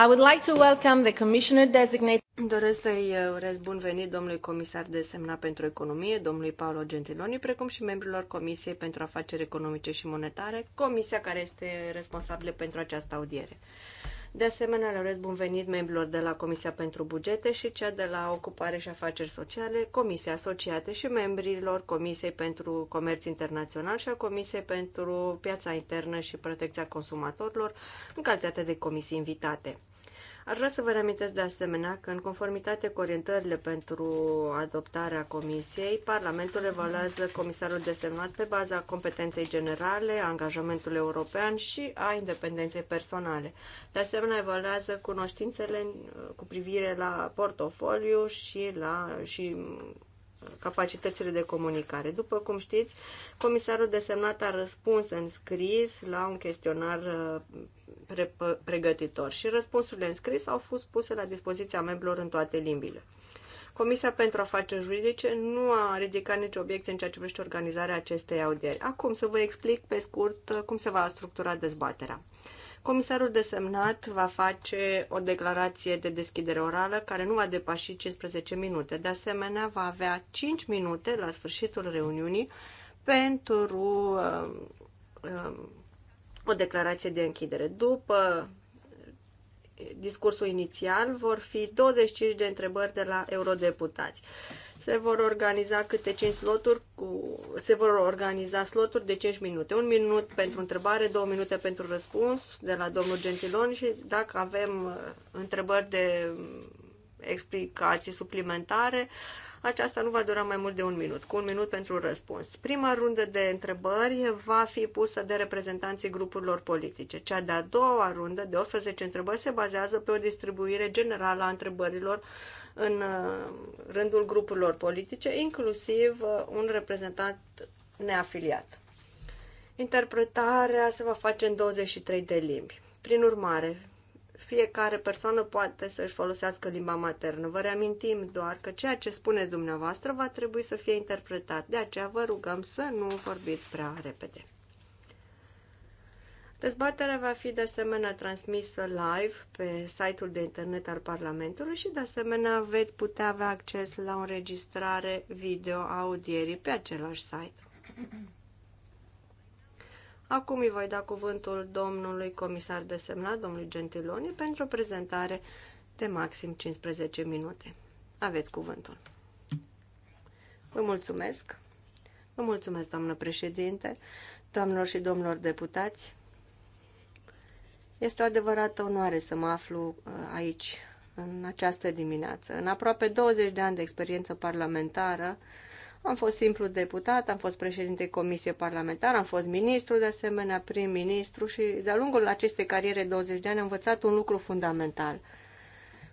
I would like to welcome the commissioner designate. Doresc să-i uh, urez bun venit domnului comisar desemnat pentru economie, domnului Paolo Gentiloni, precum și membrilor Comisiei pentru Afaceri Economice și Monetare, comisia care este responsabilă pentru această audiere. De asemenea, le urez bun venit membrilor de la Comisia pentru Bugete și cea de la Ocupare și Afaceri Sociale, Comisia Asociate și membrilor Comisiei pentru Comerț Internațional și a Comisiei pentru Piața Internă și Protecția Consumatorilor, în calitate de comisii invitate. Ar vrea să vă reamintesc de asemenea că, în conformitate cu orientările pentru adoptarea Comisiei, Parlamentul evaluează comisarul desemnat pe baza competenței generale, a angajamentului european și a independenței personale. De asemenea, evaluează cunoștințele cu privire la portofoliu și la și capacitățile de comunicare. După cum știți, comisarul desemnat a răspuns în scris la un chestionar pre pregătitor și răspunsurile înscris au fost puse la dispoziția membrilor în toate limbile. Comisia pentru Afaceri Juridice nu a ridicat nicio obiecție în ceea ce privește organizarea acestei audieri. Acum să vă explic pe scurt uh, cum se va structura dezbaterea. Comisarul desemnat va face o declarație de deschidere orală care nu va depăși 15 minute. De asemenea, va avea 5 minute la sfârșitul reuniunii pentru uh, uh, după declarație de închidere, după discursul inițial, vor fi 25 de întrebări de la eurodeputați. Se vor organiza câte 5 sloturi cu, se vor organiza sloturi de 5 minute. Un minut pentru întrebare, două minute pentru răspuns de la domnul Gentilon și dacă avem uh, întrebări de um, explicații suplimentare, uh, aceasta nu va dura mai mult de un minut, cu un minut pentru răspuns. Prima rundă de întrebări va fi pusă de reprezentanții grupurilor politice. Cea de-a doua rundă de 18 întrebări se bazează pe o distribuire generală a întrebărilor în uh, rândul grupurilor politice, inclusiv uh, un reprezentant neafiliat. Interpretarea se va face în 23 de limbi. Prin urmare, fiecare persoană poate să-și folosească limba maternă. Vă reamintim doar că ceea ce spuneți dumneavoastră va trebui să fie interpretat. De aceea vă rugăm să nu vorbiți prea repede. Dezbaterea va fi de asemenea transmisă live pe site-ul de internet al Parlamentului și de asemenea veți putea avea acces la o înregistrare video audierii pe același site. Acum îi voi da cuvântul domnului comisar desemnat, domnului Gentiloni, pentru o prezentare de maxim 15 minute. Aveți cuvântul. Vă mulțumesc. Vă mulțumesc, doamnă președinte, doamnelor și domnilor deputați. Este o adevărată onoare să mă aflu uh, aici în această dimineață. În aproape 20 de ani de experiență parlamentară, am fost simplu deputat, am fost președinte comisie parlamentară, am fost ministru, de asemenea prim-ministru și de-a lungul acestei cariere 20 de ani am învățat un lucru fundamental.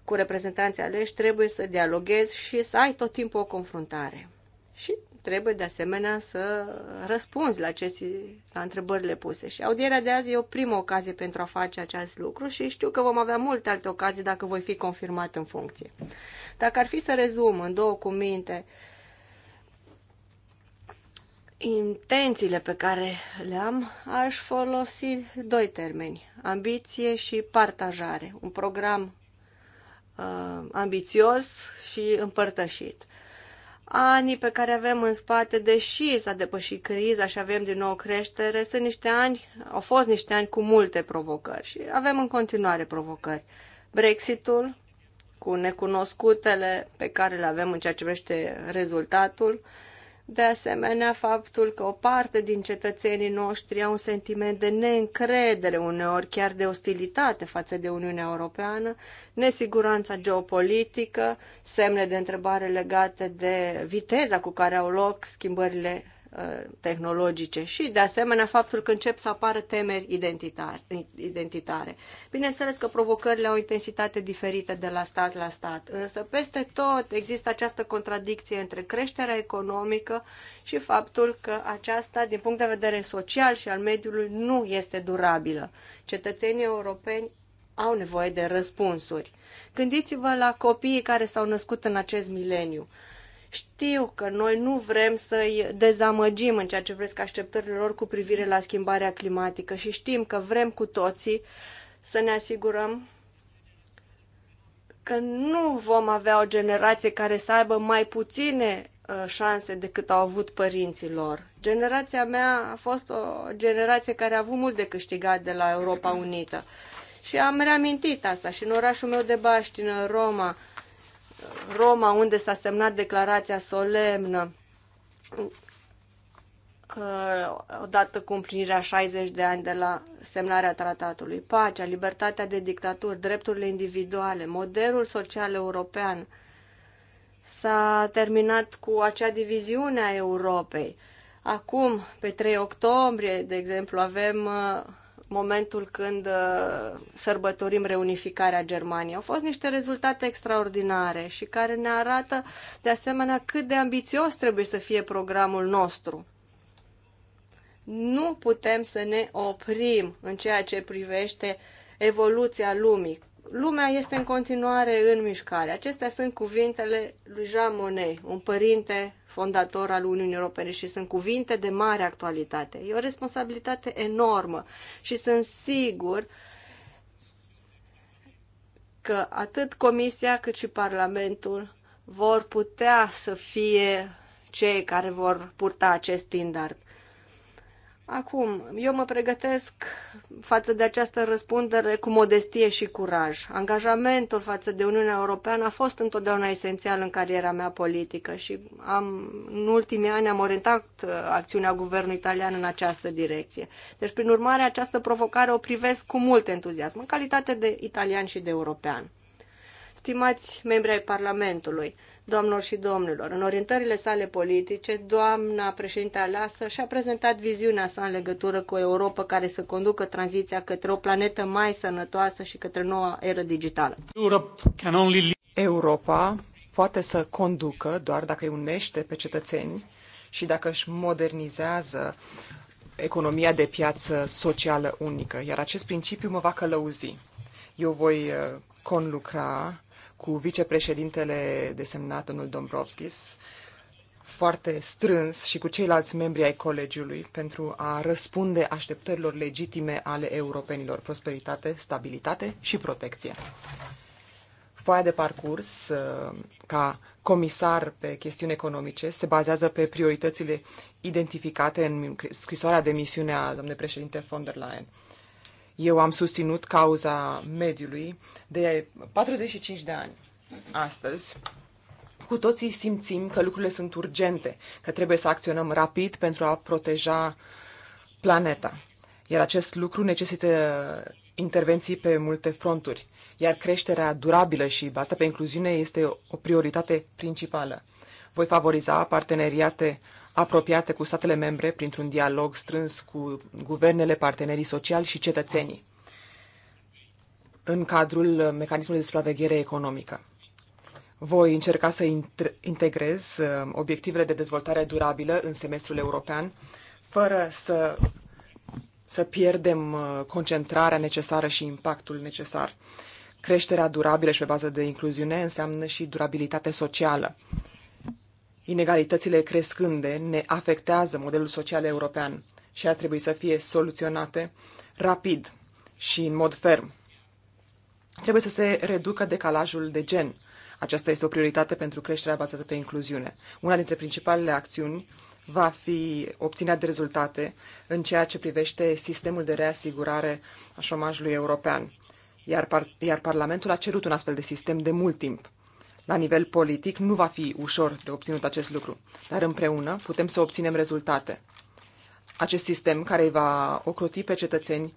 Cu reprezentanții aleși trebuie să dialoghezi și să ai tot timpul o confruntare. Și trebuie de asemenea să răspunzi la, ce, la întrebările puse. Și audierea de azi e o primă ocazie pentru a face acest lucru și știu că vom avea multe alte ocazii dacă voi fi confirmat în funcție. Dacă ar fi să rezum în două cuminte uh, intențiile pe care le am, aș folosi doi termeni, ambiție și partajare, un program uh, ambițios și împărtășit. Anii pe care avem în spate, deși s-a depășit criza și avem din nou creștere, sunt niște ani, au fost niște ani cu multe provocări și avem în continuare provocări. Brexitul, cu necunoscutele pe care le avem în ceea ce privește rezultatul, uh, de asemenea, faptul că o parte din cetățenii noștri au un sentiment de neîncredere uneori, chiar de ostilitate față de Uniunea Europeană, nesiguranța geopolitică, semne de întrebare legate de viteza cu care au loc schimbările tehnologice și, de asemenea, faptul că încep să apară temeri identitar, identitare. Bineînțeles că provocările au intensitate diferită de la stat la stat, însă peste tot există această contradicție între creșterea economică și faptul că aceasta, din punct de vedere social și al mediului, nu este durabilă. Cetățenii europeni au nevoie de răspunsuri. Gândiți-vă la copiii care s-au născut în acest mileniu știu că noi nu vrem să-i dezamăgim în ceea ce vreți așteptările lor cu privire la schimbarea climatică și știm că vrem cu toții să ne asigurăm că nu vom avea o generație care să aibă mai puține uh, șanse decât au avut părinții lor. Generația mea a fost o generație care a avut mult de câștigat de la Europa Unită. Și am reamintit asta și în orașul meu de Baștină, Roma, Roma, unde s-a semnat declarația solemnă uh, odată cu împlinirea 60 de ani de la semnarea tratatului. Pacea, libertatea de dictaturi, drepturile individuale, modelul social european. S-a terminat cu acea diviziune a Europei. Acum, pe 3 octombrie, de exemplu, avem uh, momentul când uh, sărbătorim reunificarea Germaniei. Au fost niște rezultate extraordinare și care ne arată de asemenea cât de ambițios trebuie să fie programul nostru. Nu putem să ne oprim în ceea ce privește evoluția lumii. Lumea este în continuare în mișcare. Acestea sunt cuvintele lui Jean Monnet, un părinte fondator al Uniunii Europene și sunt cuvinte de mare actualitate. E o responsabilitate enormă și sunt sigur că atât Comisia cât și Parlamentul vor putea să fie cei care vor purta acest standard. Acum, eu mă pregătesc față de această răspundere cu modestie și curaj. Angajamentul față de Uniunea Europeană a fost întotdeauna esențial în cariera mea politică și am, în ultimii ani am orientat uh, acțiunea guvernului italian în această direcție. Deci, prin urmare, această provocare o privesc cu mult entuziasm, în calitate de italian și de european. Stimați membri ai Parlamentului, Doamnelor și domnilor, în orientările sale politice, doamna președinte aleasă și-a prezentat viziunea sa în legătură cu o Europa care să conducă tranziția către o planetă mai sănătoasă și către noua eră digitală. Europa poate să conducă doar dacă îi unește pe cetățeni și dacă își modernizează economia de piață socială unică. Iar acest principiu mă va călăuzi. Eu voi uh, conlucra cu vicepreședintele desemnat, domnul Dombrovskis, foarte strâns și cu ceilalți membri ai colegiului pentru a răspunde așteptărilor legitime ale europenilor prosperitate, stabilitate și protecție. Foaia de parcurs uh, ca comisar pe chestiuni economice se bazează pe prioritățile identificate în scrisoarea de misiune a doamnei președinte von der Leyen. Eu am susținut cauza mediului de 45 de ani astăzi. Cu toții simțim că lucrurile sunt urgente, că trebuie să acționăm rapid pentru a proteja planeta. Iar acest lucru necesită intervenții pe multe fronturi, iar creșterea durabilă și bazată pe incluziune este o prioritate principală. Voi favoriza parteneriate apropiate cu statele membre printr-un dialog strâns cu guvernele, partenerii sociali și cetățenii în cadrul mecanismului de supraveghere economică. Voi încerca să integrez uh, obiectivele de dezvoltare durabilă în semestrul european, fără să, să pierdem uh, concentrarea necesară și impactul necesar. Creșterea durabilă și pe bază de incluziune înseamnă și durabilitate socială. Inegalitățile crescânde ne afectează modelul social european și ar trebui să fie soluționate rapid și în mod ferm. Trebuie să se reducă decalajul de gen. Aceasta este o prioritate pentru creșterea bazată pe incluziune. Una dintre principalele acțiuni va fi obținerea de rezultate în ceea ce privește sistemul de reasigurare a șomajului european. Iar, par- iar Parlamentul a cerut un astfel de sistem de mult timp. La nivel politic nu va fi ușor de obținut acest lucru, dar împreună putem să obținem rezultate. Acest sistem care îi va ocroti pe cetățeni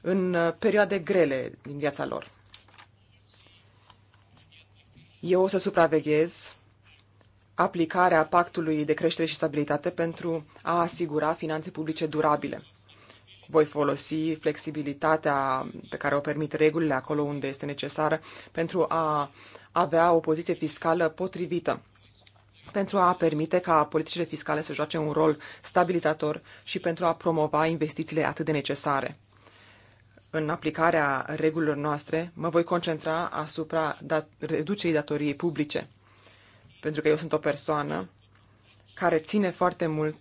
în uh, perioade grele din viața lor. Eu o să supraveghez aplicarea pactului de creștere și stabilitate pentru a asigura finanțe publice durabile voi folosi flexibilitatea pe care o permit regulile acolo unde este necesară pentru a avea o poziție fiscală potrivită pentru a permite ca politicile fiscale să joace un rol stabilizator și pentru a promova investițiile atât de necesare. În aplicarea regulilor noastre, mă voi concentra asupra dat- reducerii datoriei publice, pentru că eu sunt o persoană care ține foarte mult,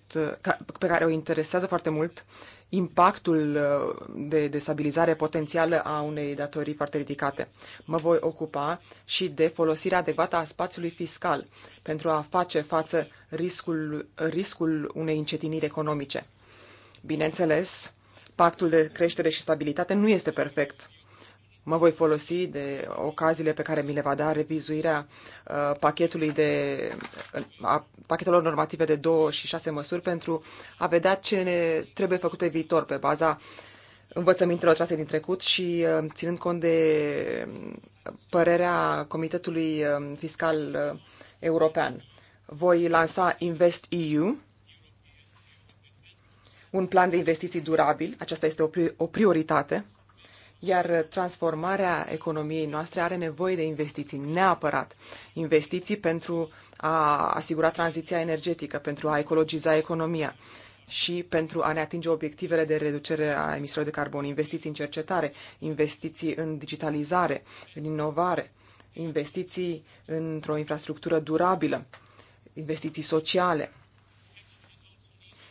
pe care o interesează foarte mult impactul uh, de destabilizare potențială a unei datorii foarte ridicate. Mă voi ocupa și de folosirea adecvată a spațiului fiscal pentru a face față riscul, riscul unei încetiniri economice. Bineînțeles, pactul de creștere și stabilitate nu este perfect mă voi folosi de ocaziile pe care mi le va da revizuirea uh, pachetului de, uh, a pachetelor normative de 2 și 6 măsuri pentru a vedea ce ne trebuie făcut pe viitor pe baza învățămintelor trase din trecut și uh, ținând cont de uh, părerea Comitetului uh, Fiscal European. Voi lansa Invest EU, un plan de investiții durabil, aceasta este o, pri o prioritate iar transformarea economiei noastre are nevoie de investiții, neapărat. Investiții pentru a asigura tranziția energetică, pentru a ecologiza economia și pentru a ne atinge obiectivele de reducere a emisiilor de carbon, investiții în cercetare, investiții în digitalizare, în inovare, investiții într-o infrastructură durabilă, investiții sociale.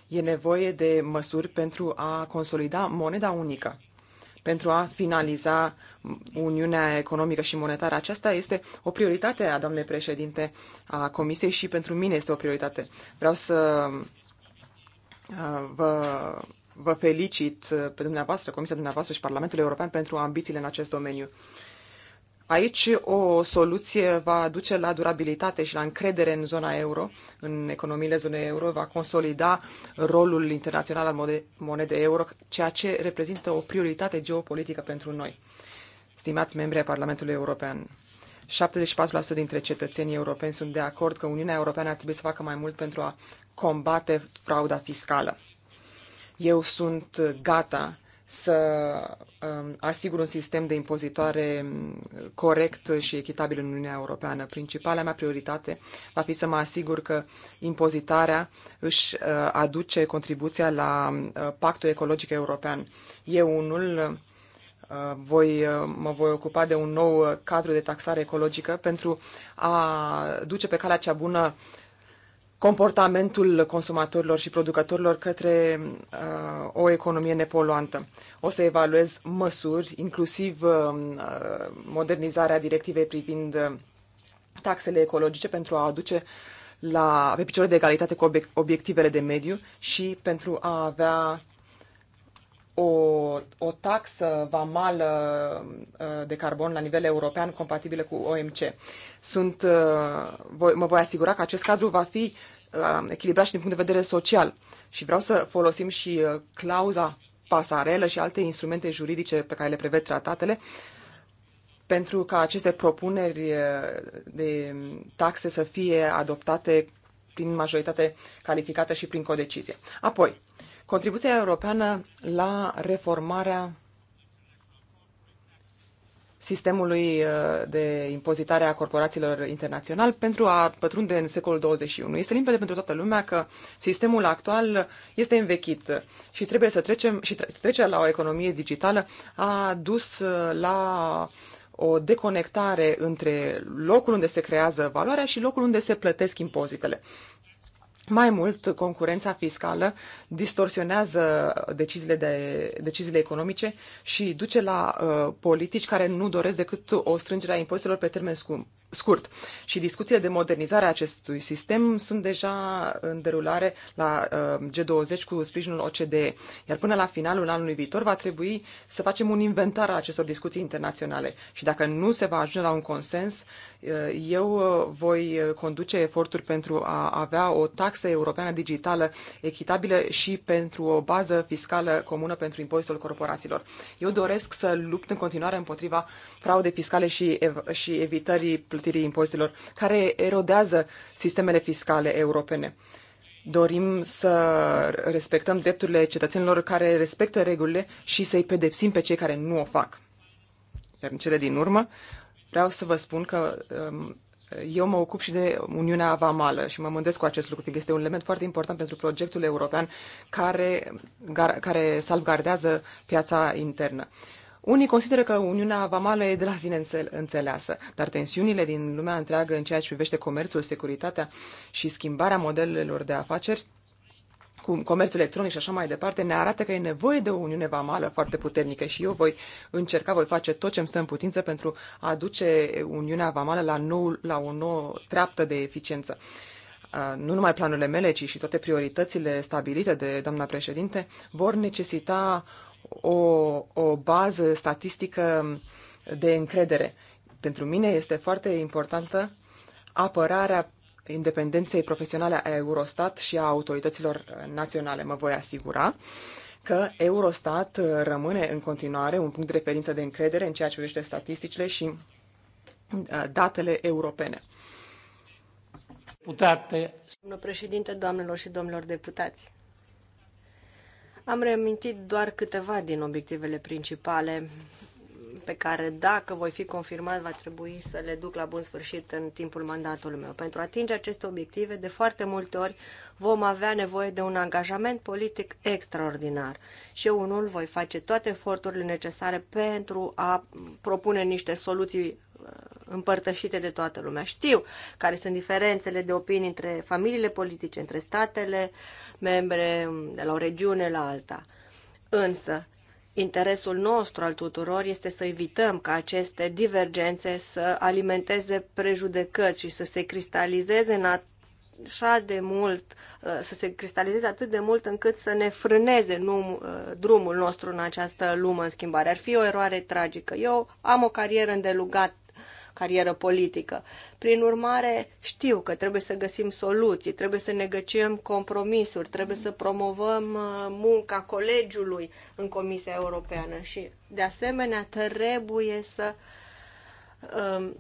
E nevoie de măsuri pentru a consolida moneda unică pentru a finaliza Uniunea Economică și Monetară. Aceasta este o prioritate a doamnei președinte a Comisiei și pentru mine este o prioritate. Vreau să uh, vă vă felicit pe dumneavoastră, Comisia dumneavoastră și Parlamentul European pentru ambițiile în acest domeniu. Aici o soluție va duce la durabilitate și la încredere în zona euro, în economiile zonei euro, va consolida rolul internațional al monedei euro, ceea ce reprezintă o prioritate geopolitică pentru noi. Stimați membri ai Parlamentului European, 74% dintre cetățenii europeni sunt de acord că Uniunea Europeană ar trebui să facă mai mult pentru a combate frauda fiscală. Eu sunt gata să Um, asigur un sistem de impozitare corect și echitabil în Uniunea Europeană. Principala mea prioritate va fi să mă asigur că impozitarea își uh, aduce contribuția la uh, pactul ecologic european. E unul uh, voi, mă voi ocupa de un nou cadru de taxare ecologică pentru a duce pe calea cea bună comportamentul consumatorilor și producătorilor către uh, o economie nepoluantă. O să evaluez măsuri, inclusiv uh, modernizarea directivei privind uh, taxele ecologice pentru a aduce la, pe picioare de egalitate cu obiectivele de mediu și pentru a avea o, o taxă vamală uh, de carbon la nivel european compatibilă cu OMC. Sunt, uh, voi, mă voi asigura că acest cadru va fi uh, echilibrat și din punct de vedere social. Și vreau să folosim și clauza pasarelă și alte instrumente juridice pe care le preved tratatele pentru ca aceste propuneri de taxe să fie adoptate prin majoritate calificată și prin codecizie. Apoi, Contribuția europeană la reformarea sistemului uh, de impozitare a corporațiilor internaționale pentru a pătrunde în secolul 21. Este limpede pentru toată lumea că sistemul actual este învechit și trebuie să trecem și trecerea la o economie digitală a dus uh, la o deconectare între locul unde se creează valoarea și locul unde se plătesc impozitele. Mai mult, concurența fiscală distorsionează deciziile, de, deciziile economice și duce la uh, politici care nu doresc decât o strângere a impozitelor pe termen scump scurt. Și discuțiile de modernizare a acestui sistem sunt deja în derulare la uh, G20 cu sprijinul OCDE. Iar până la finalul anului viitor va trebui să facem un inventar al acestor discuții internaționale. Și dacă nu se va ajunge la un consens, uh, eu uh, voi conduce eforturi pentru a avea o taxă europeană digitală echitabilă și pentru o bază fiscală comună pentru impozitul corporațiilor. Eu doresc să lupt în continuare împotriva fraudei fiscale și, ev- și evitării plătirii impozitelor, care erodează sistemele fiscale europene. Dorim să respectăm drepturile cetățenilor care respectă regulile și să-i pedepsim pe cei care nu o fac. Iar în cele din urmă, vreau să vă spun că um, eu mă ocup și de Uniunea Vamală și mă mândresc cu acest lucru, fiindcă este un element foarte important pentru proiectul european care, care salvgardează piața internă. Unii consideră că Uniunea Vamală e de la sine înțeleasă, dar tensiunile din lumea întreagă în ceea ce privește comerțul, securitatea și schimbarea modelelor de afaceri cu comerțul electronic și așa mai departe, ne arată că e nevoie de o uniune vamală foarte puternică și eu voi încerca, voi face tot ce îmi stă în putință pentru a aduce uniunea vamală la, nou, la o nouă treaptă de eficiență. Nu numai planurile mele, ci și toate prioritățile stabilite de doamna președinte vor necesita o, o bază statistică de încredere. Pentru mine este foarte importantă apărarea independenței profesionale a Eurostat și a autorităților naționale. Mă voi asigura că Eurostat rămâne în continuare un punct de referință de încredere în ceea ce privește statisticile și uh, datele europene. Deputate. Domnul președinte, doamnelor și domnilor deputați, am reamintit doar câteva din obiectivele principale pe care, dacă voi fi confirmat, va trebui să le duc la bun sfârșit în timpul mandatului meu. Pentru a atinge aceste obiective, de foarte multe ori vom avea nevoie de un angajament politic extraordinar și eu unul voi face toate eforturile necesare pentru a propune niște soluții împărtășite de toată lumea. Știu care sunt diferențele de opinii între familiile politice, între statele membre, de la o regiune la alta. Însă, interesul nostru al tuturor este să evităm ca aceste divergențe să alimenteze prejudecăți și să se cristalizeze în așa de mult, uh, să se cristalizeze atât de mult încât să ne frâneze uh, drumul nostru în această lume în schimbare. Ar fi o eroare tragică. Eu am o carieră îndelugată carieră politică. Prin urmare, știu că trebuie să găsim soluții, trebuie să negăciem compromisuri, trebuie să promovăm uh, munca colegiului în Comisia Europeană și, de asemenea, trebuie să um,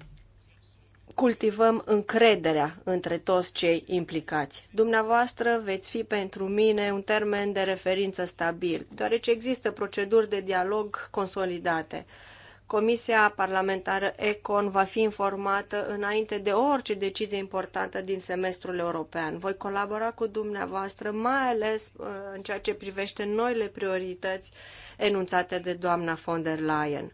cultivăm încrederea între toți cei implicați. Dumneavoastră veți fi pentru mine un termen de referință stabil, deoarece există proceduri de dialog consolidate Comisia parlamentară ECON va fi informată înainte de orice decizie importantă din semestrul european. Voi colabora cu dumneavoastră, mai ales uh, în ceea ce privește noile priorități enunțate de doamna von der Leyen.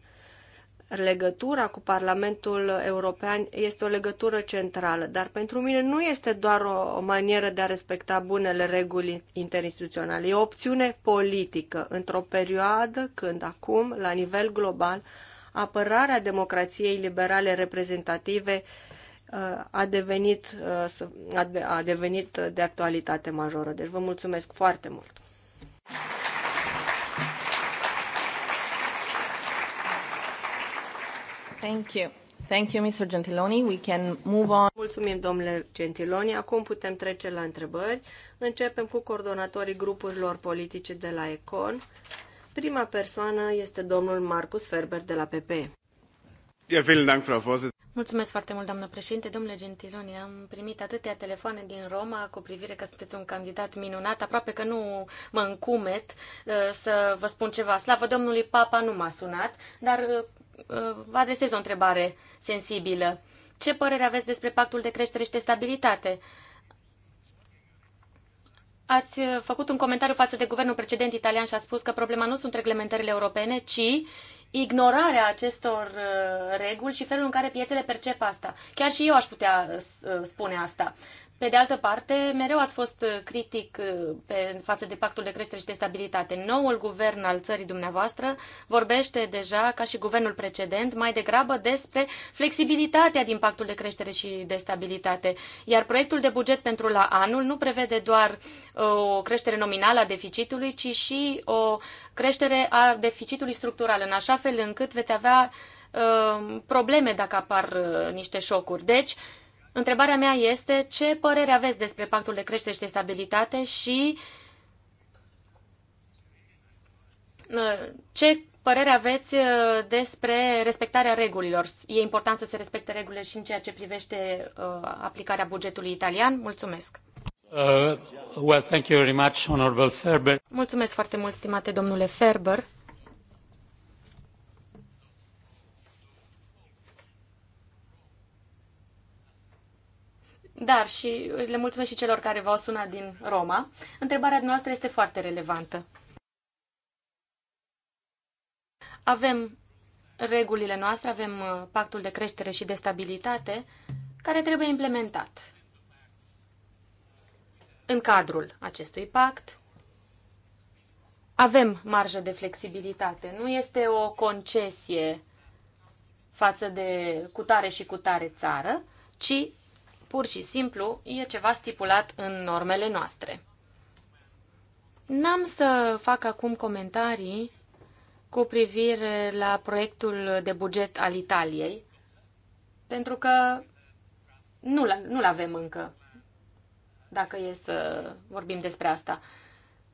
Legătura cu Parlamentul European este o legătură centrală, dar pentru mine nu este doar o, manieră de a respecta bunele reguli interinstituționale. E o opțiune politică într-o perioadă când acum, la nivel global, apărarea democrației liberale reprezentative uh, a devenit, uh, a devenit de actualitate majoră. Deci vă mulțumesc foarte mult! Thank you. Thank you, Mr. Gentiloni. We can move on. Mulțumim, domnule Gentiloni. Acum putem trece la întrebări. Începem cu coordonatorii grupurilor politice de la ECON. Prima persoană este domnul Marcus Ferber de la PP. Mulțumesc foarte mult, doamnă președinte. Domnule Gentiloni, am primit atâtea telefoane din Roma cu privire că sunteți un candidat minunat. Aproape că nu mă încumet uh, să vă spun ceva. Slavă Domnului Papa nu m-a sunat, dar vă uh, uh, adresez o întrebare sensibilă. Ce părere aveți despre pactul de creștere și de stabilitate? Ați uh, făcut un comentariu față de guvernul precedent italian și a spus că problema nu sunt reglementările europene, ci ignorarea acestor uh, reguli și felul în care piețele percep asta. Chiar și eu aș putea uh, spune asta. Pe de altă parte, mereu ați fost critic uh, pe, față de pactul de creștere și de stabilitate. Noul guvern al țării dumneavoastră vorbește deja, ca și guvernul precedent, mai degrabă despre flexibilitatea din pactul de creștere și de stabilitate. Iar proiectul de buget pentru la anul nu prevede doar uh, o creștere nominală a deficitului, ci și o creștere a deficitului structural, în așa fel încât veți avea uh, probleme dacă apar uh, niște șocuri. Deci, Întrebarea mea este ce părere aveți despre pactul de creștere și de stabilitate și uh, ce părere aveți uh, despre respectarea regulilor. E important să se respecte regulile și în ceea ce privește uh, aplicarea bugetului italian. Mulțumesc! Uh, well, thank you very much, Honorable Ferber. Mulțumesc foarte mult, stimate domnule Ferber. dar și le mulțumesc și celor care v-au sunat din Roma. Întrebarea noastră este foarte relevantă. Avem regulile noastre, avem uh, pactul de creștere și de stabilitate care trebuie implementat. În cadrul acestui pact avem marjă de flexibilitate. Nu este o concesie față de cutare și cutare țară, ci pur și simplu e ceva stipulat în normele noastre. N-am să fac acum comentarii cu privire la proiectul de buget al Italiei, pentru că nu-l nu avem încă, dacă e să vorbim despre asta.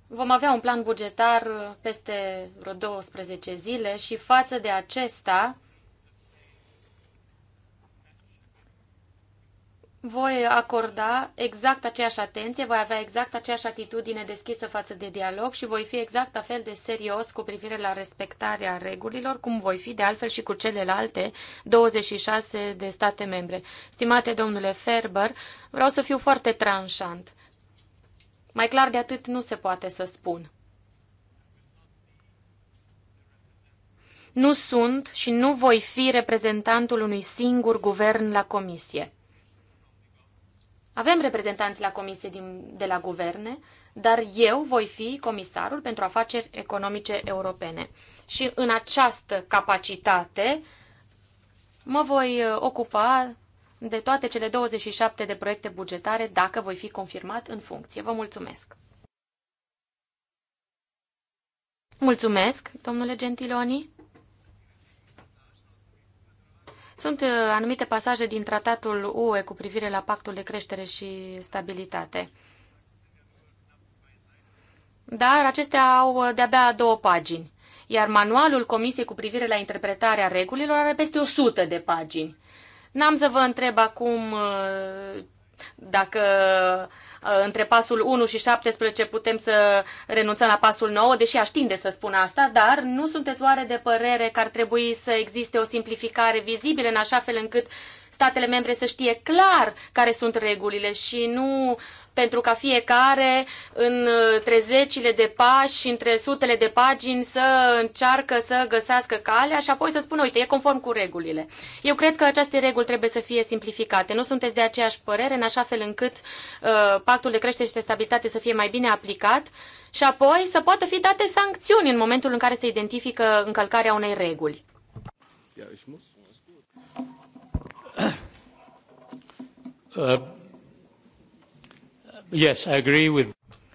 Vom avea un plan bugetar peste vreo 12 zile și față de acesta voi acorda exact aceeași atenție, voi avea exact aceeași atitudine deschisă față de dialog și voi fi exact la fel de serios cu privire la respectarea regulilor, cum voi fi de altfel și cu celelalte 26 de state membre. Stimate domnule Ferber, vreau să fiu foarte tranșant. Mai clar de atât nu se poate să spun. Nu sunt și nu voi fi reprezentantul unui singur guvern la comisie. Avem reprezentanți la comisie din, de la guverne, dar eu voi fi comisarul pentru afaceri economice europene. Și în această capacitate mă voi uh, ocupa de toate cele 27 de proiecte bugetare dacă voi fi confirmat în funcție. Vă mulțumesc! Mulțumesc, domnule Gentiloni. Sunt uh, anumite pasaje din tratatul UE cu privire la pactul de creștere și stabilitate. Dar acestea au uh, de-abia două pagini, iar manualul Comisiei cu privire la interpretarea regulilor are peste 100 de pagini. N-am să vă întreb acum uh, dacă uh, între pasul 1 și 17 putem să renunțăm la pasul 9, deși aș tinde să spun asta, dar nu sunteți oare de părere că ar trebui să existe o simplificare vizibilă în așa fel încât statele membre să știe clar care sunt regulile și nu pentru ca fiecare în uh, trezecile de pași, între sutele de pagini să încearcă să găsească calea și apoi să spună, uite, e conform cu regulile. Eu cred că aceste reguli trebuie să fie simplificate. Nu sunteți de aceeași părere, în așa fel încât uh, pactul de creștere și de stabilitate să fie mai bine aplicat și apoi să poată fi date sancțiuni în momentul în care se identifică încălcarea unei reguli. Uh. Yes, I agree with...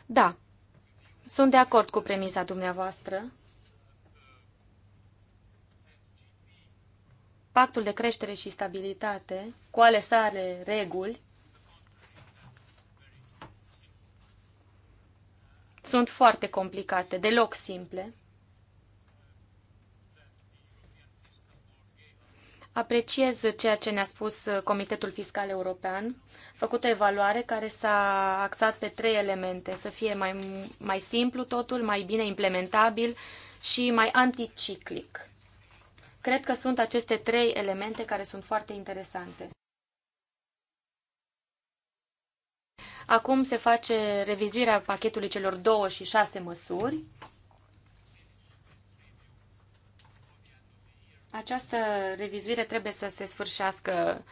Da, sunt de acord cu premisa dumneavoastră. Pactul de creștere și stabilitate, cu ale sale reguli, sunt foarte complicate, deloc simple. Apreciez ceea ce ne-a spus Comitetul Fiscal European făcut o evaluare care s-a axat pe trei elemente. Să fie mai, mai simplu totul, mai bine implementabil și mai anticiclic. Cred că sunt aceste trei elemente care sunt foarte interesante. Acum se face revizuirea pachetului celor două și șase măsuri. Această revizuire trebuie să se sfârșească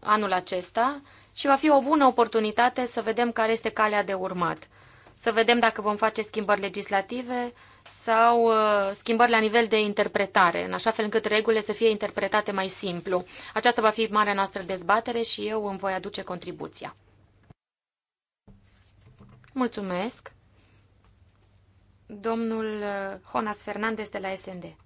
anul acesta și va fi o bună oportunitate să vedem care este calea de urmat. Să vedem dacă vom face schimbări legislative sau uh, schimbări la nivel de interpretare, în așa fel încât regulile să fie interpretate mai simplu. Aceasta va fi marea noastră dezbatere și eu îmi voi aduce contribuția. Mulțumesc! Domnul uh, Jonas Fernandez de la SND.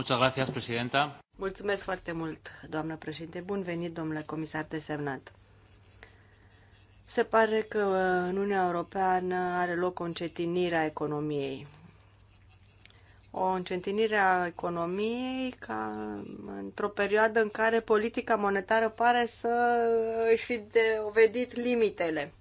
Muchas gracias, presidenta. Mulțumesc foarte mult, doamnă președinte. Bun venit, domnule comisar desemnat. Se pare că uh, în Uniunea Europeană are loc o încetinire a economiei. O încetinire a economiei ca uh, într-o perioadă în care politica monetară pare să uh, își fi dovedit limitele.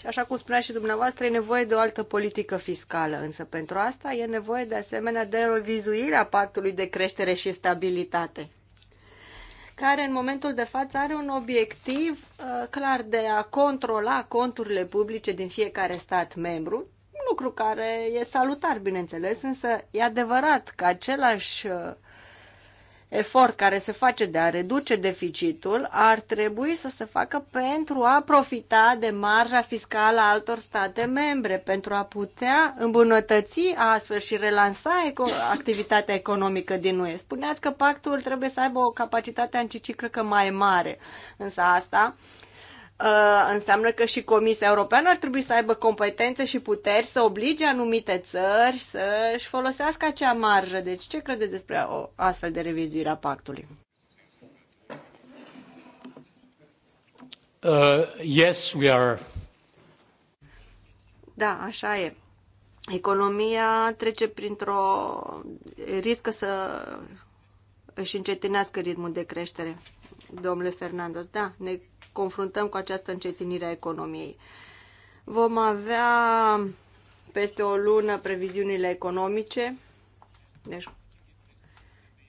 Și așa cum spunea și dumneavoastră, e nevoie de o altă politică fiscală, însă pentru asta e nevoie de asemenea de revizuirea pactului de creștere și stabilitate care în momentul de față are un obiectiv uh, clar de a controla conturile publice din fiecare stat membru, un lucru care e salutar, bineînțeles, însă e adevărat că același uh, efort care se face de a reduce deficitul ar trebui să se facă pentru a profita de marja fiscală a altor state membre, pentru a putea îmbunătăți astfel și relansa eco- activitatea economică din UE. Spuneați că pactul trebuie să aibă o capacitate anticiclică mai mare, însă asta Uh, înseamnă că și Comisia Europeană ar trebui să aibă competențe și puteri să oblige anumite țări să-și folosească acea marjă. Deci ce credeți despre o astfel de revizuire a pactului? Uh, yes, we are. Da, așa e. Economia trece printr-o... riscă să își încetinească ritmul de creștere. Domnule Fernandez, da, ne confruntăm cu această încetinire a economiei. Vom avea peste o lună previziunile economice deci,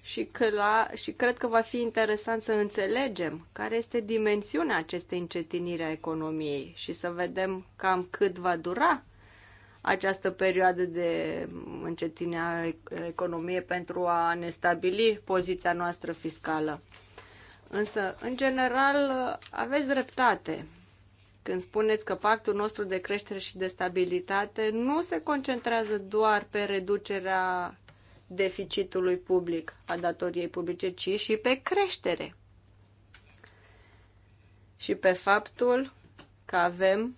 și, la, și cred că va fi interesant să înțelegem care este dimensiunea acestei încetinire a economiei și să vedem cam cât va dura această perioadă de încetinire a economiei pentru a ne stabili poziția noastră fiscală. Însă, în general, aveți dreptate când spuneți că pactul nostru de creștere și de stabilitate nu se concentrează doar pe reducerea deficitului public, a datoriei publice, ci și pe creștere. Și pe faptul că avem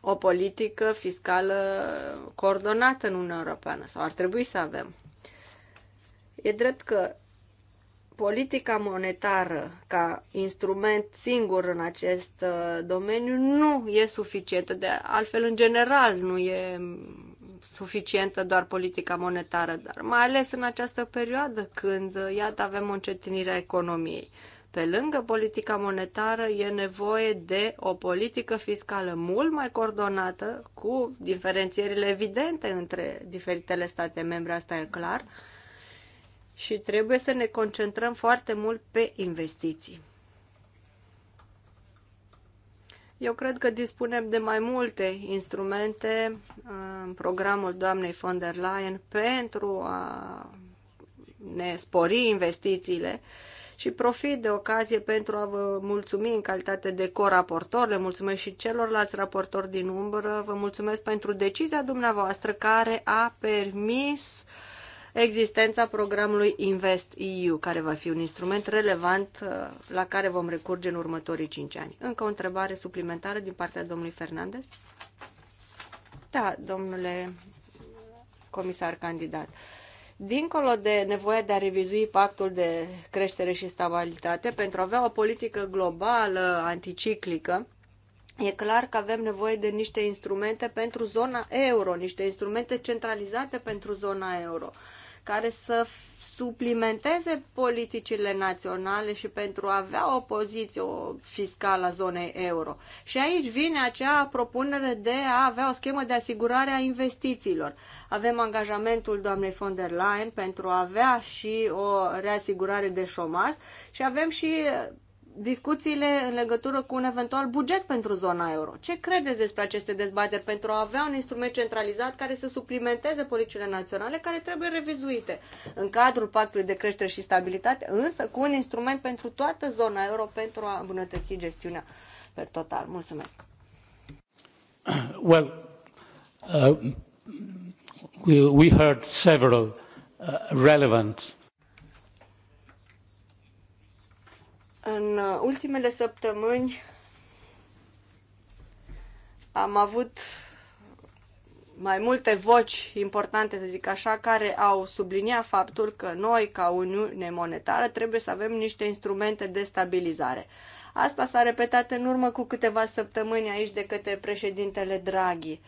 o politică fiscală coordonată în Uniunea Europeană, sau ar trebui să avem. E drept că politica monetară ca instrument singur în acest uh, domeniu nu e suficientă. De altfel, în general, nu e suficientă doar politica monetară, dar mai ales în această perioadă când, uh, iată, avem o încetinire a economiei. Pe lângă politica monetară e nevoie de o politică fiscală mult mai coordonată, cu diferențierile evidente între diferitele state membre, asta e clar, și trebuie să ne concentrăm foarte mult pe investiții. Eu cred că dispunem de mai multe instrumente uh, în programul doamnei von der Leyen pentru a ne spori investițiile și profit de ocazie pentru a vă mulțumi în calitate de coraportor, le mulțumesc și celorlalți raportori din umbră, vă mulțumesc pentru decizia dumneavoastră care a permis existența programului Invest EU, care va fi un instrument relevant uh, la care vom recurge în următorii 5 ani. Încă o întrebare suplimentară din partea domnului Fernandez? Da, domnule comisar candidat. Dincolo de nevoia de a revizui pactul de creștere și stabilitate pentru a avea o politică globală anticiclică, E clar că avem nevoie de niște instrumente pentru zona euro, niște instrumente centralizate pentru zona euro care să suplimenteze politicile naționale și pentru a avea o poziție fiscală a zonei euro. Și aici vine acea propunere de a avea o schemă de asigurare a investițiilor. Avem angajamentul doamnei von der Leyen pentru a avea și o reasigurare de șomaz și avem și discuțiile în legătură cu un eventual buget pentru zona euro. Ce credeți despre aceste dezbateri pentru a avea un instrument centralizat care să suplimenteze politicile naționale care trebuie revizuite în cadrul pactului de creștere și stabilitate, însă cu un instrument pentru toată zona euro pentru a îmbunătăți gestiunea per total? Mulțumesc! Well, uh, we heard several uh, relevant În uh, ultimele săptămâni am avut mai multe voci importante, să zic așa, care au subliniat faptul că noi, ca Uniune Monetară, trebuie să avem niște instrumente de stabilizare. Asta s-a repetat în urmă cu câteva săptămâni aici de către președintele Draghi.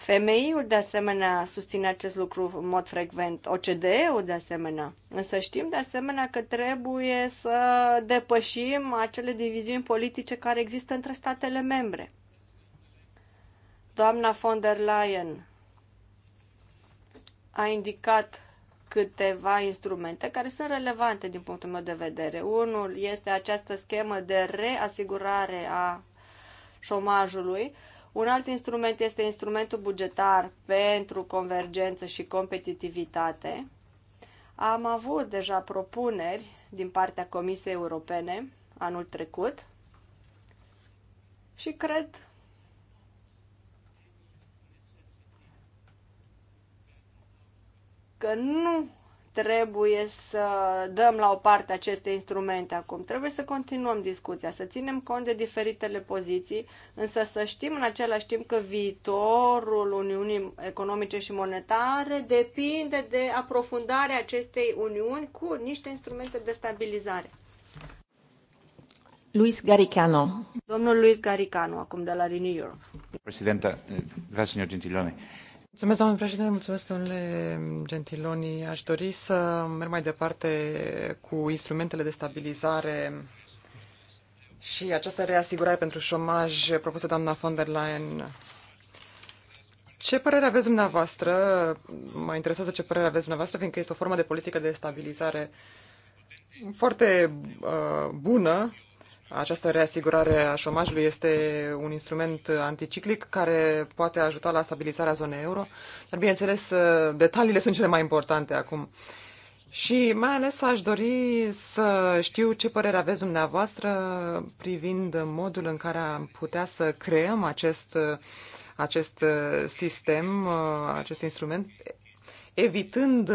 Femeiul, de asemenea, susține acest lucru în mod frecvent, OCDE-ul, de asemenea. Însă știm, de asemenea, că trebuie să depășim acele diviziuni politice care există între statele membre. Doamna von der Leyen a indicat câteva instrumente care sunt relevante din punctul meu de vedere. Unul este această schemă de reasigurare a șomajului, uh, un alt instrument este instrumentul bugetar pentru convergență și competitivitate. Am avut deja propuneri din partea Comisiei Europene anul trecut și cred că nu trebuie să dăm la o parte aceste instrumente acum. Trebuie să continuăm discuția, să ținem cont de diferitele poziții, însă să știm în același timp că viitorul Uniunii Economice și Monetare depinde de aprofundarea acestei uniuni cu niște instrumente de stabilizare. Luis Garicano. Domnul Luis Garicano, acum de la Renew Europe. Președinte, dragi senor Gentiloni, Mulțumesc, domnule președinte, mulțumesc, domnule Gentiloni. Aș dori să merg mai departe cu instrumentele de stabilizare și această reasigurare pentru șomaj propusă doamna von der Leyen. Ce părere aveți dumneavoastră? Mă interesează ce părere aveți dumneavoastră, fiindcă este o formă de politică de stabilizare foarte uh, bună, această reasigurare a șomajului este un instrument anticiclic care poate ajuta la stabilizarea zonei euro, dar bineînțeles detaliile sunt cele mai importante acum. Și mai ales aș dori să știu ce părere aveți dumneavoastră privind modul în care am putea să creăm acest, acest sistem, acest instrument, evitând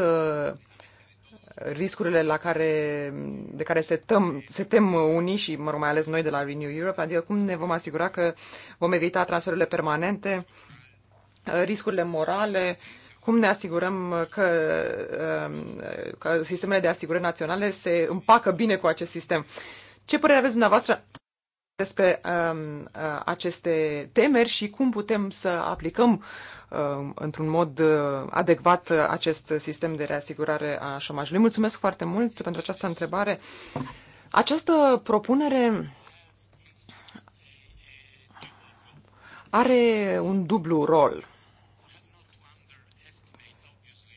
riscurile la care, de care se, tăm, se tem unii și, mă rog, mai ales noi de la Renew Europe, adică cum ne vom asigura că vom evita transferurile permanente, riscurile morale, cum ne asigurăm că, um, că sistemele de asigurări naționale se împacă bine cu acest sistem. Ce părere aveți dumneavoastră despre um, uh, aceste temeri și cum putem să aplicăm um, într-un mod uh, adecvat acest sistem de reasigurare a șomajului. Mulțumesc foarte mult pentru această întrebare. Această propunere are un dublu rol.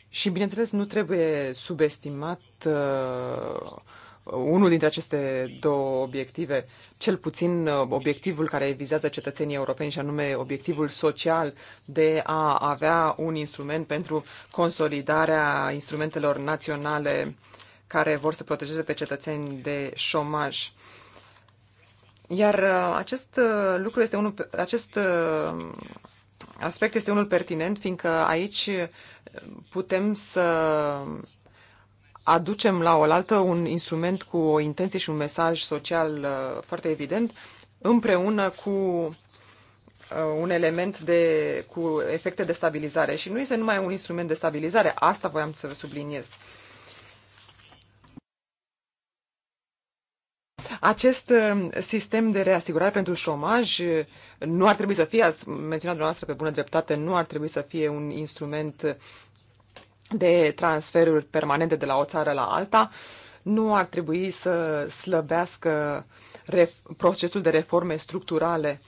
Și, bineînțeles, nu trebuie subestimat uh, unul dintre aceste două obiective, cel puțin uh, obiectivul care vizează cetățenii europeni și anume obiectivul social de a avea un instrument pentru consolidarea instrumentelor naționale care vor să protejeze pe cetățeni de șomaj. Iar uh, acest uh, lucru este unul, acest aspect este unul pertinent, fiindcă aici putem să aducem la oaltă un instrument cu o intenție și un mesaj social uh, foarte evident, împreună cu uh, un element de, cu efecte de stabilizare. Și nu este numai un instrument de stabilizare, asta voiam să subliniez. Acest uh, sistem de reasigurare pentru șomaj nu ar trebui să fie, ați menționat dumneavoastră pe bună dreptate, nu ar trebui să fie un instrument de transferuri permanente de la o țară la alta nu ar trebui să slăbească procesul de reforme structurale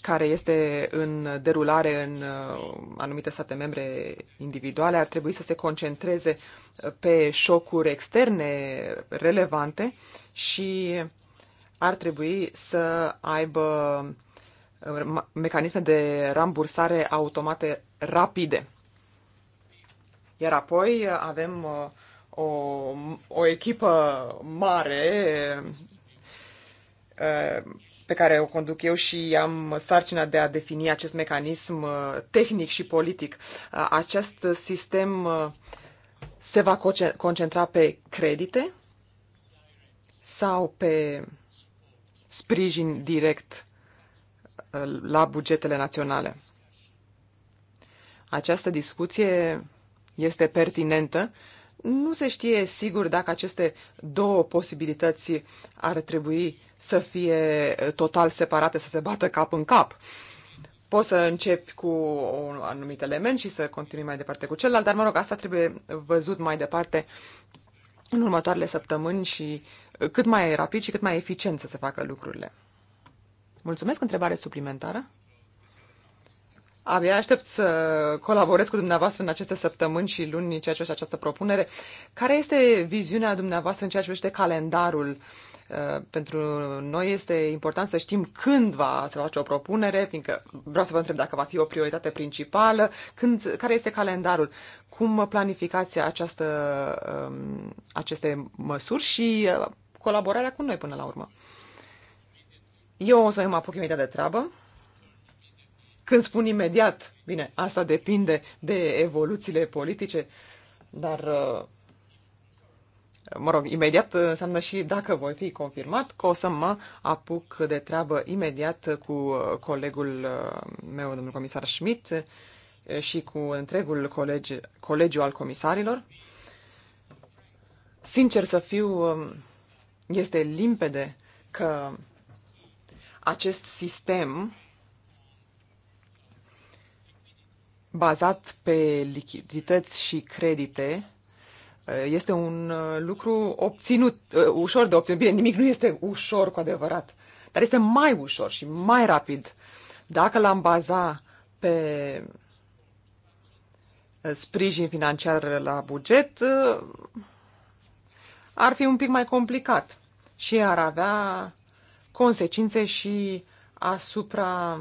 care este în derulare în uh, anumite state membre individuale, ar trebui să se concentreze uh, pe șocuri externe relevante și ar trebui să aibă uh, mecanisme de rambursare automate rapide. Iar apoi uh, avem uh, o, o echipă mare uh, pe care o conduc eu și am sarcina de a defini acest mecanism tehnic și politic. Acest sistem se va concentra pe credite sau pe sprijin direct la bugetele naționale. Această discuție este pertinentă. Nu se știe sigur dacă aceste două posibilități ar trebui să fie total separate, să se bată cap în cap. Poți să începi cu un anumit element și să continui mai departe cu celălalt, dar, mă rog, asta trebuie văzut mai departe în următoarele săptămâni și cât mai rapid și cât mai eficient să se facă lucrurile. Mulțumesc, întrebare suplimentară? Abia aștept să colaborez cu dumneavoastră în aceste săptămâni și luni în ceea ce această propunere. Care este viziunea dumneavoastră în ceea ce privește calendarul? Uh, pentru noi este important să știm când va se face o propunere, fiindcă vreau să vă întreb dacă va fi o prioritate principală, când, care este calendarul, cum planificați această, um, aceste măsuri și uh, colaborarea cu noi până la urmă. Eu o să mă apuc imediat de treabă când spun imediat, bine, asta depinde de evoluțiile politice, dar, uh, mă rog, imediat înseamnă și dacă voi fi confirmat că o să mă apuc de treabă imediat cu uh, colegul uh, meu, domnul comisar Schmidt, și cu întregul colegi, colegiu al comisarilor. Sincer să fiu, um, este limpede că acest sistem bazat pe lichidități și credite uh, este un uh, lucru obținut, uh, ușor de obținut. Bine, nimic nu este ușor cu adevărat, dar este mai ușor și mai rapid dacă l-am baza pe sprijin financiar la buget, ar fi un pic mai complicat și ar avea consecințe și asupra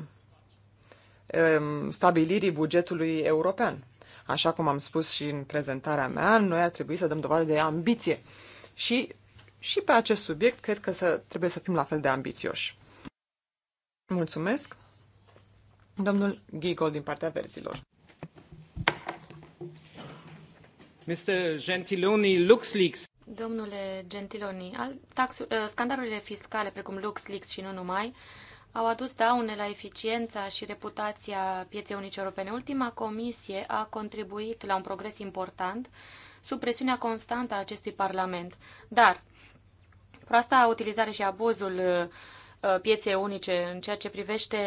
Um, stabilirii bugetului european. Așa cum am spus și în prezentarea mea, noi ar trebui să dăm dovadă de ambiție. Și, și pe acest subiect, cred că să, trebuie să fim la fel de ambițioși. Mulțumesc. Domnul Gigol din partea verzilor. Mr. Gentiloni, LuxLeaks. Domnule Gentiloni, al, tax, uh, ă, scandalurile fiscale precum LuxLeaks și nu numai uh, au adus daune la eficiența și reputația pieței unice europene. Ultima comisie a contribuit la un progres important sub presiunea constantă a acestui Parlament. Dar proasta utilizare și abuzul uh, pieței unice în ceea ce privește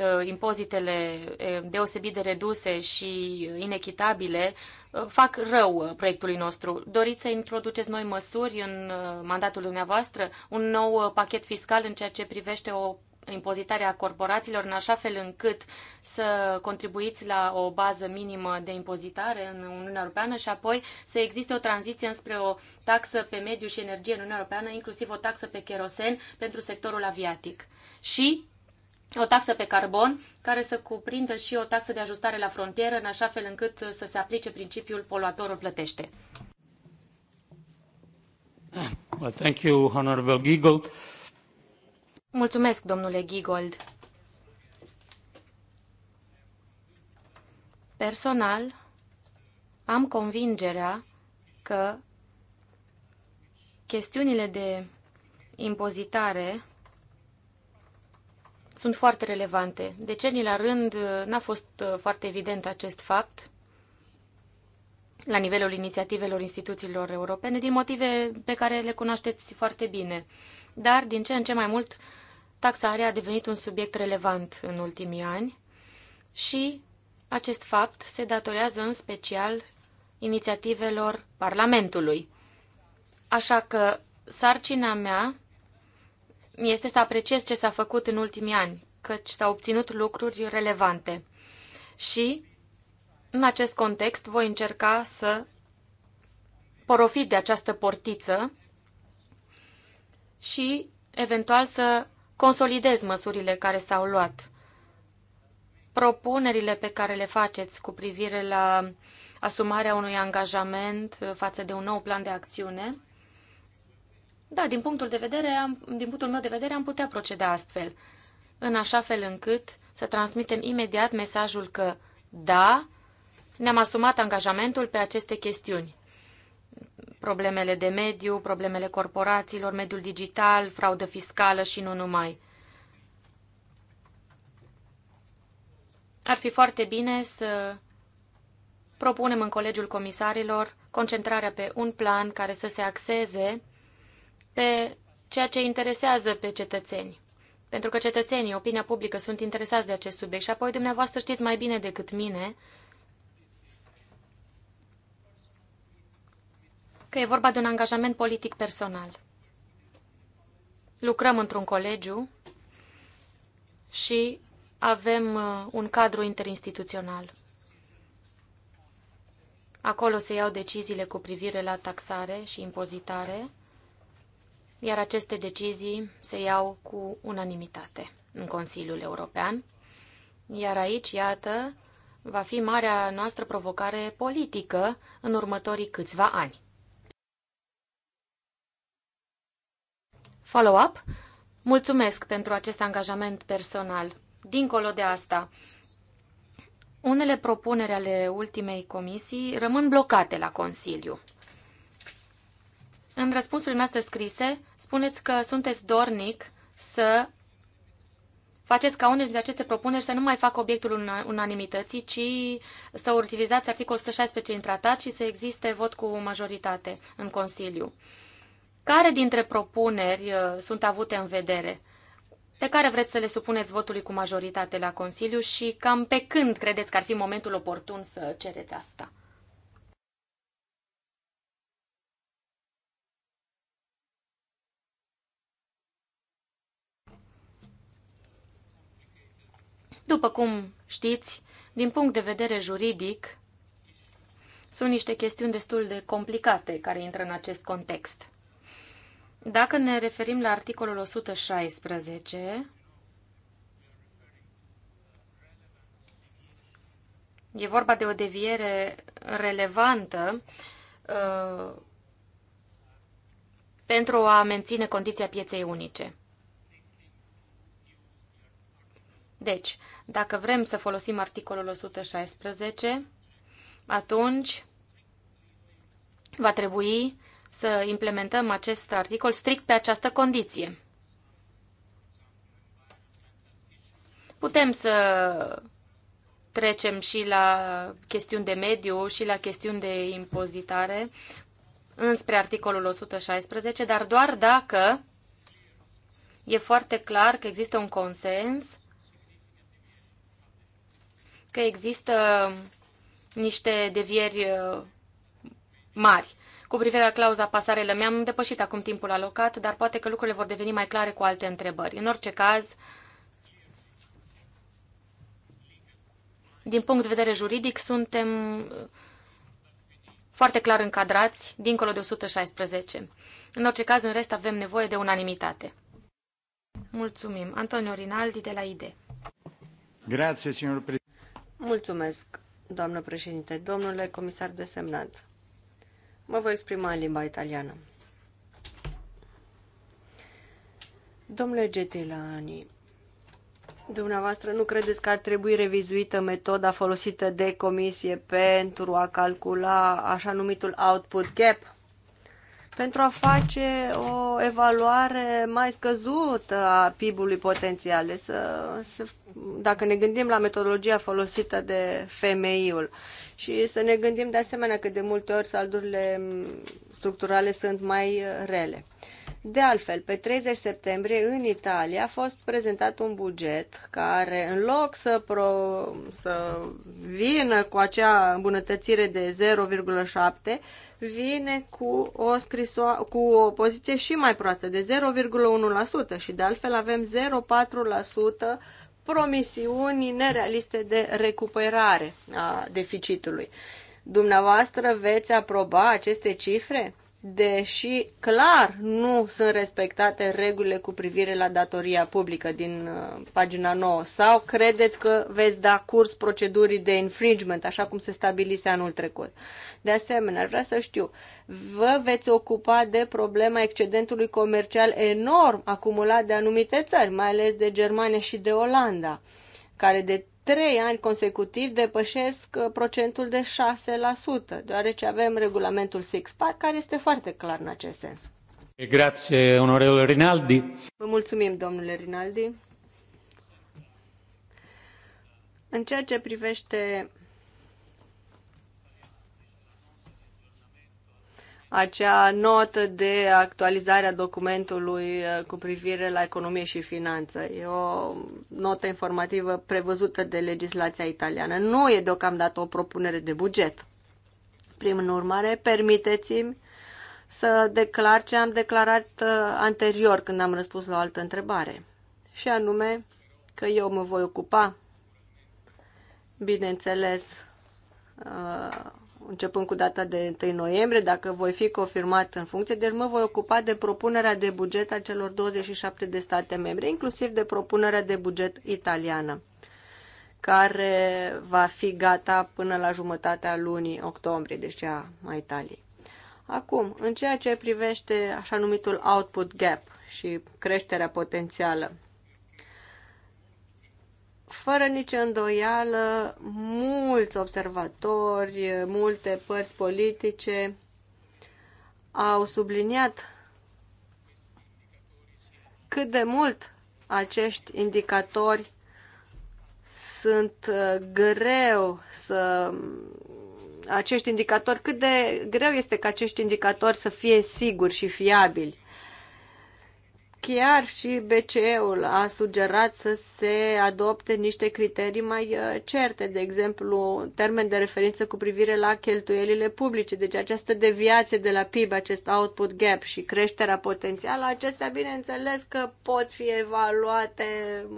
Uh, impozitele uh, deosebit de reduse și inechitabile uh, fac rău proiectului nostru. Doriți să introduceți noi măsuri în mandatul dumneavoastră, un nou pachet fiscal în ceea ce privește o impozitare a corporațiilor în așa fel încât să contribuiți la o bază minimă de impozitare în Uniunea Europeană și apoi să existe o tranziție înspre o taxă pe mediu și energie în Uniunea Europeană, inclusiv o taxă pe kerosen pentru sectorul aviatic. Și o taxă pe carbon care să cuprindă și o taxă de ajustare la frontieră, în așa fel încât să se aplice principiul poluatorul plătește. Well, thank you, Honorable Mulțumesc, domnule Giegold. Personal, am convingerea că chestiunile de impozitare sunt foarte relevante. Decenii la rând n-a fost uh, foarte evident acest fapt la nivelul inițiativelor instituțiilor europene, din motive pe care le cunoașteți foarte bine. Dar, din ce în ce mai mult, taxarea a devenit un subiect relevant în ultimii ani și acest fapt se datorează în special inițiativelor Parlamentului. Așa că sarcina mea este să apreciez ce s-a făcut în ultimii ani, căci s-au obținut lucruri relevante. Și, în acest context, voi încerca să porofit de această portiță și, eventual, să consolidez măsurile care s-au luat. Propunerile pe care le faceți cu privire la asumarea unui angajament față de un nou plan de acțiune da, din punctul, de vedere, am, din punctul meu de vedere am putea proceda astfel, în așa fel încât să transmitem imediat mesajul că, da, ne-am asumat angajamentul pe aceste chestiuni. Problemele de mediu, problemele corporațiilor, mediul digital, fraudă fiscală și nu numai. Ar fi foarte bine să propunem în Colegiul Comisarilor concentrarea pe un plan care să se axeze pe ceea ce interesează pe cetățeni. Pentru că cetățenii, opinia publică, sunt interesați de acest subiect și apoi dumneavoastră știți mai bine decât mine că e vorba de un angajament politic personal. Lucrăm într-un colegiu și avem uh, un cadru interinstituțional. Acolo se iau deciziile cu privire la taxare și impozitare iar aceste decizii se iau cu unanimitate în Consiliul European. Iar aici, iată, va fi marea noastră provocare politică în următorii câțiva ani. Follow-up? Mulțumesc pentru acest angajament personal. Dincolo de asta, unele propuneri ale ultimei comisii rămân blocate la Consiliu. În răspunsul noastre scrise, spuneți că sunteți dornic să faceți ca unele dintre aceste propuneri să nu mai facă obiectul unanimității, ci să utilizați articolul 116 în tratat și să existe vot cu majoritate în Consiliu. Care dintre propuneri uh, sunt avute în vedere? Pe care vreți să le supuneți votului cu majoritate la Consiliu și cam pe când credeți că ar fi momentul oportun să cereți asta? După cum știți, din punct de vedere juridic, sunt niște chestiuni destul de complicate care intră în acest context. Dacă ne referim la articolul 116, e vorba de o deviere relevantă uh, pentru a menține condiția pieței unice. Deci, dacă vrem să folosim articolul 116, atunci va trebui să implementăm acest articol strict pe această condiție. Putem să trecem și la chestiuni de mediu și la chestiuni de impozitare înspre articolul 116, dar doar dacă e foarte clar că există un consens că există niște devieri uh, mari. Cu privire la clauza pasarelă, mi-am depășit acum timpul alocat, dar poate că lucrurile vor deveni mai clare cu alte întrebări. În orice caz, din punct de vedere juridic, suntem uh, foarte clar încadrați, dincolo de 116. În orice caz, în rest, avem nevoie de unanimitate. Mulțumim. Antonio Rinaldi de la IDE. Grazie, signor președinte. Mulțumesc, doamnă președinte, domnule comisar desemnat. Mă voi exprima în limba italiană. Domnule Getilani, dumneavoastră nu credeți că ar trebui revizuită metoda folosită de comisie pentru a calcula așa numitul output gap? pentru a face o evaluare mai scăzută a PIB-ului potențial. Deci să, să, dacă ne gândim la metodologia folosită de FMI-ul și să ne gândim de asemenea că de multe ori saldurile structurale sunt mai rele. De altfel, pe 30 septembrie, în Italia, a fost prezentat un buget care, în loc să, pro, să vină cu acea îmbunătățire de 0,7, vine cu o, scrisoa, cu o poziție și mai proastă, de 0,1% și, de altfel, avem 0,4% promisiuni nerealiste de recuperare a deficitului. Dumneavoastră veți aproba aceste cifre? deși clar nu sunt respectate regulile cu privire la datoria publică din uh, pagina 9 sau credeți că veți da curs procedurii de infringement așa cum se stabilise anul trecut. De asemenea, vreau să știu, vă veți ocupa de problema excedentului comercial enorm acumulat de anumite țări, mai ales de Germania și de Olanda care de trei ani consecutiv depășesc uh, procentul de 6%, deoarece avem regulamentul six-pack care este foarte clar în acest sens. Grazie, onorevole Rinaldi. Vă mulțumim, domnule Rinaldi. În ceea ce privește acea notă de actualizare a documentului uh, cu privire la economie și finanță. E o notă informativă prevăzută de legislația italiană. Nu e deocamdată o propunere de buget. Prin urmare, permiteți-mi să declar ce am declarat uh, anterior când am răspuns la o altă întrebare. Și anume că eu mă voi ocupa, bineînțeles, uh, începând cu data de 1 noiembrie, dacă voi fi confirmat în funcție, deci mă voi ocupa de propunerea de buget a celor 27 de state membre, inclusiv de propunerea de buget italiană, care va fi gata până la jumătatea lunii octombrie, deci cea a Italiei. Acum, în ceea ce privește așa numitul output gap și creșterea potențială fără nicio îndoială, mulți observatori, multe părți politice au subliniat cât de mult acești indicatori sunt uh, greu să acești indicatori, cât de greu este ca acești indicatori să fie siguri și fiabili. Chiar și BCE-ul a sugerat să se adopte niște criterii mai uh, certe, de exemplu, termen de referință cu privire la cheltuielile publice. Deci această deviație de la PIB, acest output gap și creșterea potențială, acestea bineînțeles că pot fi evaluate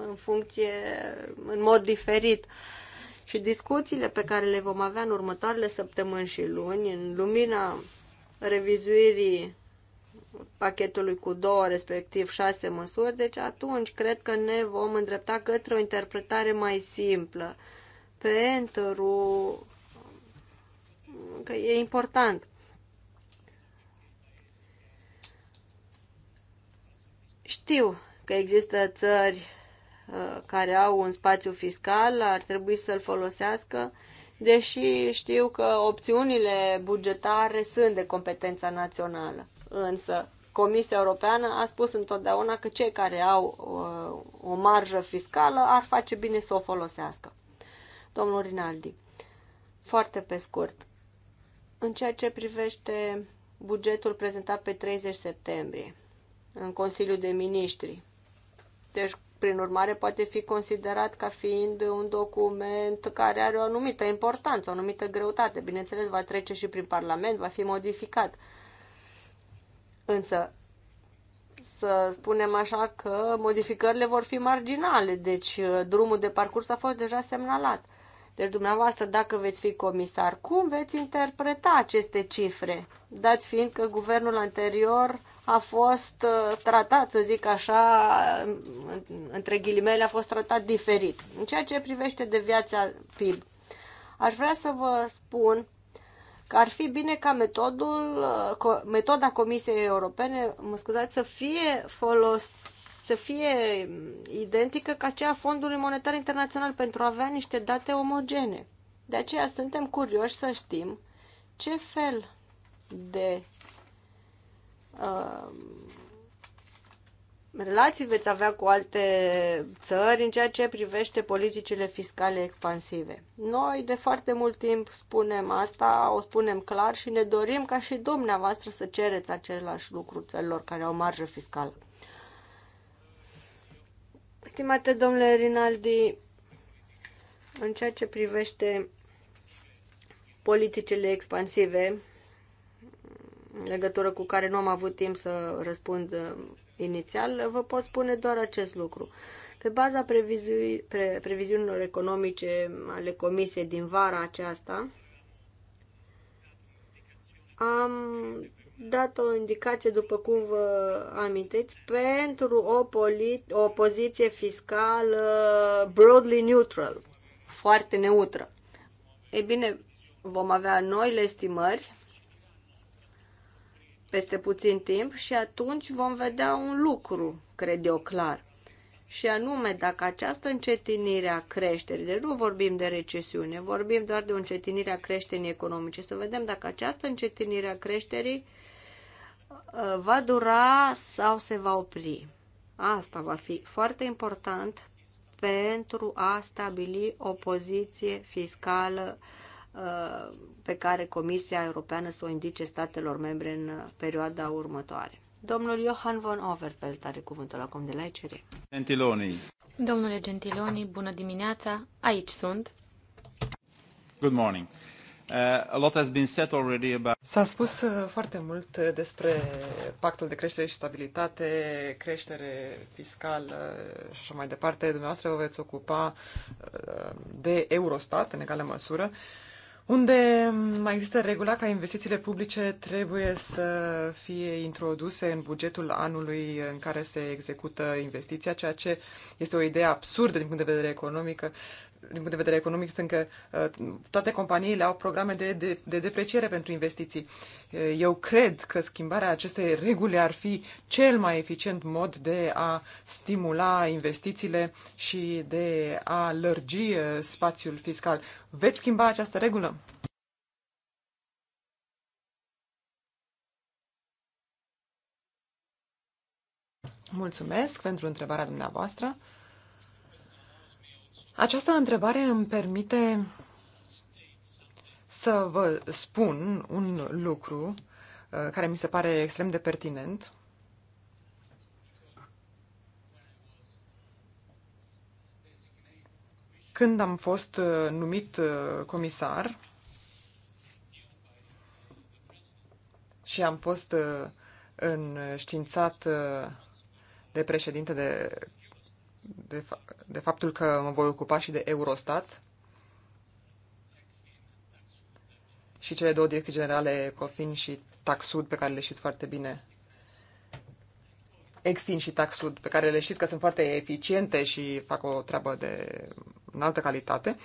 în funcție, în mod diferit. Și discuțiile pe care le vom avea în următoarele săptămâni și luni, în lumina revizuirii pachetului cu două, respectiv șase măsuri, deci atunci cred că ne vom îndrepta către o interpretare mai simplă pentru că e important. Știu că există țări uh, care au un spațiu fiscal, ar trebui să-l folosească, deși știu că opțiunile bugetare sunt de competența națională. Însă, Comisia Europeană a spus întotdeauna că cei care au uh, o marjă fiscală ar face bine să o folosească. Domnul Rinaldi, foarte pe scurt, în ceea ce privește bugetul prezentat pe 30 septembrie în Consiliul de Ministri, deci, prin urmare, poate fi considerat ca fiind un document care are o anumită importanță, o anumită greutate. Bineînțeles, va trece și prin Parlament, va fi modificat. Uh, Însă, să spunem așa că modificările vor fi marginale, deci uh, drumul de parcurs a fost deja semnalat. Deci dumneavoastră, dacă veți fi comisar, cum veți interpreta aceste cifre? Dați fiind că guvernul anterior a fost uh, tratat, să zic așa, între ghilimele, a fost tratat diferit. În ceea ce privește de viața PIB, aș vrea să vă spun că ar fi bine ca metodul, uh, metoda Comisiei Europene, mă scuzați, să fie folos, să fie identică ca cea a Fondului Monetar Internațional pentru a avea niște date omogene. De aceea suntem curioși să știm ce fel de uh, relații veți avea cu alte țări în ceea ce privește politicile fiscale expansive. Noi de foarte mult timp spunem asta, o spunem clar și ne dorim ca și dumneavoastră să cereți același lucru țărilor care au marjă fiscală. Stimate domnule Rinaldi, în ceea ce privește politicile expansive, în legătură cu care nu am avut timp să răspund inițial, vă pot spune doar acest lucru. Pe baza previzi... pre... previziunilor economice ale comisiei din vara aceasta, am dat o indicație, după cum vă amintiți, pentru o, polit- o poziție fiscală broadly neutral, foarte neutră. E bine, vom avea noile estimări peste puțin timp și atunci vom vedea un lucru, cred eu clar. Și anume, dacă această încetinire a creșterii, deci nu vorbim de recesiune, vorbim doar de o încetinire a creșterii economice, să vedem dacă această încetinire a creșterii uh, va dura sau se va opri. Asta va fi foarte important pentru a stabili o poziție fiscală uh, Uh, pe care Comisia Europeană să o indice statelor membre în uh, perioada următoare. Domnul Johan von Overfeld are cuvântul acum de la ICR. Gentiloni. Domnule Gentiloni, bună dimineața. Aici sunt. Good morning. Uh, S-a spus foarte mult despre pactul de creștere și stabilitate, creștere fiscală și așa mai departe. Dumneavoastră vă veți ocupa de Eurostat în egală măsură. Uh, unde mai există regula ca investițiile publice trebuie să fie introduse în bugetul anului în care se execută investiția, ceea ce este o idee absurdă din punct de vedere economic, din punct de vedere economic, pentru că uh, toate companiile au programe de, de, de depreciere pentru investiții. Uh, eu cred că schimbarea acestei reguli ar fi cel mai eficient mod de a stimula investițiile și de a lărgi uh, spațiul fiscal. Veți schimba această regulă? Mulțumesc pentru întrebarea dumneavoastră. Această întrebare îmi permite să vă spun un lucru uh, care mi se pare extrem de pertinent. Când am fost uh, numit uh, comisar și am fost înștiințat de președinte de de, fa- de faptul că mă voi ocupa și de Eurostat și cele două direcții generale, COFIN și TAXUD, pe care le știți foarte bine. ECFIN și TAXUD, pe care le știți că sunt foarte eficiente și fac o treabă de înaltă calitate.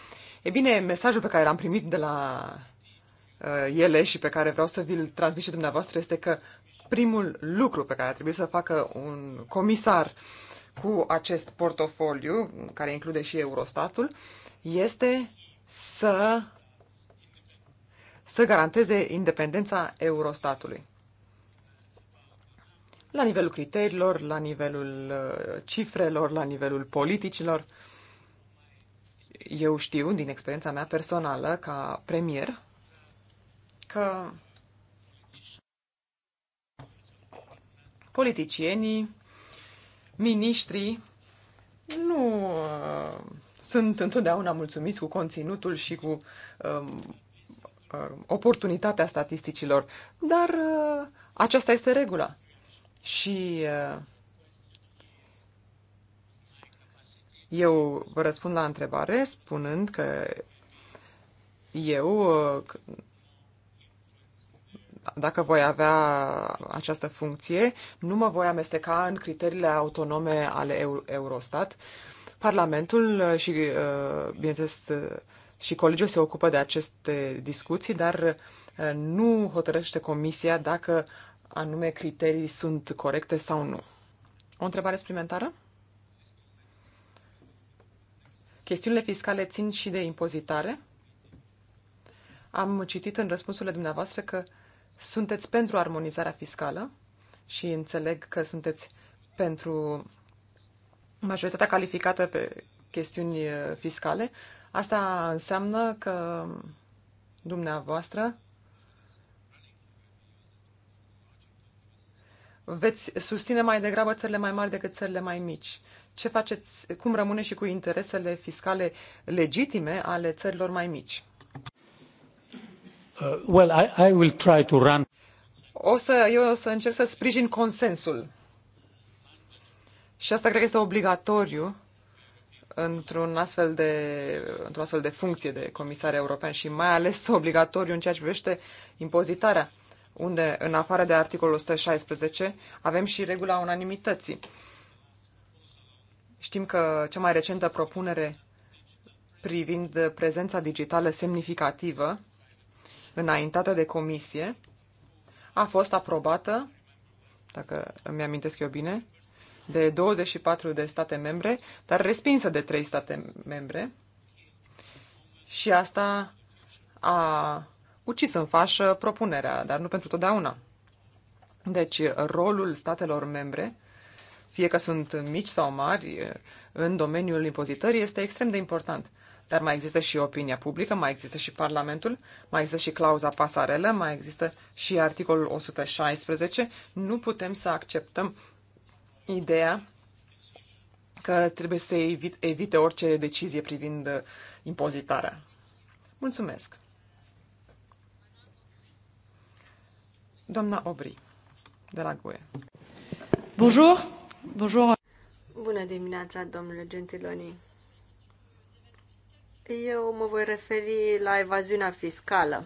E bine, mesajul pe care l-am primit de la uh, ele și pe care vreau să vi-l transmit și dumneavoastră este că primul lucru pe care a trebuit să facă un comisar uh, cu acest portofoliu, care include și Eurostatul, este să, să garanteze independența Eurostatului. La nivelul criteriilor, la nivelul uh, cifrelor, la nivelul politicilor. Eu știu, din experiența mea personală, ca premier, că politicienii miniștrii nu uh, sunt întotdeauna mulțumiți cu conținutul și cu um, uh, oportunitatea statisticilor, dar uh, aceasta este regula. Și uh, eu vă răspund la întrebare spunând că eu, uh, dacă voi avea această funcție, nu mă voi amesteca în criteriile autonome ale Eurostat. Parlamentul uh, și, uh, bineînțeles, uh, și colegiul se ocupă de aceste discuții, dar nu hotărăște comisia dacă anume criterii sunt corecte sau nu. O întrebare suplimentară? Chestiunile fiscale țin și de impozitare? Am citit în răspunsurile dumneavoastră că uh, sunteți pentru armonizarea fiscală și înțeleg că sunteți pentru majoritatea calificată pe chestiuni eh, fiscale. Asta înseamnă că dumneavoastră veți susține mai degrabă țările mai mari decât țările mai mici. Ce faceți, cum rămâne și cu interesele fiscale legitime ale țărilor mai mici? Uh, well, I, I will try to run. O să, eu o să încerc să sprijin consensul. Și asta cred că este obligatoriu într-un astfel de, într-o astfel de funcție de comisar european și mai ales obligatoriu în ceea ce privește impozitarea, unde, în afară de articolul 116, avem și regula unanimității. Știm că cea mai recentă propunere privind prezența digitală semnificativă înaintată de comisie a fost aprobată, dacă îmi amintesc eu bine, de 24 de state membre, dar respinsă de 3 state membre. Și asta a ucis în fașă propunerea, dar nu pentru totdeauna. Deci, rolul statelor membre, fie că sunt mici sau mari, în domeniul impozitării, este extrem de important. Dar mai există și opinia publică, mai există și Parlamentul, mai există și clauza pasarelă, mai există și articolul 116. Nu putem să acceptăm ideea că trebuie să evite orice decizie privind uh, impozitarea. Mulțumesc! Doamna Obri, de la GUE. Bonjour! Bonjour! Bună dimineața, domnule Gentiloni! Eu mă voi referi la evaziunea fiscală,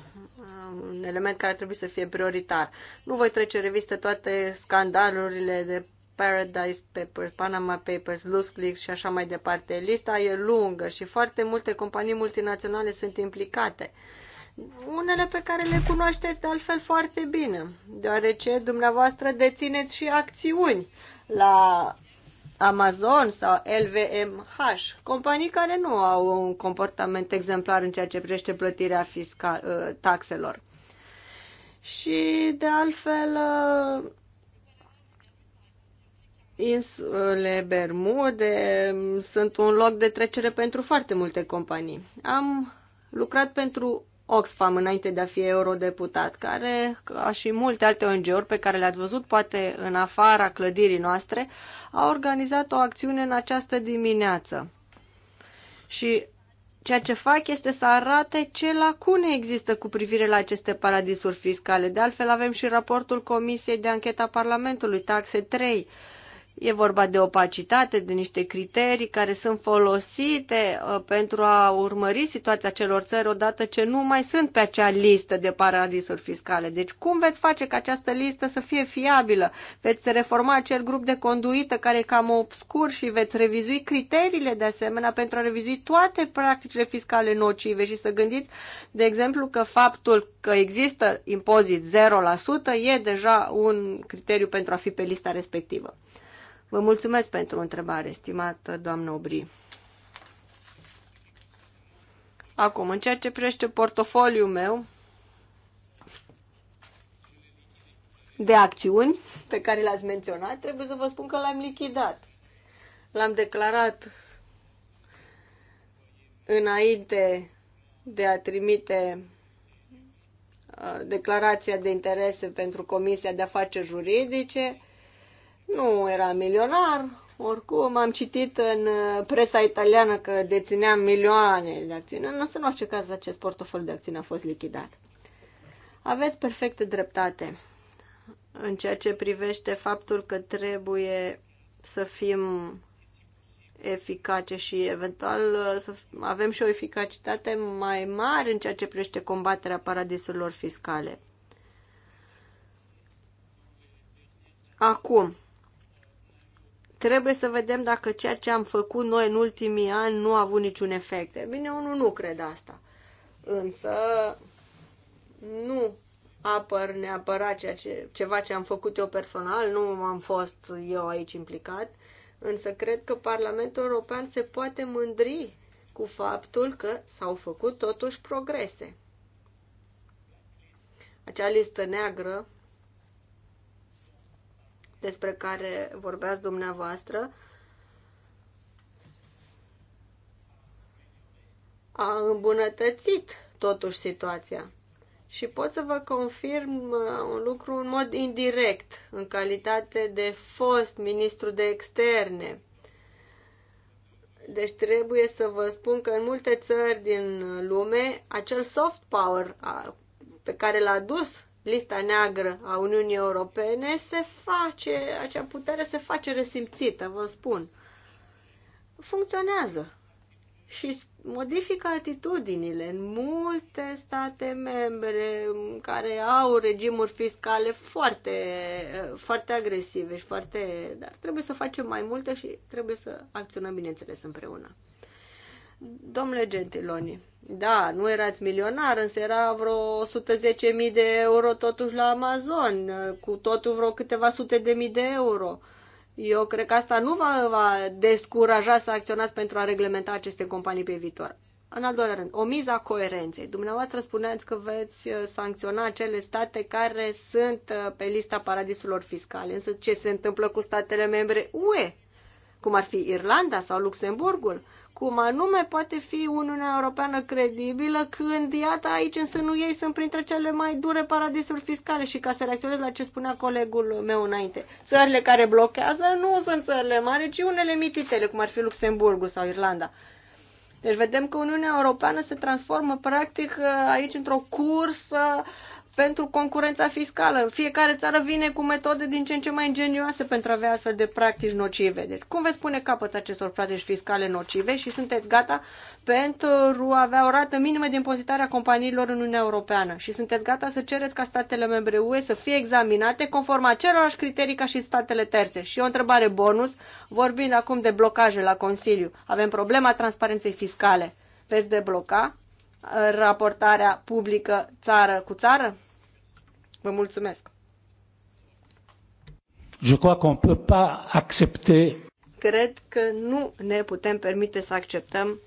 un element care trebuie să fie prioritar. Nu voi trece revistă toate scandalurile de Paradise Papers, Panama Papers, LuxLeaks și așa mai departe. Lista e lungă și foarte multe companii multinaționale sunt implicate. Unele pe care le cunoașteți de altfel foarte bine, deoarece dumneavoastră dețineți și acțiuni la Amazon sau LVMH, companii care nu au un comportament exemplar în ceea ce privește plătirea fiscal, uh, taxelor. Și, de altfel, uh, insule Bermude sunt un loc de trecere pentru foarte multe companii. Am lucrat pentru Oxfam înainte de a fi eurodeputat, care, ca și multe alte ONG-uri pe care le-ați văzut, poate în afara clădirii noastre, a organizat o acțiune în această dimineață. Și ceea ce fac este să arate ce lacune există cu privire la aceste paradisuri fiscale. De altfel, avem și raportul Comisiei de Ancheta Parlamentului, taxe 3, E vorba de opacitate, de niște criterii care sunt folosite uh, pentru a urmări situația celor țări odată ce nu mai sunt pe acea listă de paradisuri fiscale. Deci cum veți face ca această listă să fie fiabilă? Veți reforma acel grup de conduită care e cam obscur și veți revizui criteriile de asemenea pentru a revizui toate practicile fiscale nocive și să gândiți, de exemplu, că faptul că există impozit 0% e deja un criteriu pentru a fi pe lista respectivă. Vă mulțumesc pentru întrebare, stimată doamnă Obri. Acum, în ceea ce privește portofoliul meu de acțiuni pe care le-ați menționat, trebuie să vă spun că l-am lichidat. L-am declarat înainte de a trimite uh, declarația de interese pentru Comisia de Afaceri Juridice, nu era milionar, oricum am citit în uh, presa italiană că deținea milioane de acțiuni, însă în orice caz acest portofoliu de acțiuni a fost lichidat. Aveți perfectă dreptate în ceea ce privește faptul că trebuie să fim eficace și eventual uh, să avem și o eficacitate mai mare în ceea ce privește combaterea paradisurilor fiscale. Acum, trebuie să vedem dacă ceea ce am făcut noi în ultimii ani nu a avut niciun efect. E bine, unul nu cred asta. Însă nu apăr neapărat ceea ce, ceva ce am făcut eu personal, nu am fost eu aici implicat, însă cred că Parlamentul European se poate mândri cu faptul că s-au făcut totuși progrese. Acea listă neagră despre care vorbeați dumneavoastră a îmbunătățit totuși situația. Și pot să vă confirm uh, un lucru în mod indirect, în calitate de fost ministru de externe. Deci trebuie să vă spun că în multe țări din lume acel soft power pe care l-a dus lista neagră a Uniunii Europene, se face, acea putere se face resimțită, vă spun. Funcționează și modifică atitudinile în multe state membre care au regimuri fiscale foarte, foarte agresive și foarte... Dar trebuie să facem mai multe și trebuie să acționăm, bineînțeles, împreună. Domnule Gentiloni, da, nu erați milionar, însă era vreo 110.000 de euro totuși la Amazon, cu totul vreo câteva sute de mii de euro. Eu cred că asta nu va, va descuraja să acționați pentru a reglementa aceste companii pe viitor. În al doilea rând, o miza coerenței. Dumneavoastră spuneați că veți uh, sancționa acele state care sunt uh, pe lista paradisurilor fiscale. Însă ce se întâmplă cu statele membre UE cum ar fi Irlanda sau Luxemburgul, cum anume poate fi Uniunea Europeană credibilă când, iată, aici în sânul ei sunt printre cele mai dure paradisuri fiscale și ca să reacționez la ce spunea colegul meu înainte. Țările care blochează nu sunt țările mari, ci unele mititele, cum ar fi Luxemburgul sau Irlanda. Deci vedem că Uniunea Europeană se transformă practic aici într-o cursă uh, pentru concurența fiscală. Fiecare țară vine cu metode din ce în ce mai ingenioase pentru a avea astfel de practici nocive. Deci cum veți pune capăt acestor practici fiscale nocive și sunteți gata pentru a avea o rată minimă de impozitare a companiilor în Uniunea Europeană și sunteți gata să cereți ca statele membre UE să fie examinate conform acelorași criterii ca și statele terțe. Și o întrebare bonus, vorbind acum de blocaje la Consiliu. Avem problema transparenței fiscale. Veți debloca raportarea publică țară cu țară? Vă mulțumesc! Je crois qu'on peut pas accepter. Cred că nu ne putem permite să acceptăm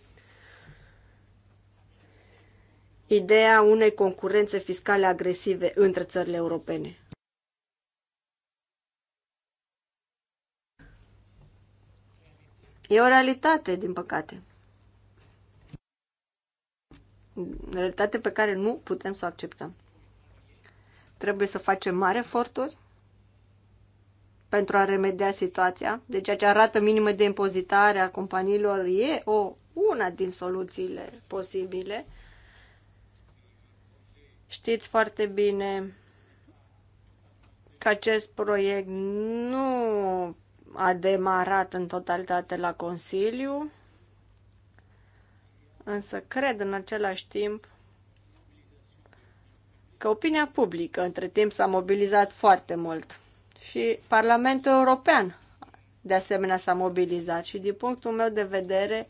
ideea unei concurențe fiscale agresive între țările europene. E o realitate, din păcate realitate pe care nu putem să o acceptăm. Trebuie să facem mari eforturi pentru a remedia situația. Deci acea rată minimă de impozitare a companiilor e o, una din soluțiile posibile. Știți foarte bine că acest proiect nu a demarat în totalitate la Consiliu. Însă cred în același timp că opinia publică între timp s-a mobilizat foarte mult și Parlamentul European de asemenea s-a mobilizat și din punctul meu de vedere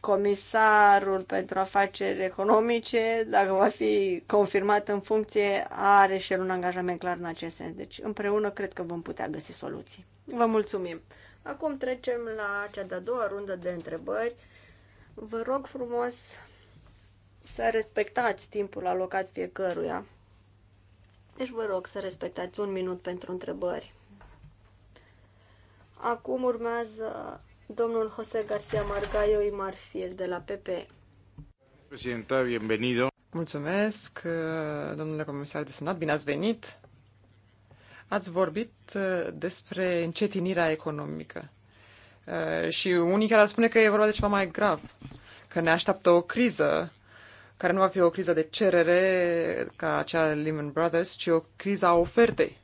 comisarul pentru afaceri economice, dacă va fi confirmat în funcție, are și el un angajament clar în acest sens. Deci împreună cred că vom putea găsi soluții. Vă mulțumim! Acum trecem la cea de-a doua rundă de întrebări Vă rog frumos să respectați timpul alocat fiecăruia. Deci vă rog să respectați un minut pentru întrebări. Acum urmează domnul José García Margallo y Marfil de la PP. Presidenta, bienvenido. Mulțumesc, domnule comisar de senat, bine ați venit. Ați vorbit despre încetinirea economică. Uh, și unii chiar ar spune că e vorba de ceva mai grav, că ne așteaptă o criză care nu va fi o criză de cerere ca cea Lehman Brothers, ci o criză a ofertei,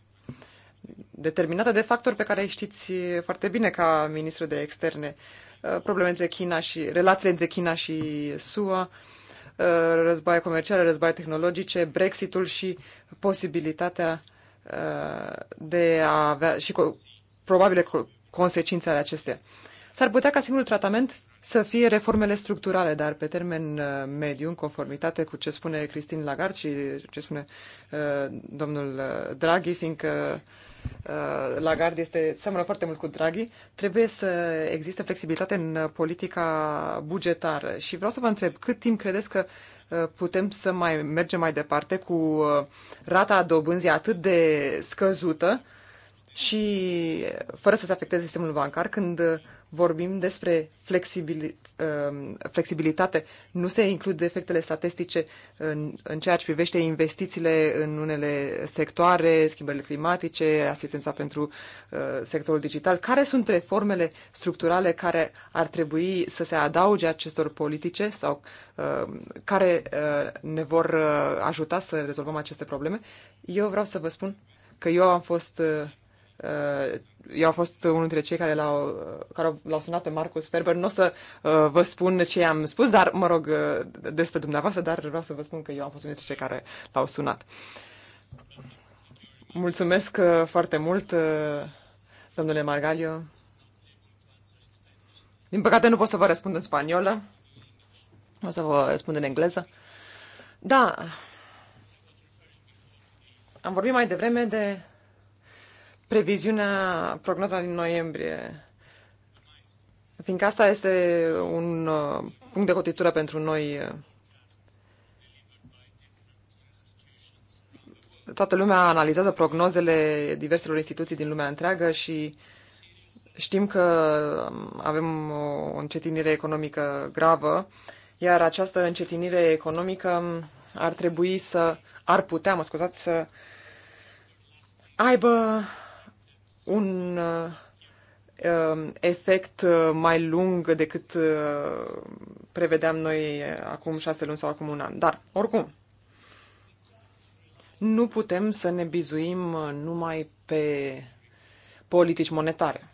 determinată de factori pe care îi știți foarte bine ca ministru de externe, uh, probleme între China și relațiile între China și SUA, uh, războaie comerciale, războaie tehnologice, Brexitul și posibilitatea de a avea și probabile consecințe ale acestea. S-ar putea ca singurul tratament să fie reformele structurale, dar pe termen uh, mediu, în conformitate cu ce spune Cristin Lagarde și ce spune uh, domnul uh, Draghi, fiindcă uh, Lagarde este, seamănă foarte mult cu Draghi, trebuie să existe flexibilitate în uh, politica bugetară. Și vreau să vă întreb, cât timp credeți că putem să mai mergem mai departe cu rata dobânzii atât de scăzută, și fără să se afecteze sistemul bancar, când vorbim despre flexibil, um, flexibilitate, nu se includ efectele statistice în, în ceea ce privește investițiile în unele sectoare, schimbările climatice, asistența pentru uh, sectorul digital. Care sunt reformele structurale care ar trebui să se adauge acestor politice sau um, care uh, ne vor uh, ajuta să rezolvăm aceste probleme? Eu vreau să vă spun că eu am fost eu am fost unul dintre cei care l-au, care l-au sunat pe Marcus Ferber. Nu o să uh, vă spun ce am spus, dar, mă rog, uh, despre dumneavoastră, dar vreau să vă spun că eu am fost unul dintre cei care l-au sunat. Mulțumesc uh, foarte mult, domnule Margalio. Din păcate nu pot să vă răspund în spaniolă. O să vă răspund în engleză. Da, am vorbit mai devreme de previziunea, prognoza din noiembrie. Fiindcă asta este un uh, punct de cotitură pentru noi. Uh, toată lumea analizează prognozele diverselor instituții din lumea întreagă și știm că um, avem o încetinire economică gravă, iar această încetinire economică um, ar trebui să, ar putea, mă scuzați, să aibă un uh, um, efect uh, mai lung decât uh, prevedeam noi acum șase luni sau acum un an. Dar, oricum, nu putem să ne bizuim numai pe politici monetare.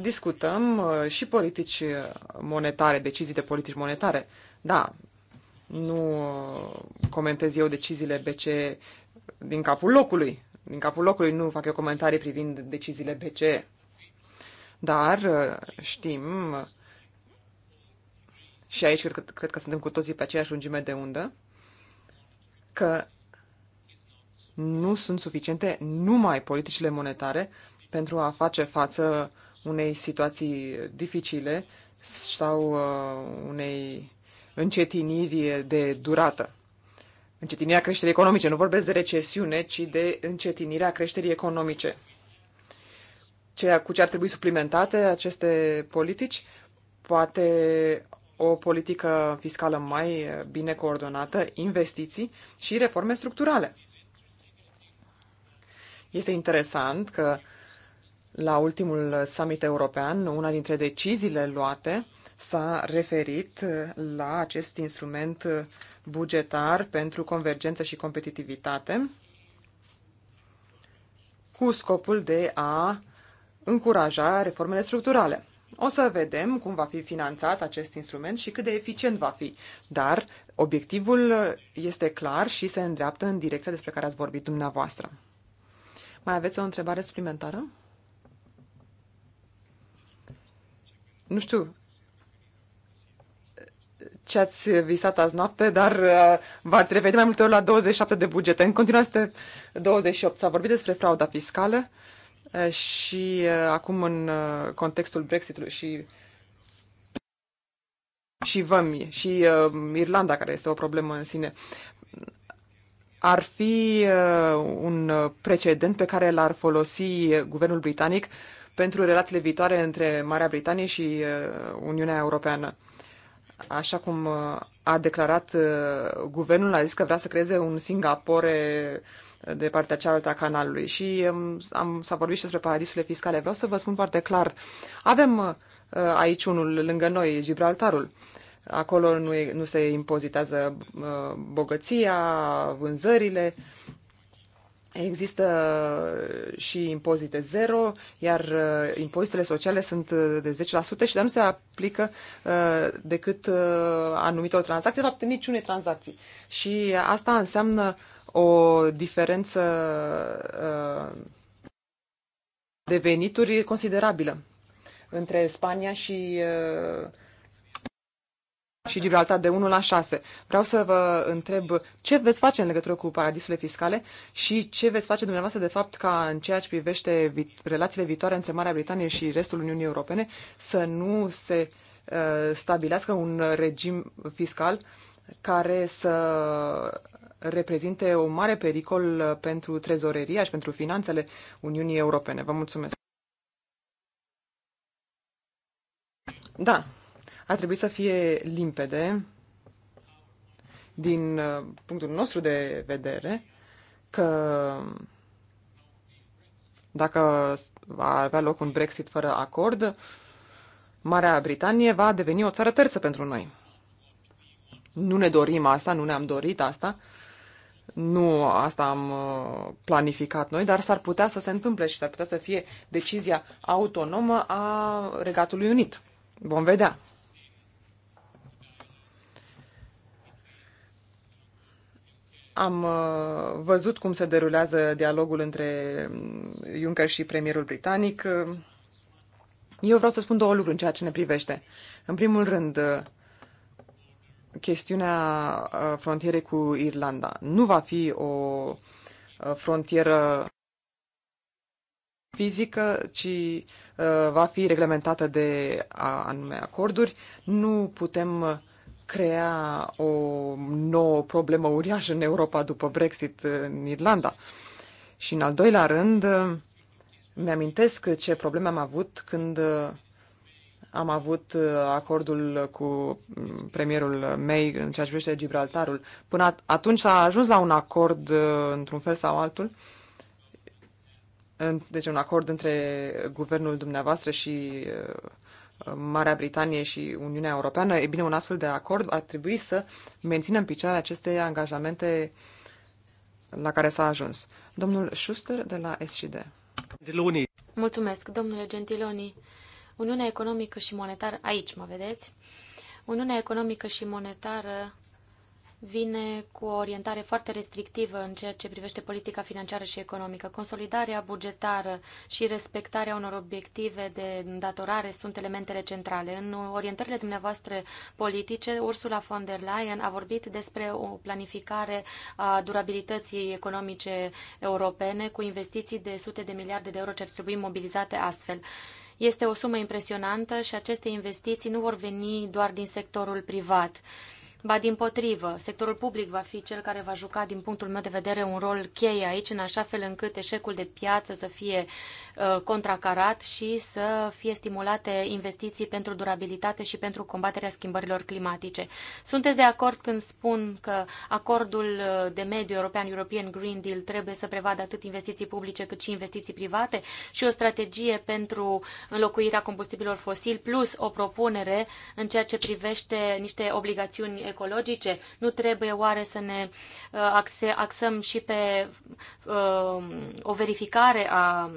Discutăm și politici monetare, decizii de politici monetare. Da, nu comentez eu deciziile BCE din capul locului. Din capul locului nu fac eu comentarii privind deciziile BCE. Dar uh, știm și aici cred că, cred că suntem cu toții pe aceeași lungime de undă, că nu sunt suficiente numai politicile monetare pentru a face față unei situații dificile sau uh, unei încetiniri de durată încetinirea creșterii economice. Nu vorbesc de recesiune, ci de încetinirea creșterii economice. Ceea cu ce ar trebui suplimentate aceste politici, poate o politică fiscală mai bine coordonată, investiții și reforme structurale. Este interesant că la ultimul summit european, una dintre deciziile luate s-a referit la acest instrument bugetar pentru convergență și competitivitate cu scopul de a încuraja reformele structurale. O să vedem cum va fi finanțat acest instrument și cât de eficient va fi, dar obiectivul este clar și se îndreaptă în direcția despre care ați vorbit dumneavoastră. Mai aveți o întrebare suplimentară? Nu știu, ce ați visat azi noapte, dar uh, v-ați referit mai multe ori la 27 de bugete. În continuare este 28. S-a vorbit despre frauda fiscală uh, și uh, acum în contextul Brexitului și și vămi și uh, Irlanda, care este o problemă în sine. Ar fi uh, un precedent pe care l-ar folosi guvernul britanic pentru relațiile viitoare între Marea Britanie și uh, Uniunea Europeană așa cum uh, a declarat uh, guvernul, a zis că vrea să creeze un Singapore uh, de partea cealaltă a canalului. Și um, am, s-a vorbit și despre paradisurile fiscale. Vreau să vă spun foarte clar. Avem aici unul lângă noi, Gibraltarul. Acolo nu, e, nu se impozitează bogăția, vânzările Există uh, și impozite zero, iar uh, impozitele sociale sunt uh, de 10% și dar nu se aplică decât anumitor tranzacții, de fapt niciunei tranzacții. Și asta înseamnă o diferență de venituri considerabilă între Spania și uh, și Gibraltar de 1 la 6. Vreau să vă întreb ce veți face în legătură cu paradisurile fiscale și ce veți face dumneavoastră de fapt ca în ceea ce privește vi- relațiile viitoare între Marea Britanie și restul Uniunii Europene să nu se uh, stabilească un regim fiscal care să reprezinte un mare pericol pentru trezoreria și pentru finanțele Uniunii Europene. Vă mulțumesc. Da, ar trebui să fie limpede din uh, punctul nostru de vedere că dacă va avea loc un Brexit fără acord, Marea Britanie va deveni o țară terță pentru noi. Nu ne dorim asta, nu ne-am dorit asta, nu asta am uh, planificat noi, dar s-ar putea să se întâmple și s-ar putea să fie decizia autonomă a Regatului Unit. Vom vedea. Am uh, văzut cum se derulează dialogul între mm, Juncker și premierul britanic. Uh, eu vreau să spun două lucruri în ceea ce ne privește. În primul rând, uh, chestiunea frontierei cu Irlanda. Nu va fi o frontieră fizică, ci va fi reglementată de anume acorduri. Nu putem crea o nouă problemă uriașă în Europa după Brexit în Irlanda. Și în al doilea rând, mi-amintesc ce probleme am avut când am avut acordul cu premierul May în ceea ce privește Gibraltarul. Până atunci s-a ajuns la un acord uh, într-un fel sau altul, deci un acord între guvernul dumneavoastră și uh, Marea Britanie și Uniunea Europeană, e bine, un astfel de acord ar trebui să mențină în picioare aceste angajamente la care s-a ajuns. Domnul Schuster de la SCD. Gentiloni. Mulțumesc, domnule Gentiloni. Uniunea economică și monetară, aici mă vedeți, Uniunea economică și monetară vine cu o orientare foarte restrictivă în ceea ce privește politica financiară și economică. Consolidarea bugetară și respectarea unor obiective de îndatorare sunt elementele centrale. În orientările dumneavoastră politice, Ursula von der Leyen a vorbit despre o planificare a durabilității economice europene cu investiții de sute de miliarde de euro ce ar trebui mobilizate astfel. Este o sumă impresionantă și aceste investiții nu vor veni doar din sectorul privat. Ba din potrivă, sectorul public va fi cel care va juca, din punctul meu de vedere, un rol cheie aici, în așa fel încât eșecul de piață să fie uh, contracarat și să fie stimulate investiții pentru durabilitate și pentru combaterea schimbărilor climatice. Sunteți de acord când spun că acordul uh, de mediu european, European Green Deal, trebuie să prevadă atât investiții publice cât și investiții private și o strategie pentru înlocuirea combustibilor fosili, plus o propunere în ceea ce privește niște obligațiuni ecologice? Nu trebuie oare să ne uh, axăm și pe uh, o verificare a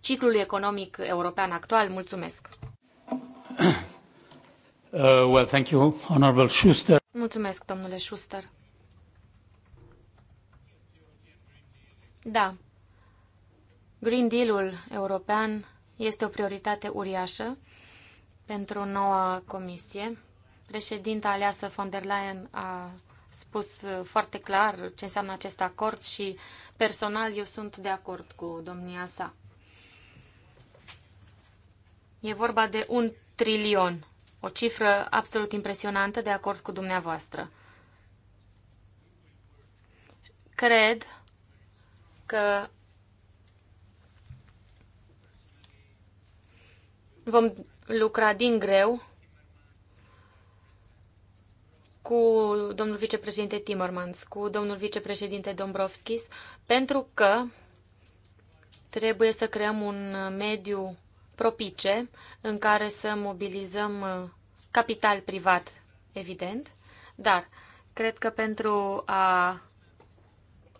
ciclului economic european actual? Mulțumesc! Uh, well, thank you, Honorable Schuster. Mulțumesc, domnule Schuster. Da, Green Deal-ul european este o prioritate uriașă pentru noua comisie. Președinta aleasă von der Leyen a spus uh, foarte clar ce înseamnă acest acord și personal eu sunt de acord cu domnia sa. E vorba de un trilion, o cifră absolut impresionantă de acord cu dumneavoastră. Cred că vom lucra din greu cu domnul vicepreședinte Timmermans, cu domnul vicepreședinte Dombrovskis, pentru că trebuie să creăm un mediu propice în care să mobilizăm capital privat, evident, dar cred că pentru a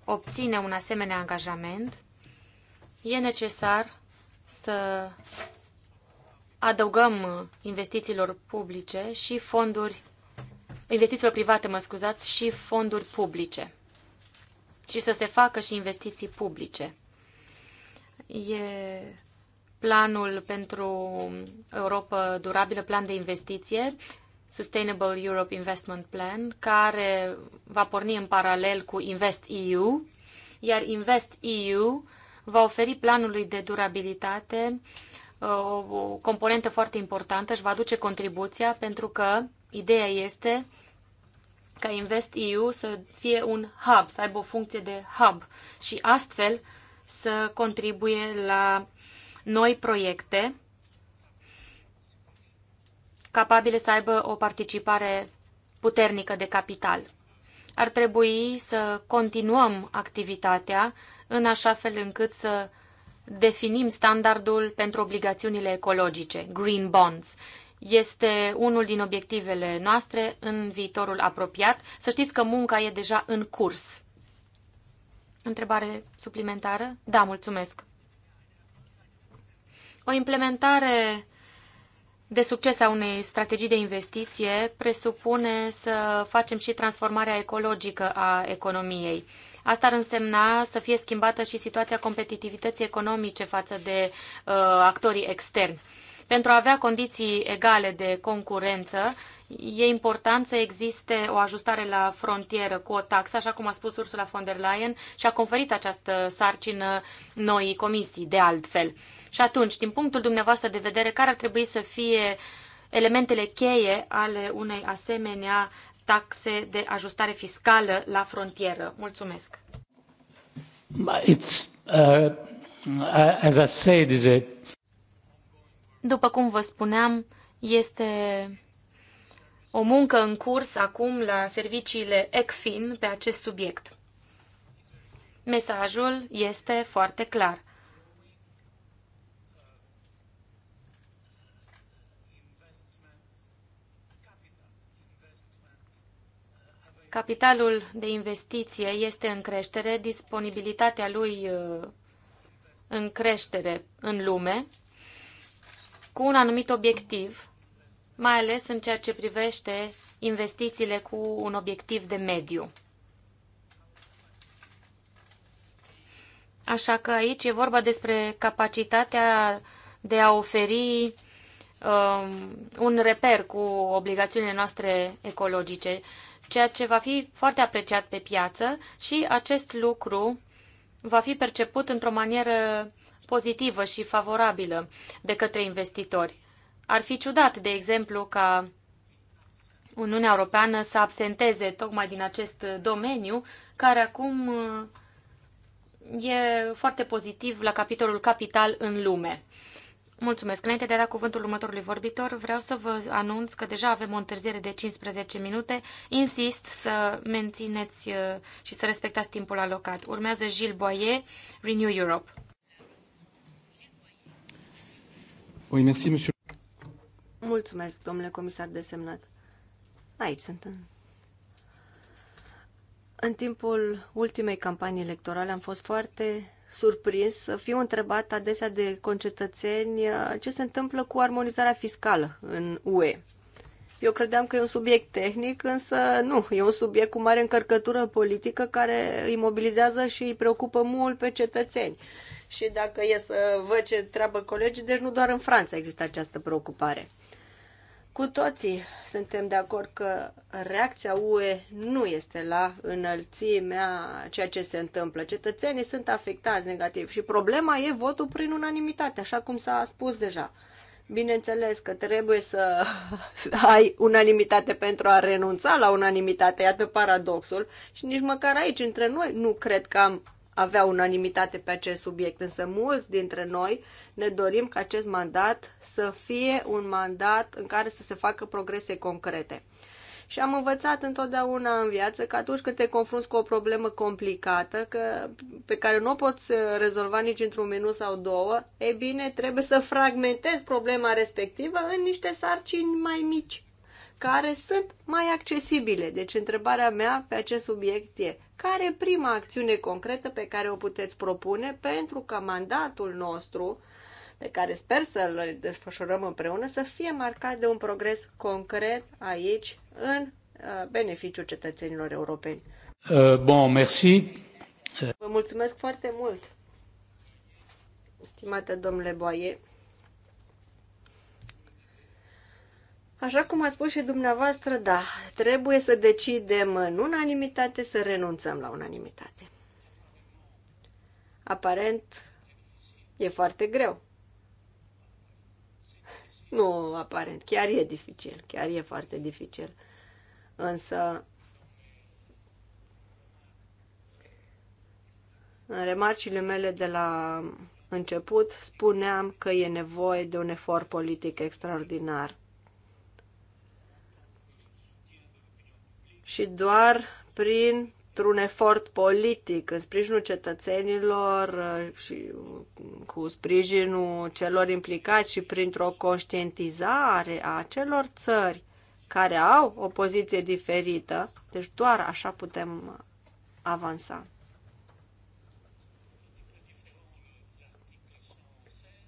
obține un asemenea angajament e necesar să adăugăm investițiilor publice și fonduri investițiilor private, mă scuzați, și fonduri publice. Și să se facă și investiții publice. E planul pentru Europa durabilă, plan de investiție, Sustainable Europe Investment Plan, care va porni în paralel cu Invest EU, iar Invest EU va oferi planului de durabilitate uh, o componentă foarte importantă și va aduce contribuția pentru că Ideea este ca InvestEU să fie un hub, să aibă o funcție de hub și astfel să contribuie la noi proiecte capabile să aibă o participare puternică de capital. Ar trebui să continuăm activitatea în așa fel încât să definim standardul pentru obligațiunile ecologice, green bonds, este unul din obiectivele noastre în viitorul apropiat. Să știți că munca e deja în curs. Întrebare suplimentară? Da, mulțumesc. O implementare de succes a unei strategii de investiție presupune să facem și transformarea ecologică a economiei. Asta ar însemna să fie schimbată și situația competitivității economice față de uh, actorii externi. Uh, pentru a avea condiții egale de concurență, e important să existe o ajustare la frontieră cu o taxă, așa cum a spus Ursula von der Leyen și a conferit această sarcină noii comisii, de altfel. Și atunci, din punctul dumneavoastră de vedere, care ar trebui să fie elementele cheie ale unei asemenea taxe de ajustare fiscală la frontieră? Mulțumesc! It's, uh, uh as I said, is it... După cum vă spuneam, este o muncă în curs acum la serviciile ECFIN pe acest subiect. Mesajul este foarte clar. Capitalul de investiție este în creștere, disponibilitatea lui uh, în creștere în lume, cu un anumit obiectiv, mai ales în ceea ce privește investițiile cu un obiectiv de mediu. Așa că aici e vorba despre capacitatea de a oferi um, un reper cu obligațiunile noastre ecologice, ceea ce va fi foarte apreciat pe piață și acest lucru va fi perceput într-o manieră pozitivă și favorabilă de către investitori. Ar fi ciudat, de exemplu, ca Uniunea Europeană să absenteze tocmai din acest domeniu, care acum e foarte pozitiv la capitolul capital în lume. Mulțumesc. Înainte de a da cuvântul următorului vorbitor, vreau să vă anunț că deja avem o întârziere de 15 minute. Insist să mențineți uh, și să respectați timpul alocat. Urmează Gilles Boyer, Renew Europe. Oui, merci, monsieur. Mulțumesc, domnule comisar desemnat. Aici sunt. În... în timpul ultimei campanii electorale am fost foarte surprins să fiu întrebat adesea de concetățeni uh, ce se întâmplă cu armonizarea fiscală în UE. Eu credeam că e un subiect tehnic, însă nu, e un subiect cu mare încărcătură politică care îi mobilizează și îi preocupă mult pe cetățeni și dacă e să văd ce treabă colegii, deci nu doar în Franța există această preocupare. Cu toții suntem de acord că reacția UE nu este la înălțimea ceea ce se întâmplă. Cetățenii sunt afectați negativ și problema e votul prin unanimitate, așa cum s-a spus deja. Bineînțeles că trebuie să ai unanimitate pentru a renunța la unanimitate, iată paradoxul, și nici măcar aici, între noi, nu cred că am avea unanimitate pe acest subiect, însă mulți dintre noi ne dorim ca acest mandat să fie un mandat în care să se facă progrese concrete. Și am învățat întotdeauna în viață că atunci când te confrunți cu o problemă complicată, că, pe care nu o poți uh, rezolva nici într-un minut sau două, e bine, trebuie să fragmentezi problema respectivă în niște sarcini mai mici care sunt mai accesibile. Deci întrebarea mea pe acest subiect e care e prima acțiune concretă pe care o puteți propune pentru ca mandatul nostru, pe care sper să-l desfășurăm împreună, să fie marcat de un progres concret aici în uh, beneficiul cetățenilor europeni. Uh, bon, merci. Vă mulțumesc foarte mult, stimate domnule Boaie. Așa cum a spus și dumneavoastră, da, trebuie să decidem în unanimitate, să renunțăm la unanimitate. Aparent, e foarte greu. Nu, aparent, chiar e dificil, chiar e foarte dificil. Însă, în remarcile mele de la început, spuneam că e nevoie de un efort politic extraordinar și doar prin un efort politic în sprijinul cetățenilor uh, și mm, cu sprijinul celor implicați și printr-o conștientizare a celor țări care au o poziție diferită. Deci doar așa putem avansa.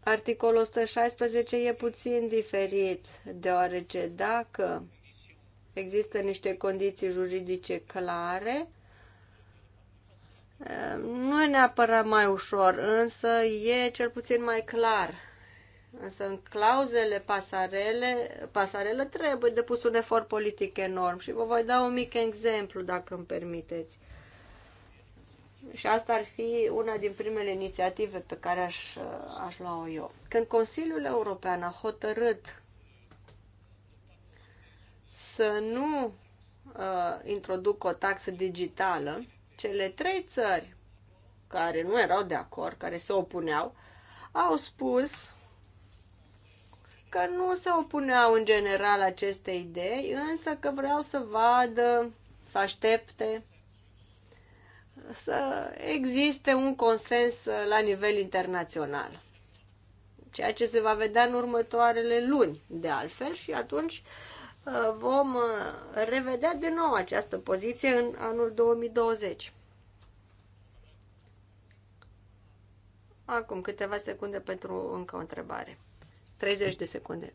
Articolul 116 e puțin diferit, deoarece dacă Există niște condiții juridice clare. Ehm, nu e neapărat mai ușor, însă e cel puțin mai clar. Însă în clauzele pasarele, pasarele trebuie depus un efort politic enorm și vă voi da un mic exemplu, dacă îmi permiteți. Și asta ar fi una din primele inițiative pe care aș, aș lua-o eu. Când Consiliul European a hotărât să nu uh, introducă o taxă digitală, cele trei țări care nu erau de acord, care se opuneau, au spus că nu se opuneau în general aceste idei, însă că vreau să vadă, să aștepte, să existe un consens la nivel internațional. Ceea ce se va vedea în următoarele luni, de altfel, și atunci uh, Uh, vom uh, revedea din nou această poziție în anul 2020. Acum câteva secunde pentru încă o întrebare. 30 de secunde.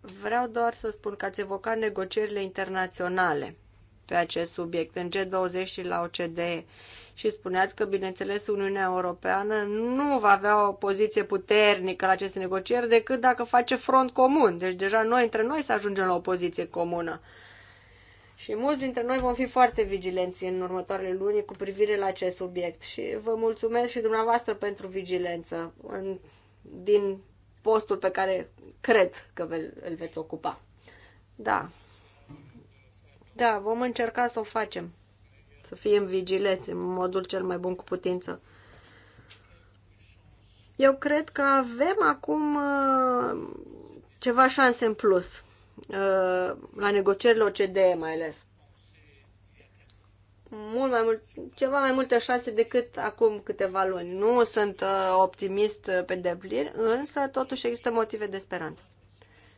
Vreau doar să spun că ați evocat negocierile internaționale pe acest subiect în G20 și la OCDE și spuneați că, bineînțeles, Uniunea Europeană nu va avea o poziție puternică la aceste negocieri decât dacă face front comun. Deci deja noi între noi să ajungem la o poziție comună. Și mulți dintre noi vom fi foarte vigilenți în următoarele luni cu privire la acest subiect. Și vă mulțumesc și dumneavoastră pentru vigilență în, din postul pe care cred că îl veți ocupa. Da, da, vom încerca să o facem. Să fim vigileți în modul cel mai bun cu putință. Eu cred că avem acum uh, ceva șanse în plus uh, la negocierile OCDE mai ales. Mult mai mult, ceva mai multe șanse decât acum câteva luni. Nu sunt uh, optimist pe deplin, însă totuși există motive de speranță.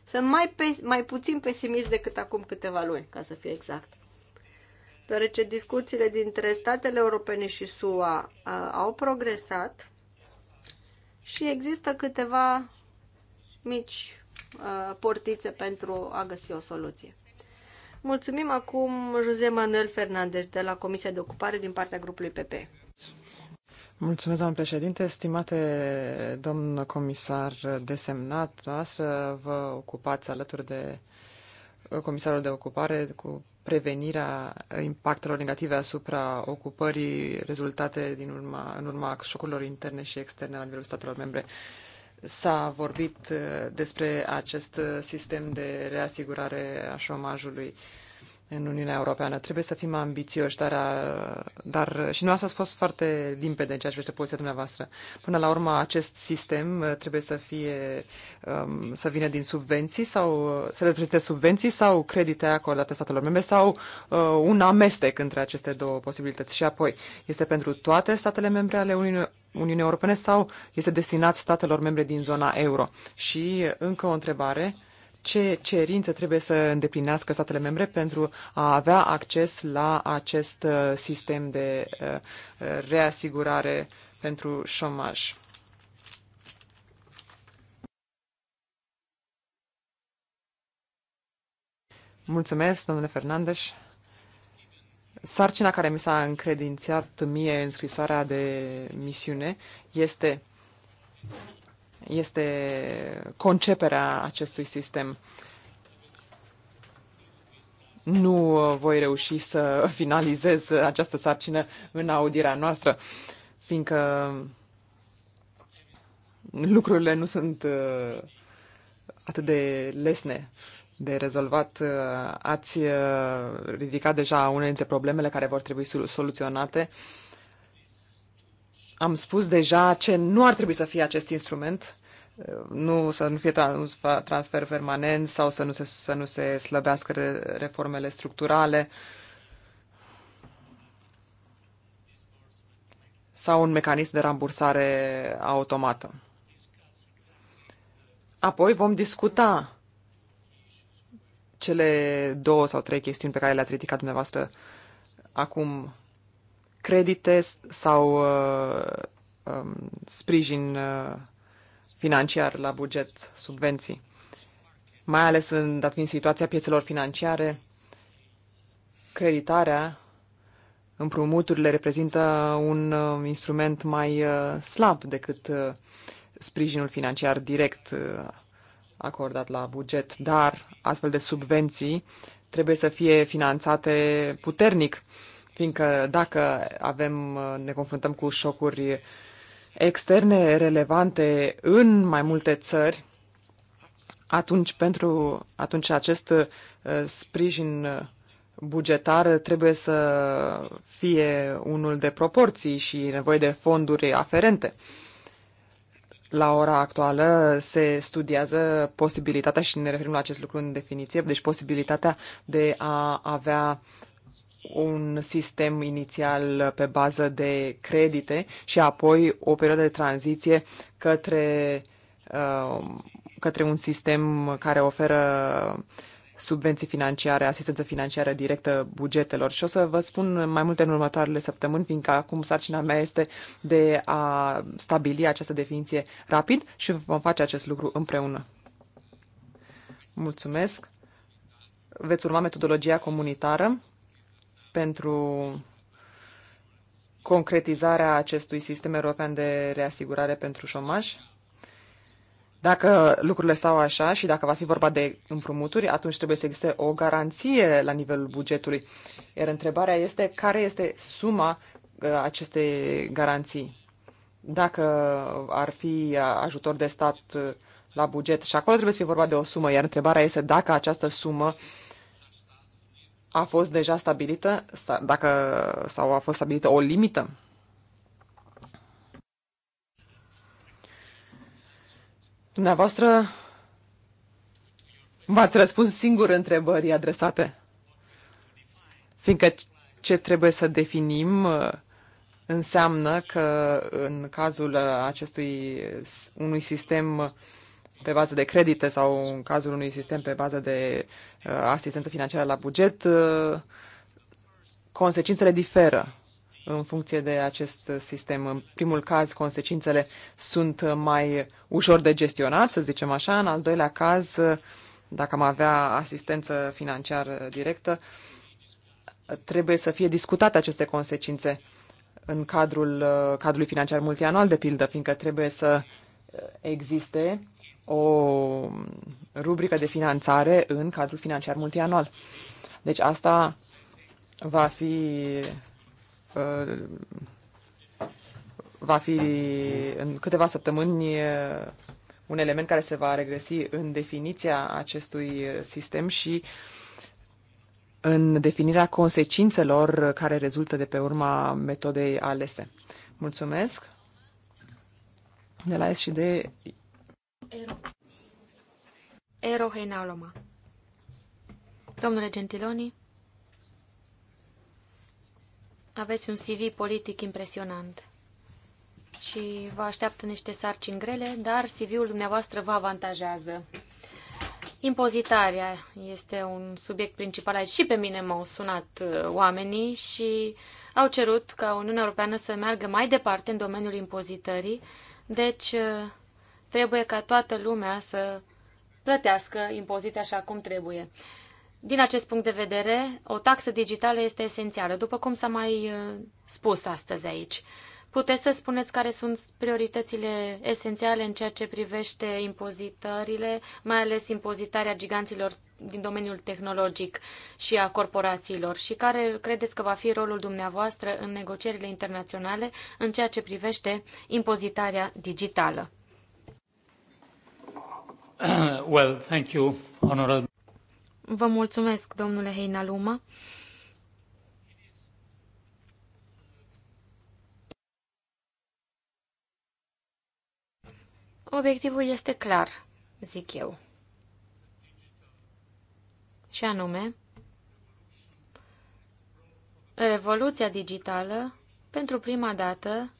Sunt mai, pe, mai puțin pesimist decât acum câteva luni, ca să fie exact. Deoarece discuțiile dintre statele europene și SUA a, au progresat și există câteva mici a, portițe pentru a găsi o soluție. Mulțumim acum José Manuel Fernandez de la Comisia de Ocupare din partea grupului PP. Mulțumesc, doamnă președinte. Stimate domn comisar desemnat, noastră vă ocupați alături de comisarul de ocupare cu prevenirea impactelor negative asupra ocupării rezultate din urma, în urma șocurilor interne și externe la nivelul statelor membre. S-a vorbit uh, despre acest uh, sistem de reasigurare a șomajului în Uniunea Europeană. Trebuie să fim ambițioși, dar, dar și nu asta a fost foarte limpede în ceea ce privește poziția dumneavoastră. Până la urmă, acest sistem uh, trebuie să fie, um, să vină din subvenții sau uh, să reprezinte subvenții sau credite acordate statelor membre sau uh, un amestec între aceste două posibilități. Și apoi, este pentru toate statele membre ale Uniunii Uniunea Europene sau este destinat statelor membre din zona euro? Și încă o întrebare. Uh, ce cerințe trebuie să îndeplinească statele membre pentru a avea acces la acest uh, sistem de uh, uh, reasigurare pentru șomaj. Mulțumesc, domnule Fernandes. Sarcina care mi s-a încredințat mie în scrisoarea de misiune este este conceperea acestui sistem. Nu voi reuși să finalizez această sarcină în audirea noastră, fiindcă lucrurile nu sunt uh, atât de lesne de rezolvat. Uh, ați uh, ridicat deja unele dintre problemele care vor trebui soluționate am spus deja ce nu ar trebui să fie acest instrument, nu să nu fie transfer permanent sau să nu se, să nu se slăbească reformele structurale sau un mecanism de rambursare automată. Apoi vom discuta cele două sau trei chestiuni pe care le-ați ridicat dumneavoastră acum credite sau uh, um, sprijin uh, financiar la buget, subvenții. Mai ales în dat fiind situația piețelor financiare, creditarea, împrumuturile reprezintă un uh, instrument mai uh, slab decât uh, sprijinul financiar direct uh, acordat la buget, dar astfel de subvenții trebuie să fie finanțate puternic. Uh, Fiindcă dacă avem, ne confruntăm cu șocuri externe relevante în mai multe țări, atunci, pentru, atunci acest uh, sprijin bugetar trebuie să fie unul de proporții și nevoie de fonduri aferente. La ora actuală se studiază posibilitatea, și ne referim la acest lucru în definiție, deci posibilitatea de a avea un sistem inițial pe bază de credite și apoi o perioadă de tranziție către, uh, către un sistem care oferă subvenții financiare, asistență financiară directă bugetelor. Și o să vă spun mai multe în următoarele săptămâni, fiindcă acum sarcina mea este de a stabili această definiție rapid și vom face acest lucru împreună. Mulțumesc! Veți urma metodologia comunitară pentru concretizarea acestui sistem european de reasigurare pentru șomaj. Dacă lucrurile stau așa și dacă va fi vorba de împrumuturi, atunci trebuie să existe o garanție la nivelul bugetului. Iar întrebarea este care este suma uh, acestei garanții. Dacă ar fi ajutor de stat uh, la buget și acolo trebuie să fie vorba de o sumă, iar întrebarea este dacă această sumă uh, a fost deja stabilită, dacă, sau a fost stabilită o limită? Dumneavoastră v-ați răspuns singur întrebării adresate, fiindcă ce trebuie să definim uh, înseamnă că în cazul acestui unui sistem pe bază de credite sau în cazul unui sistem pe bază de uh, asistență financiară la buget, uh, consecințele diferă în funcție de acest sistem. În primul caz, consecințele sunt mai ușor de gestionat, să zicem așa. În al doilea caz, uh, dacă am avea asistență financiară directă, trebuie să fie discutate aceste consecințe în cadrul uh, cadrului financiar multianual, de pildă, fiindcă trebuie să uh, existe o mm, rubrică de finanțare în cadrul financiar multianual. Deci asta va fi uh, va fi în câteva săptămâni uh, un element care se va regăsi în definiția acestui sistem și în definirea consecințelor care rezultă de pe urma metodei alese. Mulțumesc! De la S și de Ero. Ero Domnule Gentiloni, aveți un CV politic impresionant și vă așteaptă niște sarcini grele, dar CV-ul dumneavoastră vă avantajează. Impozitarea este un subiect principal aici. Și pe mine m-au sunat uh, oamenii și au cerut ca Uniunea Europeană să meargă mai departe în domeniul impozitării. Deci, uh, Trebuie ca toată lumea să plătească impozite așa cum trebuie. Din acest punct de vedere, o taxă digitală este esențială, după cum s-a mai uh, spus astăzi aici. Puteți să spuneți care sunt prioritățile esențiale în ceea ce privește impozitările, mai ales impozitarea giganților din domeniul tehnologic și a corporațiilor și care credeți că va fi rolul dumneavoastră în negocierile internaționale în ceea ce privește impozitarea digitală? well, thank you, honorable. Vă mulțumesc, domnule Heinaluma. Obiectivul este clar, zic eu. Și anume, revoluția digitală, pentru prima dată,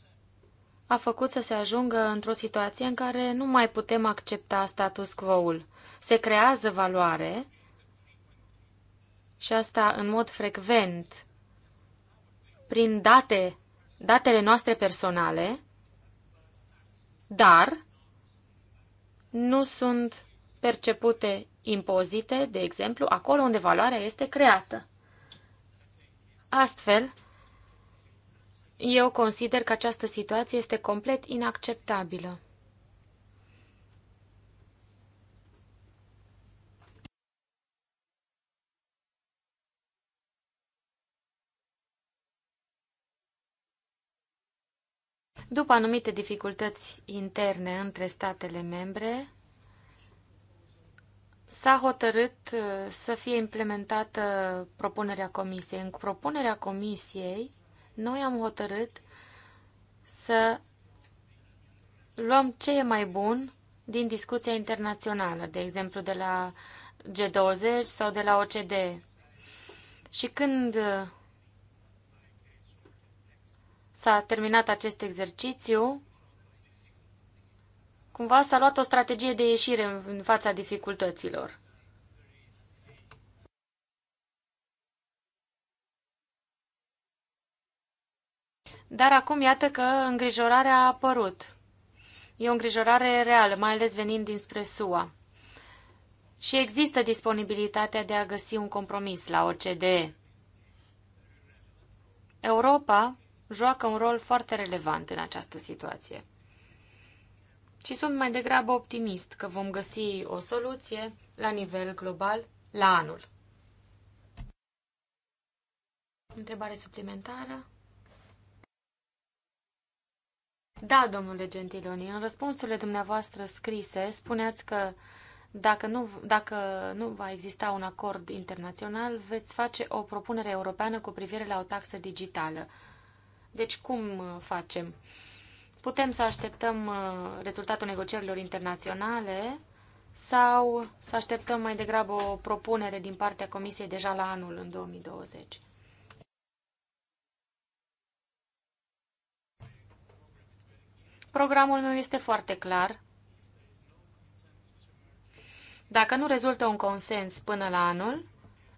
a făcut să se ajungă într-o situație în care nu mai putem accepta status quo-ul. Se creează valoare și asta în mod frecvent prin date, datele noastre personale, dar nu sunt percepute impozite, de exemplu, acolo unde valoarea este creată. Astfel, eu consider că această situație este complet inacceptabilă. După anumite dificultăți interne între statele membre, s-a hotărât uh, să fie implementată propunerea Comisiei. În propunerea Comisiei noi am hotărât să luăm ce e mai bun din discuția internațională, de exemplu de la G20 sau de la OCDE. Și când s-a terminat acest exercițiu, cumva s-a luat o strategie de ieșire în fața dificultăților. Dar acum iată că îngrijorarea a apărut. E o îngrijorare reală, mai ales venind dinspre SUA. Și există disponibilitatea de a găsi un compromis la OCDE. Europa joacă un rol foarte relevant în această situație. Și sunt mai degrabă optimist că vom găsi o soluție la nivel global la anul. Întrebare suplimentară? Da, domnule Gentiloni, în răspunsurile dumneavoastră scrise spuneați că dacă nu, dacă nu va exista un acord internațional, veți face o propunere europeană cu privire la o taxă digitală. Deci cum uh, facem? Putem să așteptăm uh, rezultatul negocierilor internaționale sau să așteptăm mai degrabă o propunere din partea Comisiei deja la anul, în 2020? Programul meu este foarte clar. Dacă nu rezultă un consens până la anul,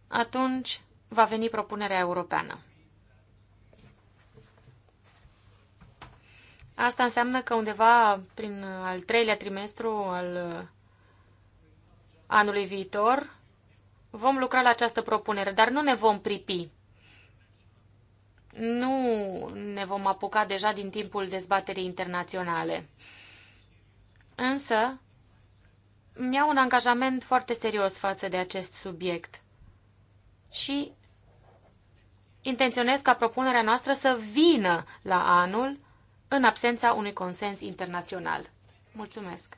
atunci va veni propunerea europeană. Asta înseamnă că undeva prin al treilea trimestru al anului viitor vom lucra la această propunere, dar nu ne vom pripi nu ne vom apuca deja din timpul dezbaterii internaționale. Însă, mi-au un angajament foarte serios față de acest subiect și intenționez ca propunerea noastră să vină la anul în absența unui consens internațional. Mulțumesc!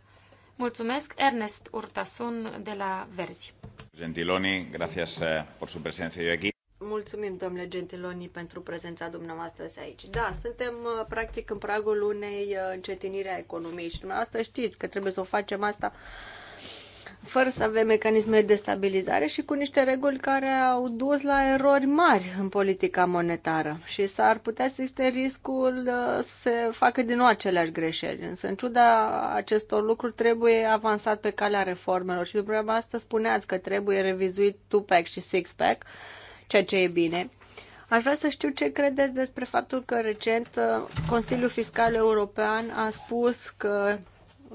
Mulțumesc, Ernest Urtasun de la Verzi. Gentiloni, gracias eh, por su presencia aquí. Mulțumim, domnule Gentiloni, pentru prezența dumneavoastră aici. Da, suntem uh, practic în pragul unei uh, încetinire a economiei și dumneavoastră știți că trebuie să o facem asta fără să avem mecanisme de stabilizare și cu niște reguli care au dus la erori mari în politica monetară și s-ar putea să existe riscul uh, să se facă din nou aceleași greșeli. Însă, în ciuda acestor lucruri, trebuie avansat pe calea reformelor și dumneavoastră spuneați că trebuie revizuit 2-pack și 6-pack ceea ce e bine. Aș vrea să știu ce credeți despre faptul că recent uh, Consiliul Fiscal European a spus că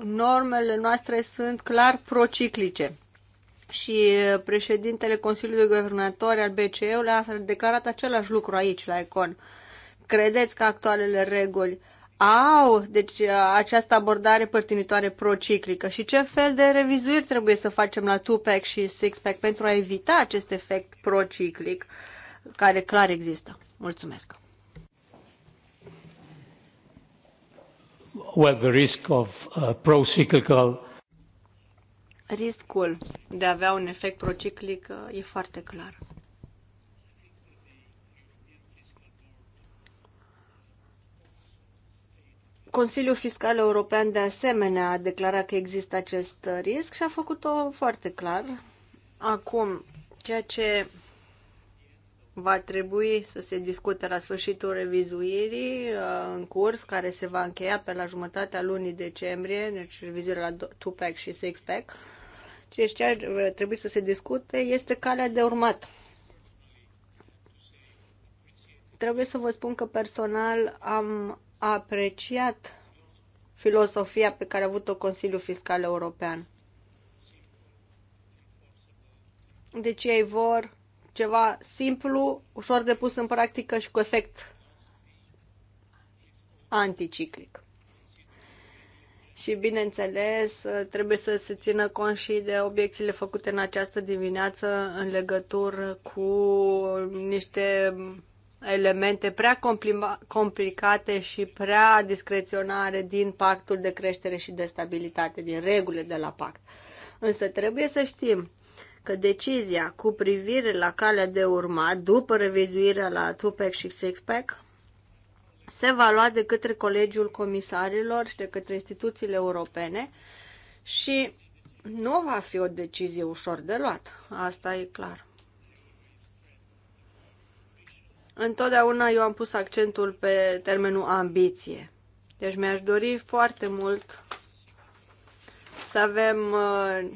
normele noastre sunt clar prociclice. Și uh, președintele Consiliului de Guvernatori al BCE-ului a declarat același lucru aici, la Econ. Credeți că actualele reguli uh, au deci, uh, această abordare părtinitoare prociclică și ce fel de revizuiri trebuie să facem la 2-pack și 6-pack pentru a evita acest efect prociclic care clar există. Mulțumesc! Well, the risk of uh, procyclical Riscul de a avea un efect prociclic uh, e foarte clar. Consiliul Fiscal European de asemenea a declarat că există acest risc și a făcut-o foarte clar. Acum, ceea ce va trebui să se discute la sfârșitul revizuirii uh, în curs, care se va încheia pe la jumătatea lunii decembrie, deci revizuirea la 2-pack și 6-pack, ceea ce trebuie trebui să se discute este calea de urmat. Trebuie să vă spun că personal am apreciat filosofia pe care a avut-o Consiliul Fiscal European. Deci ei vor ceva simplu, ușor de pus în practică și cu efect anticiclic. Și bineînțeles, trebuie să se țină cont și de obiecțiile făcute în această dimineață în legătură cu niște elemente prea complicate și prea discreționare din pactul de creștere și de stabilitate, din regulile de la pact. Însă trebuie să știm că decizia cu privire la calea de urmat după revizuirea la Tupac și Sixpack se va lua de către Colegiul Comisarilor și de către instituțiile europene și nu va fi o decizie ușor de luat. Asta e clar. Întotdeauna eu am pus accentul pe termenul ambiție. Deci mi-aș dori foarte mult să avem uh,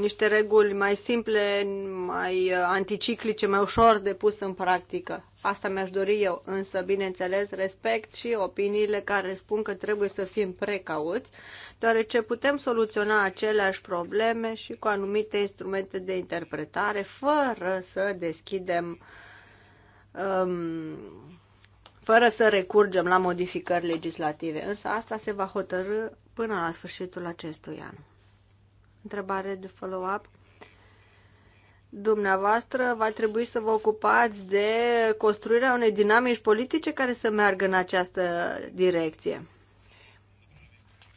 niște reguli mai simple, mai uh, anticiclice, mai ușor de pus în practică. Asta mi-aș dori eu, însă, bineînțeles, respect și opiniile care spun că trebuie să fim precauți, deoarece putem soluționa aceleași probleme și cu anumite instrumente de interpretare, fără să deschidem uh, Um, fără să recurgem la modificări legislative, însă asta se va hotărâ până la sfârșitul acestui an. Întrebare de follow-up. Dumneavoastră va trebui să vă ocupați de construirea unei dinamici politice care să meargă în această direcție,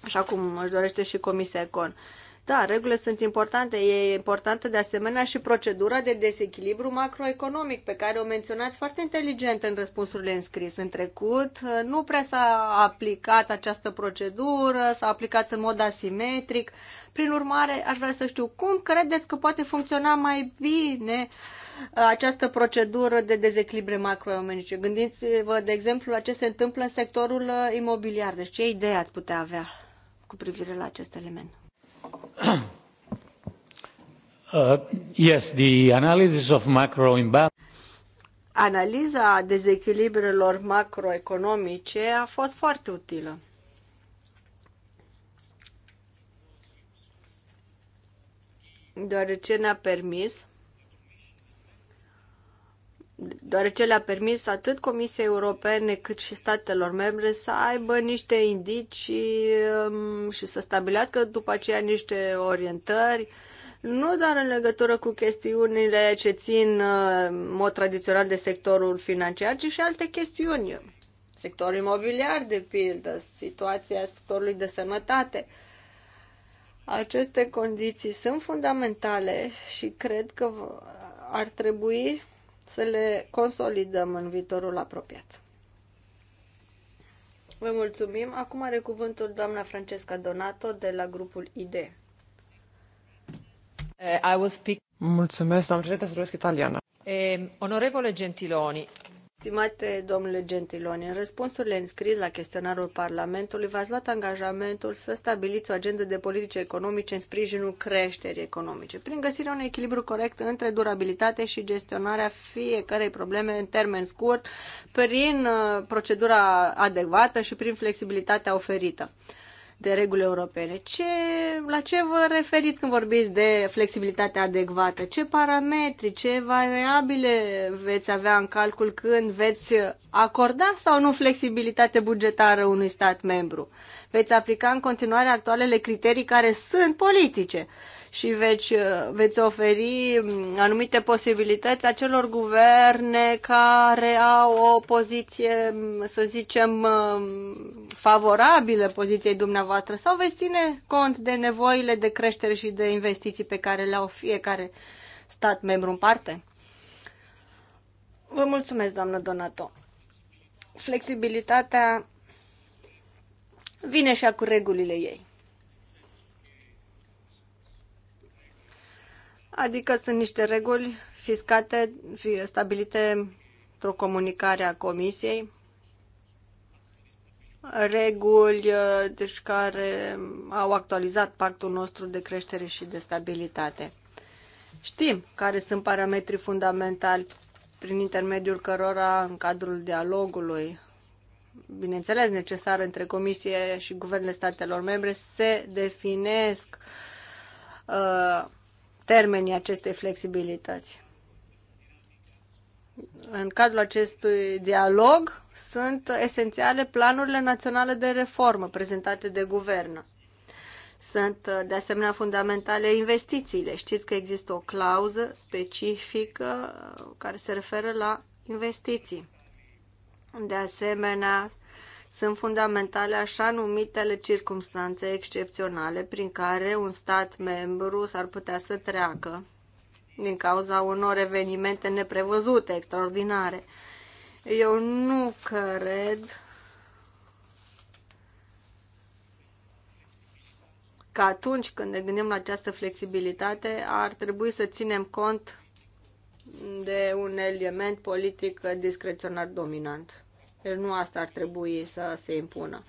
așa cum își dorește și Comisia Econ. Uh, da, regulile sunt importante. E importantă de asemenea și procedura de dezechilibru macroeconomic pe care o menționați foarte inteligent în răspunsurile înscris. În trecut uh, nu prea s-a aplicat această procedură, s-a aplicat în mod asimetric. Prin urmare, aș vrea să știu cum credeți că poate funcționa mai bine uh, această procedură de dezechilibre macroeconomice. Gândiți-vă, de exemplu, la ce se întâmplă în sectorul uh, imobiliar. Deci ce idee ați putea avea cu privire la acest element? Uh, yes, the analysis of macro Analiza dezechilibrelor macroeconomice a fost foarte utilă. Deoarece ne-a permis deoarece le-a permis atât Comisiei Europene cât și statelor membre să aibă niște indicii um, și să stabilească după aceea niște orientări, nu doar în legătură cu chestiunile ce țin uh, în mod tradițional de sectorul financiar, ci și alte chestiuni. Sectorul imobiliar, de pildă, situația sectorului de sănătate. Aceste condiții sunt fundamentale și cred că ar trebui să le consolidăm în viitorul apropiat. Vă mulțumim. Acum are cuvântul doamna Francesca Donato de la grupul ID. Eh, I will speak... Mulțumesc, am cerut să vorbesc italiană. Eh, onorevole Gentiloni, Stimate domnule Gentiloni, în răspunsurile înscris la chestionarul Parlamentului, v-ați luat angajamentul să stabiliți o agendă de politici economice în sprijinul creșterii economice, prin găsirea unui echilibru corect între durabilitate și gestionarea fiecarei probleme în termen scurt, prin uh, procedura adecvată și prin flexibilitatea oferită de reguli europene. Ce, la ce vă referiți când vorbiți de flexibilitate adecvată? Ce parametri, ce variabile veți avea în calcul când veți acorda sau nu flexibilitate bugetară unui stat membru? Veți aplica în continuare actualele criterii care sunt politice și veți, uh, veți oferi mm, anumite posibilități acelor guverne care au o poziție, mm, să zicem, mm, favorabilă poziției dumneavoastră sau veți ține cont de nevoile de creștere și de investiții pe care le au fiecare stat membru în parte? Vă mulțumesc, doamnă Donato. Flexibilitatea vine și cu regulile ei. Adică sunt niște reguli fiscate, stabilite într-o comunicare a Comisiei, reguli uh, deci care au actualizat pactul nostru de creștere și de stabilitate. Știm care sunt parametrii fundamentali prin intermediul cărora în cadrul dialogului, bineînțeles necesar între Comisie și guvernele statelor membre, se definesc uh, termenii acestei flexibilități. În cadrul acestui dialog sunt esențiale planurile naționale de reformă prezentate de guvern. Sunt de asemenea fundamentale investițiile. Știți că există o clauză specifică care se referă la investiții. De asemenea, sunt fundamentale așa numitele circumstanțe excepționale prin care un stat membru s-ar putea să treacă din cauza unor evenimente neprevăzute, extraordinare. Eu nu cred că atunci când ne gândim la această flexibilitate ar trebui să ținem cont de un element politic discreționar dominant. Deci nu asta ar trebui să se impună.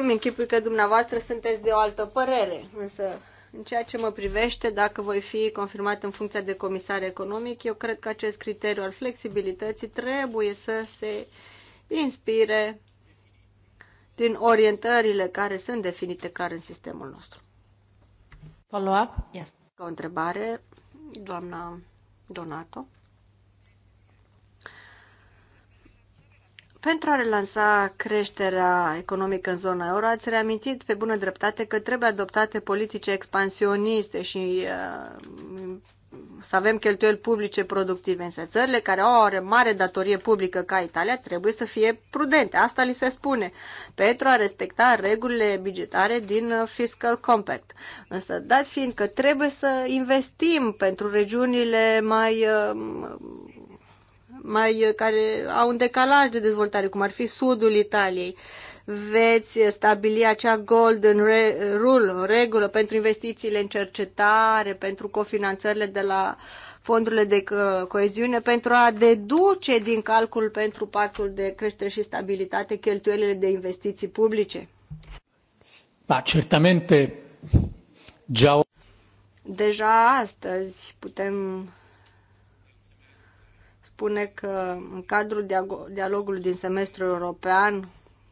Îmi închipui că dumneavoastră sunteți de o altă părere, însă în ceea ce mă privește, dacă voi fi confirmat în funcția de comisar economic, eu cred că acest criteriu al flexibilității trebuie să se inspire din orientările care sunt definite clar în sistemul nostru. Follow-up? Yes. O întrebare, doamna Donato. Pentru a relansa creșterea economică în zona euro, ați reamintit pe bună dreptate că trebuie adoptate politice expansioniste și uh, să avem cheltuieli publice productive. în țările care au o mare datorie publică ca Italia trebuie să fie prudente. Asta li se spune pentru a respecta regulile bugetare din uh, Fiscal Compact. Însă, dat fiind că trebuie să investim pentru regiunile mai uh, mai, eh, care au un decalaj de dezvoltare, cum ar fi sudul Italiei. Veți stabili acea golden rule, regulă pentru investițiile în cercetare, pentru cofinanțările de la fondurile de eh, coeziune, pentru a deduce din calcul pentru pactul de creștere și stabilitate cheltuielile de investiții publice? Da, certamente, Deja astăzi putem spune că în cadrul dialogului din semestrul european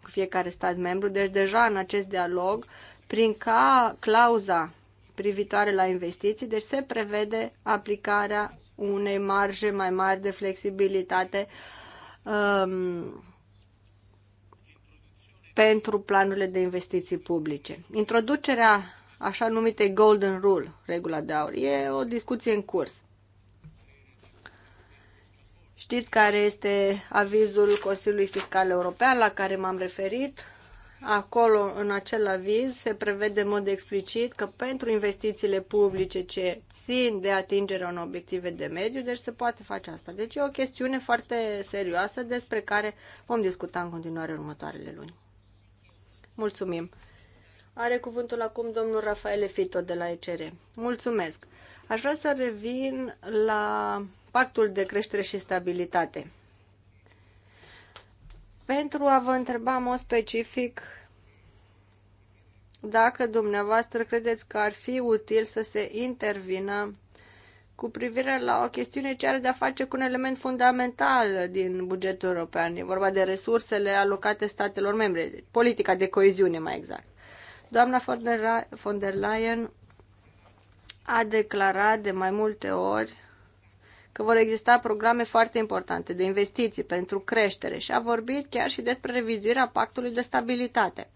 cu fiecare stat membru, deci deja în acest dialog, prin ca clauza privitoare la investiții, deci se prevede aplicarea unei marje mai mari de flexibilitate um, pentru planurile de investiții publice. Introducerea așa numite Golden Rule, regula de aur, e o discuție în curs. Știți care este avizul Consiliului Fiscal European la care m-am referit? Acolo, în acel aviz, se prevede în mod explicit că pentru investițiile publice ce țin de atingerea unor obiective de mediu, deci se poate face asta. Deci e o chestiune foarte serioasă despre care vom discuta în continuare următoarele luni. Mulțumim! Are cuvântul acum domnul Rafaele Fito de la ECR. Mulțumesc! Aș vrea să revin la pactul de creștere și stabilitate. Pentru a vă întreba în mod specific dacă dumneavoastră credeți că ar fi util să se intervină cu privire la o chestiune ce are de-a face cu un element fundamental din bugetul european. E vorba de resursele alocate statelor membre, politica de coeziune mai exact. Doamna von der Leyen a declarat de mai multe ori că vor exista programe foarte importante de investiții pentru creștere și a vorbit chiar și despre revizuirea pactului de stabilitate.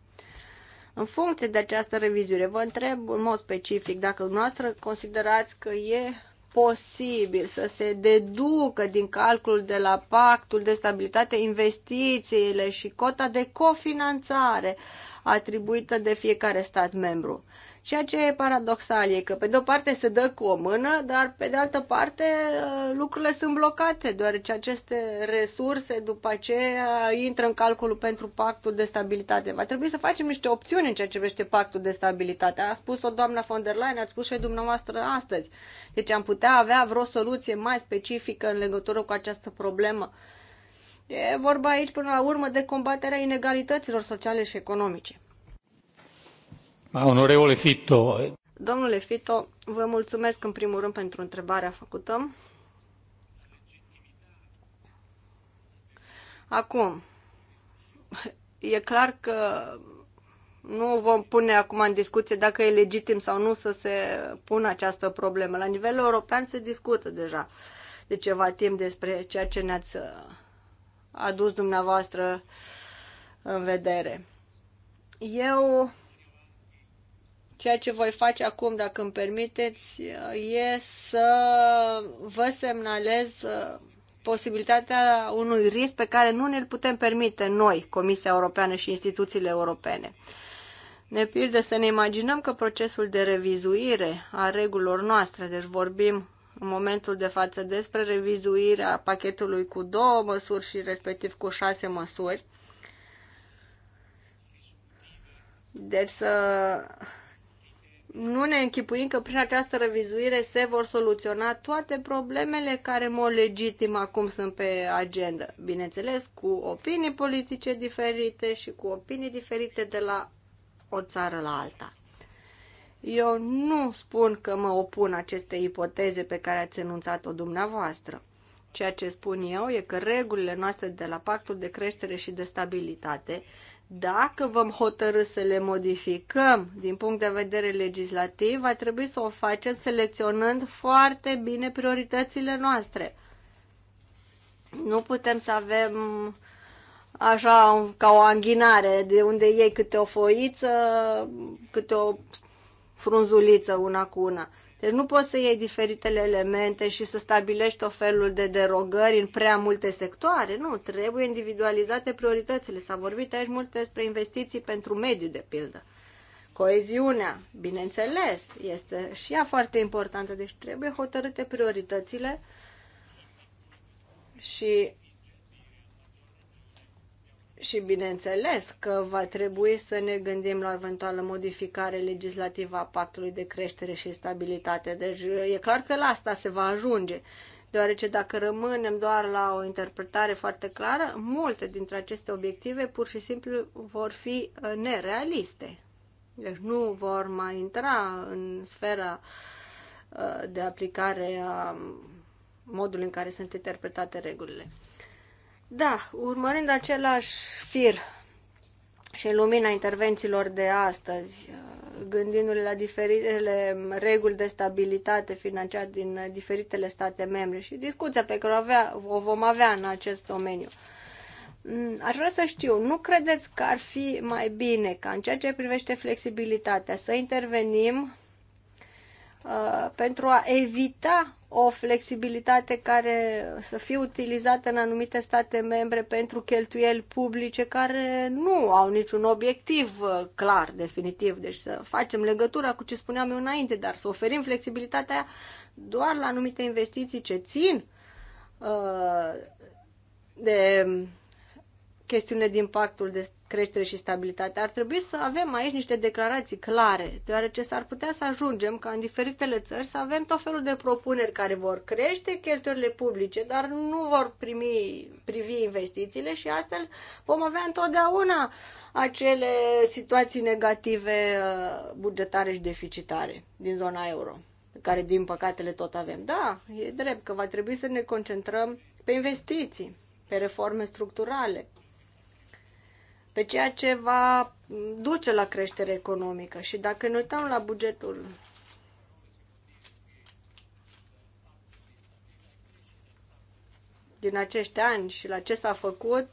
În funcție de această revizuire, vă întreb în mod specific dacă dumneavoastră considerați că e posibil să se deducă din calculul de la pactul de stabilitate investițiile și cota de cofinanțare atribuită de fiecare stat membru. Ceea ce e paradoxal e că pe de o parte se dă cu o mână, dar pe de altă parte uh, lucrurile sunt blocate, deoarece aceste resurse după aceea intră în calculul pentru pactul de stabilitate. Va trebui să facem niște opțiuni în ceea ce privește pactul de stabilitate. A spus-o doamna von der Leyen, a spus și dumneavoastră astăzi. Deci am putea avea vreo soluție mai specifică în legătură cu această problemă. E vorba aici până la urmă de combaterea inegalităților sociale și economice. Ma ah, Fitto... Domnule Fito, vă mulțumesc în primul rând pentru întrebarea făcută. Acum, e clar că nu vom pune acum în discuție dacă e legitim sau nu să se pună această problemă. La nivel european se discută deja de ceva timp despre ceea ce ne-ați adus dumneavoastră în vedere. Eu Ceea ce voi face acum, dacă îmi permiteți, e să vă semnalez uh, posibilitatea unui risc pe care nu ne-l putem permite noi, Comisia Europeană și instituțiile europene. Ne pildă să ne imaginăm că procesul de revizuire a regulilor noastre, deci vorbim în momentul de față despre revizuirea pachetului cu două măsuri și respectiv cu șase măsuri. Deci să nu ne închipuim că prin această revizuire se vor soluționa toate problemele care, în mod legitim, acum sunt pe agenda. Bineînțeles, cu opinii politice diferite și cu opinii diferite de la o țară la alta. Eu nu spun că mă opun aceste ipoteze pe care ați enunțat-o dumneavoastră. Ceea ce spun eu e că regulile noastre de la Pactul de Creștere și de Stabilitate dacă vom hotărâ să le modificăm din punct de vedere legislativ, va trebui să o facem selecționând foarte bine prioritățile noastre. Nu putem să avem așa ca o anghinare, de unde iei câte o foiță, câte o frunzuliță una cu una. Deci nu poți să iei diferitele elemente și să stabilești o felul de derogări în prea multe sectoare. Nu, trebuie individualizate prioritățile. S-a vorbit aici mult despre investiții pentru mediu, de pildă. Coeziunea, bineînțeles, este și ea foarte importantă, deci trebuie hotărâte prioritățile și și bineînțeles că va trebui să ne gândim la eventuală modificare legislativă a pactului de creștere și stabilitate. Deci e clar că la asta se va ajunge, deoarece dacă rămânem doar la o interpretare foarte clară, multe dintre aceste obiective pur și simplu vor fi uh, nerealiste. Deci nu vor mai intra în sfera uh, de aplicare a modului în care sunt interpretate regulile. Da, urmărind același fir și în lumina intervențiilor de astăzi, gândindu-le la diferitele reguli de stabilitate financiară din diferitele state membre și discuția pe care o, avea, o vom avea în acest domeniu. Mm, aș vrea să știu, nu credeți că ar fi mai bine ca în ceea ce privește flexibilitatea să intervenim uh, pentru a evita o flexibilitate care să fie utilizată în anumite state membre pentru cheltuieli publice care nu au niciun obiectiv uh, clar, definitiv. Deci să facem legătura cu ce spuneam eu înainte, dar să oferim flexibilitatea doar la anumite investiții ce țin uh, de chestiune de impactul de creștere și stabilitate. Ar trebui să avem aici niște declarații clare, deoarece s-ar putea să ajungem ca în diferitele țări să avem tot felul de propuneri care vor crește cheltuielile publice, dar nu vor primi, privi investițiile și astfel vom avea întotdeauna acele situații negative uh, bugetare și deficitare din zona euro, pe care din păcate le tot avem. Da, e drept că va trebui să ne concentrăm pe investiții, pe reforme structurale, pe ceea ce va duce la creștere economică. Și dacă ne uităm la bugetul din acești ani și la ce s-a făcut,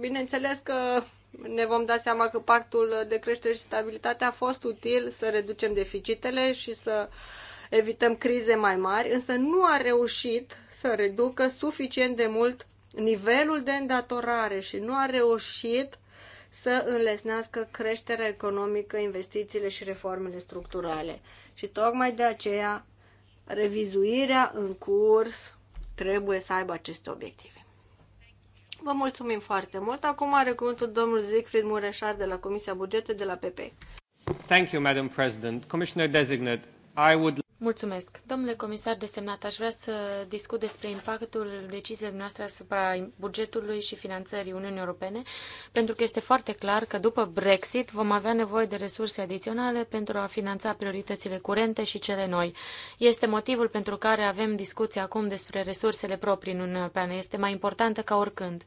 bineînțeles că ne vom da seama că pactul de creștere și stabilitate a fost util să reducem deficitele și să evităm crize mai mari, însă nu a reușit să reducă suficient de mult nivelul de îndatorare și nu a reușit să înlesnească creșterea economică, investițiile și reformele structurale. Și tocmai de aceea, revizuirea în curs trebuie să aibă aceste obiective. Vă mulțumim foarte mult. Acum are cuvântul domnul Siegfried Mureșar de la Comisia Bugete de la PP. Thank you, Madam President. Commissioner Designate, I would Mulțumesc. Domnule comisar desemnat, aș vrea să discut despre impactul deciziilor noastre asupra bugetului și finanțării Uniunii Europene, pentru că este foarte clar că după Brexit vom avea nevoie de resurse adiționale pentru a finanța prioritățile curente și cele noi. Este motivul pentru care avem discuții acum despre resursele proprii în Uniunea Europeană. Este mai importantă ca oricând.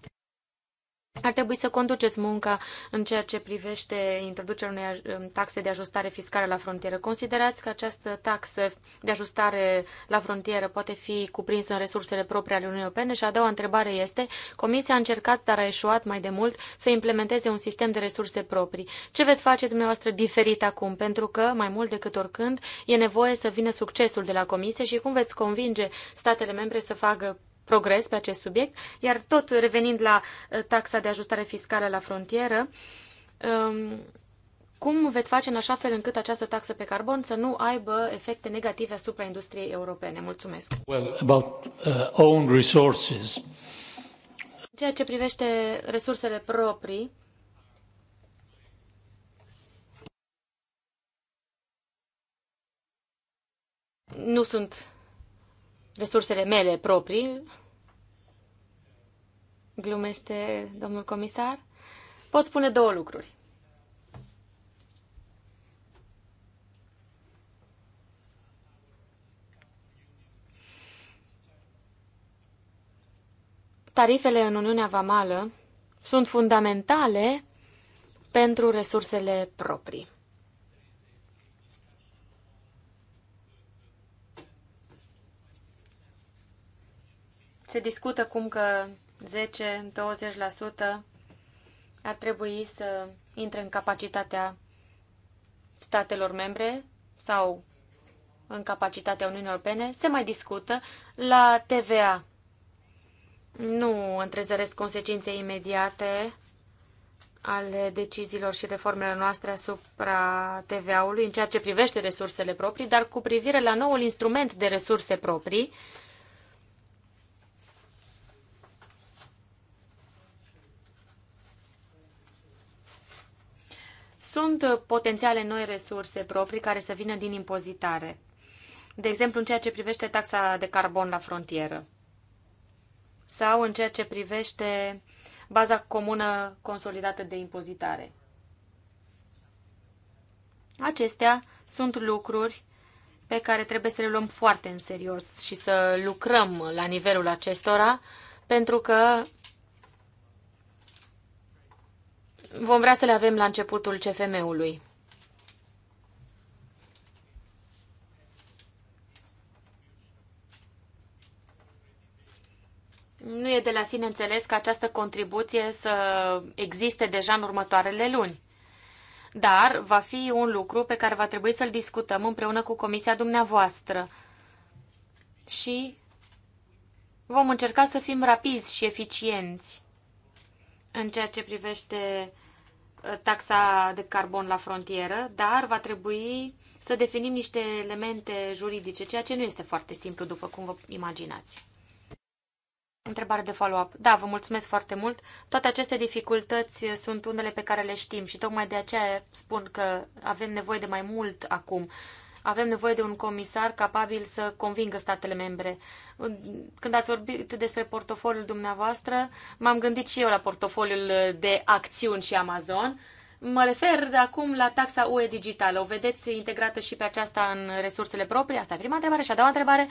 Ar trebui să conduceți munca în ceea ce privește introducerea unei um, taxe de ajustare fiscală la frontieră. Considerați că această taxă de ajustare la frontieră poate fi cuprinsă în resursele proprii ale Uniunii Europene? Și a doua întrebare este, Comisia a încercat, dar a eșuat mai de mult, să implementeze un sistem de resurse proprii. Ce veți face dumneavoastră diferit acum? Pentru că, mai mult decât oricând, e nevoie să vină succesul de la Comisie și cum veți convinge statele membre să facă progres pe acest subiect, iar tot revenind la uh, taxa de ajustare fiscală la frontieră, um, cum veți face în așa fel încât această taxă pe carbon să nu aibă efecte negative asupra industriei europene? Mulțumesc. Well, about uh, own resources. Ceea ce privește resursele proprii, nu sunt resursele mele proprii, glumește domnul comisar, pot spune două lucruri. Tarifele în Uniunea Vamală sunt fundamentale pentru resursele proprii. Se discută cum că 10-20% ar trebui să intre în capacitatea statelor membre sau în capacitatea Uniunii Europene. Se mai discută la TVA. Nu întrezăresc consecințe imediate ale deciziilor și reformelor noastre asupra TVA-ului în ceea ce privește resursele proprii, dar cu privire la noul instrument de resurse proprii, Sunt uh, potențiale noi resurse proprii care să vină din impozitare. De exemplu, în ceea ce privește taxa de carbon la frontieră sau în ceea ce privește baza comună consolidată de impozitare. Acestea sunt lucruri pe care trebuie să le luăm foarte în serios și să lucrăm la nivelul acestora, pentru că vom vrea să le avem la începutul CFM-ului. Nu e de la sine înțeles că această contribuție să existe deja în următoarele luni. Dar va fi un lucru pe care va trebui să-l discutăm împreună cu comisia dumneavoastră. Și vom încerca să fim rapizi și eficienți în ceea ce privește uh, taxa de carbon la frontieră, dar va trebui să definim niște elemente juridice, ceea ce nu este foarte simplu, după cum vă imaginați. Întrebare de follow-up. Da, vă mulțumesc foarte mult. Toate aceste dificultăți uh, sunt unele pe care le știm și tocmai de aceea spun că avem nevoie de mai mult acum. Uh, avem nevoie de un comisar capabil să convingă statele membre. Când ați vorbit despre portofoliul dumneavoastră, m-am gândit și eu la portofoliul de acțiuni și Amazon. Mă refer de acum la taxa UE digitală. O vedeți integrată și pe aceasta în resursele proprii? Asta e prima întrebare. Și a doua întrebare,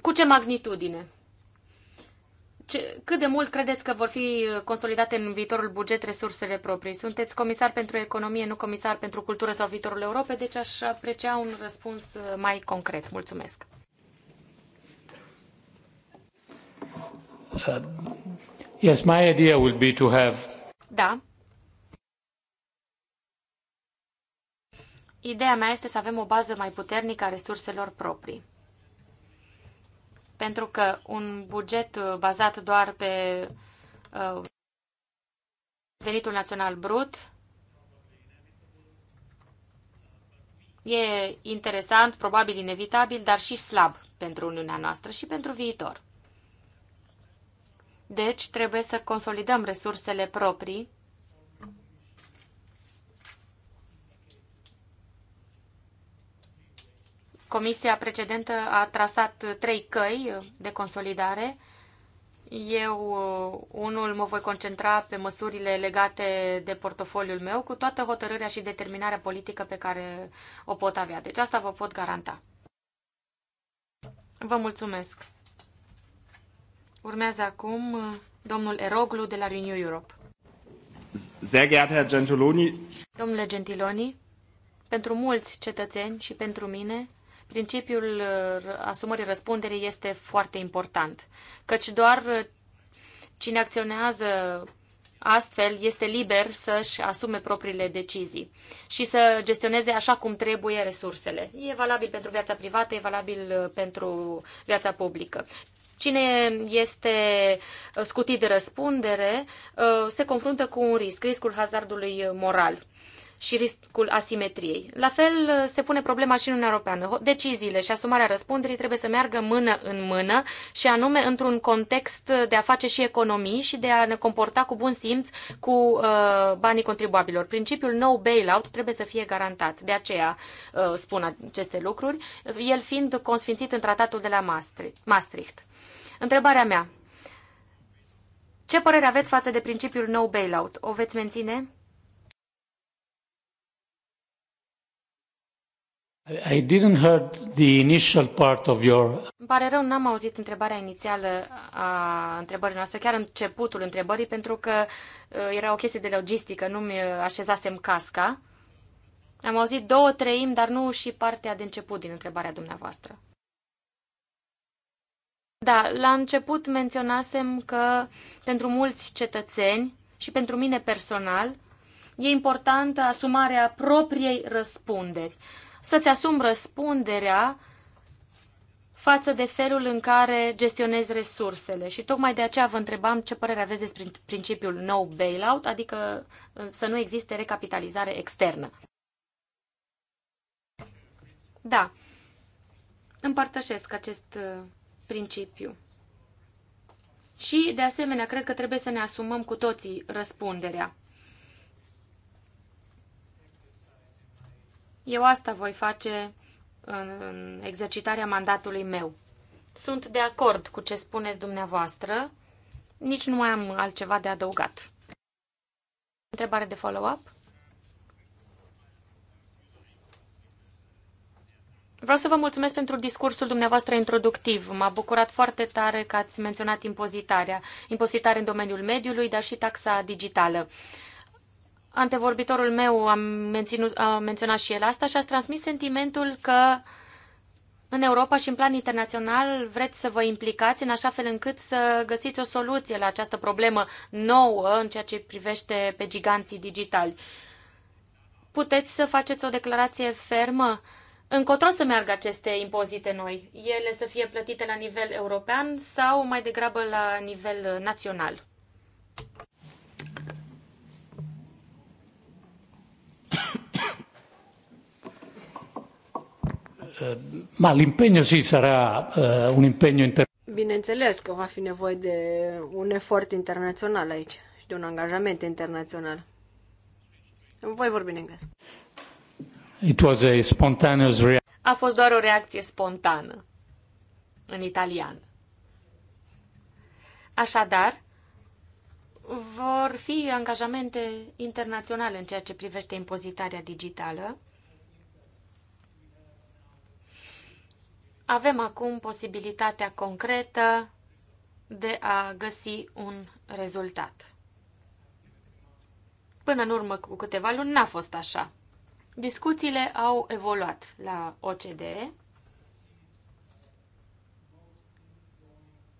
cu ce magnitudine? ce, cât de mult credeți că vor fi consolidate în viitorul buget resursele proprii? Sunteți comisar pentru economie, nu comisar pentru cultură sau viitorul Europei, deci aș aprecia un răspuns uh, mai concret. Mulțumesc! Uh, yes, my idea would be to have... Da. Ideea mea este să avem o bază mai puternică a resurselor proprii pentru că un buget uh, bazat doar pe uh, venitul național brut e interesant, probabil inevitabil, dar și slab pentru Uniunea noastră și pentru viitor. Deci trebuie să consolidăm resursele proprii Comisia precedentă a trasat trei căi de consolidare. Eu, uh, unul, mă voi concentra pe măsurile legate de portofoliul meu, cu toată hotărârea și determinarea politică pe care o pot avea. Deci asta vă pot garanta. Vă mulțumesc. Urmează acum uh, domnul Eroglu de la Renew Europe. Sehr geehrter Herr Gentiloni. Domnule Gentiloni, pentru mulți cetățeni și pentru mine, principiul uh, asumării răspunderii este foarte important, căci doar uh, cine acționează astfel este liber să-și asume propriile decizii și să gestioneze așa cum trebuie resursele. E valabil pentru viața privată, e valabil uh, pentru viața publică. Cine este scutit de răspundere se confruntă cu un risc, riscul hazardului moral și riscul asimetriei. La fel uh, se pune problema și în Uniunea Europeană. Deciziile și asumarea răspunderii trebuie să meargă mână în mână și anume într-un context de a face și economii și de a ne comporta cu bun simț cu uh, banii contribuabilor. Principiul no bailout trebuie să fie garantat. De aceea uh, spun aceste lucruri, el fiind consfințit în tratatul de la Maastricht. Întrebarea mea. Ce părere aveți față de principiul no bailout? O veți menține? I didn't heard the initial part of your... Îmi pare rău, n-am auzit întrebarea inițială a întrebării noastre, chiar începutul întrebării, pentru că uh, era o chestie de logistică, nu-mi uh, așezasem casca. Am auzit două treimi, dar nu și partea de început din întrebarea dumneavoastră. Da, la început menționasem că pentru mulți cetățeni și pentru mine personal e importantă asumarea propriei răspunderi să-ți asumi răspunderea față de felul în care gestionezi resursele. Și tocmai de aceea vă întrebam ce părere aveți despre principiul no bailout, adică uh, să nu existe recapitalizare externă. Da, împărtășesc acest uh, principiu. Și, de asemenea, cred că trebuie să ne asumăm cu toții răspunderea. Eu asta voi face în exercitarea mandatului meu. Sunt de acord cu ce spuneți dumneavoastră. Nici nu mai am altceva de adăugat. Întrebare de follow-up? Vreau să vă mulțumesc pentru discursul dumneavoastră introductiv. M-a bucurat foarte tare că ați menționat impozitarea. Impozitare în domeniul mediului, dar și taxa digitală. Antevorbitorul meu a, menținut, a menționat și el asta și a transmis sentimentul că în Europa și în plan internațional vreți să vă implicați în așa fel încât să găsiți o soluție la această problemă nouă în ceea ce privește pe giganții digitali. Puteți să faceți o declarație fermă încotro să meargă aceste impozite noi? Ele să fie plătite la nivel european sau mai degrabă la nivel național? Eh, ma l'impegno sì sarà uh, un impegno internazionale. Bineînțeles că va fi nevoie de un efort internațional aici și de un angajament internațional. Voi vorbi în engleză. It was a spontaneous reaction. A fost doar o reacție spontană în italian. Așadar, vor fi angajamente internaționale în ceea ce privește impozitarea digitală. Avem acum posibilitatea concretă de a găsi un rezultat. Până în urmă cu câteva luni n-a fost așa. Discuțiile au evoluat la OCDE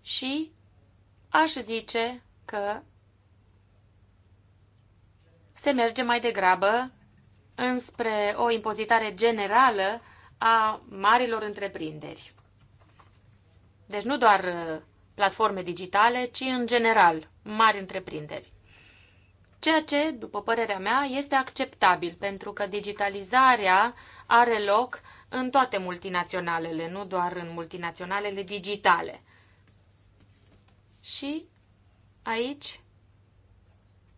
și aș zice că se merge mai degrabă înspre o impozitare generală a marilor întreprinderi. Deci nu doar uh, platforme digitale, ci în general mari întreprinderi. Ceea ce, după părerea mea, este acceptabil, pentru că digitalizarea are loc în toate multinaționalele, nu doar în multinaționalele digitale. Și aici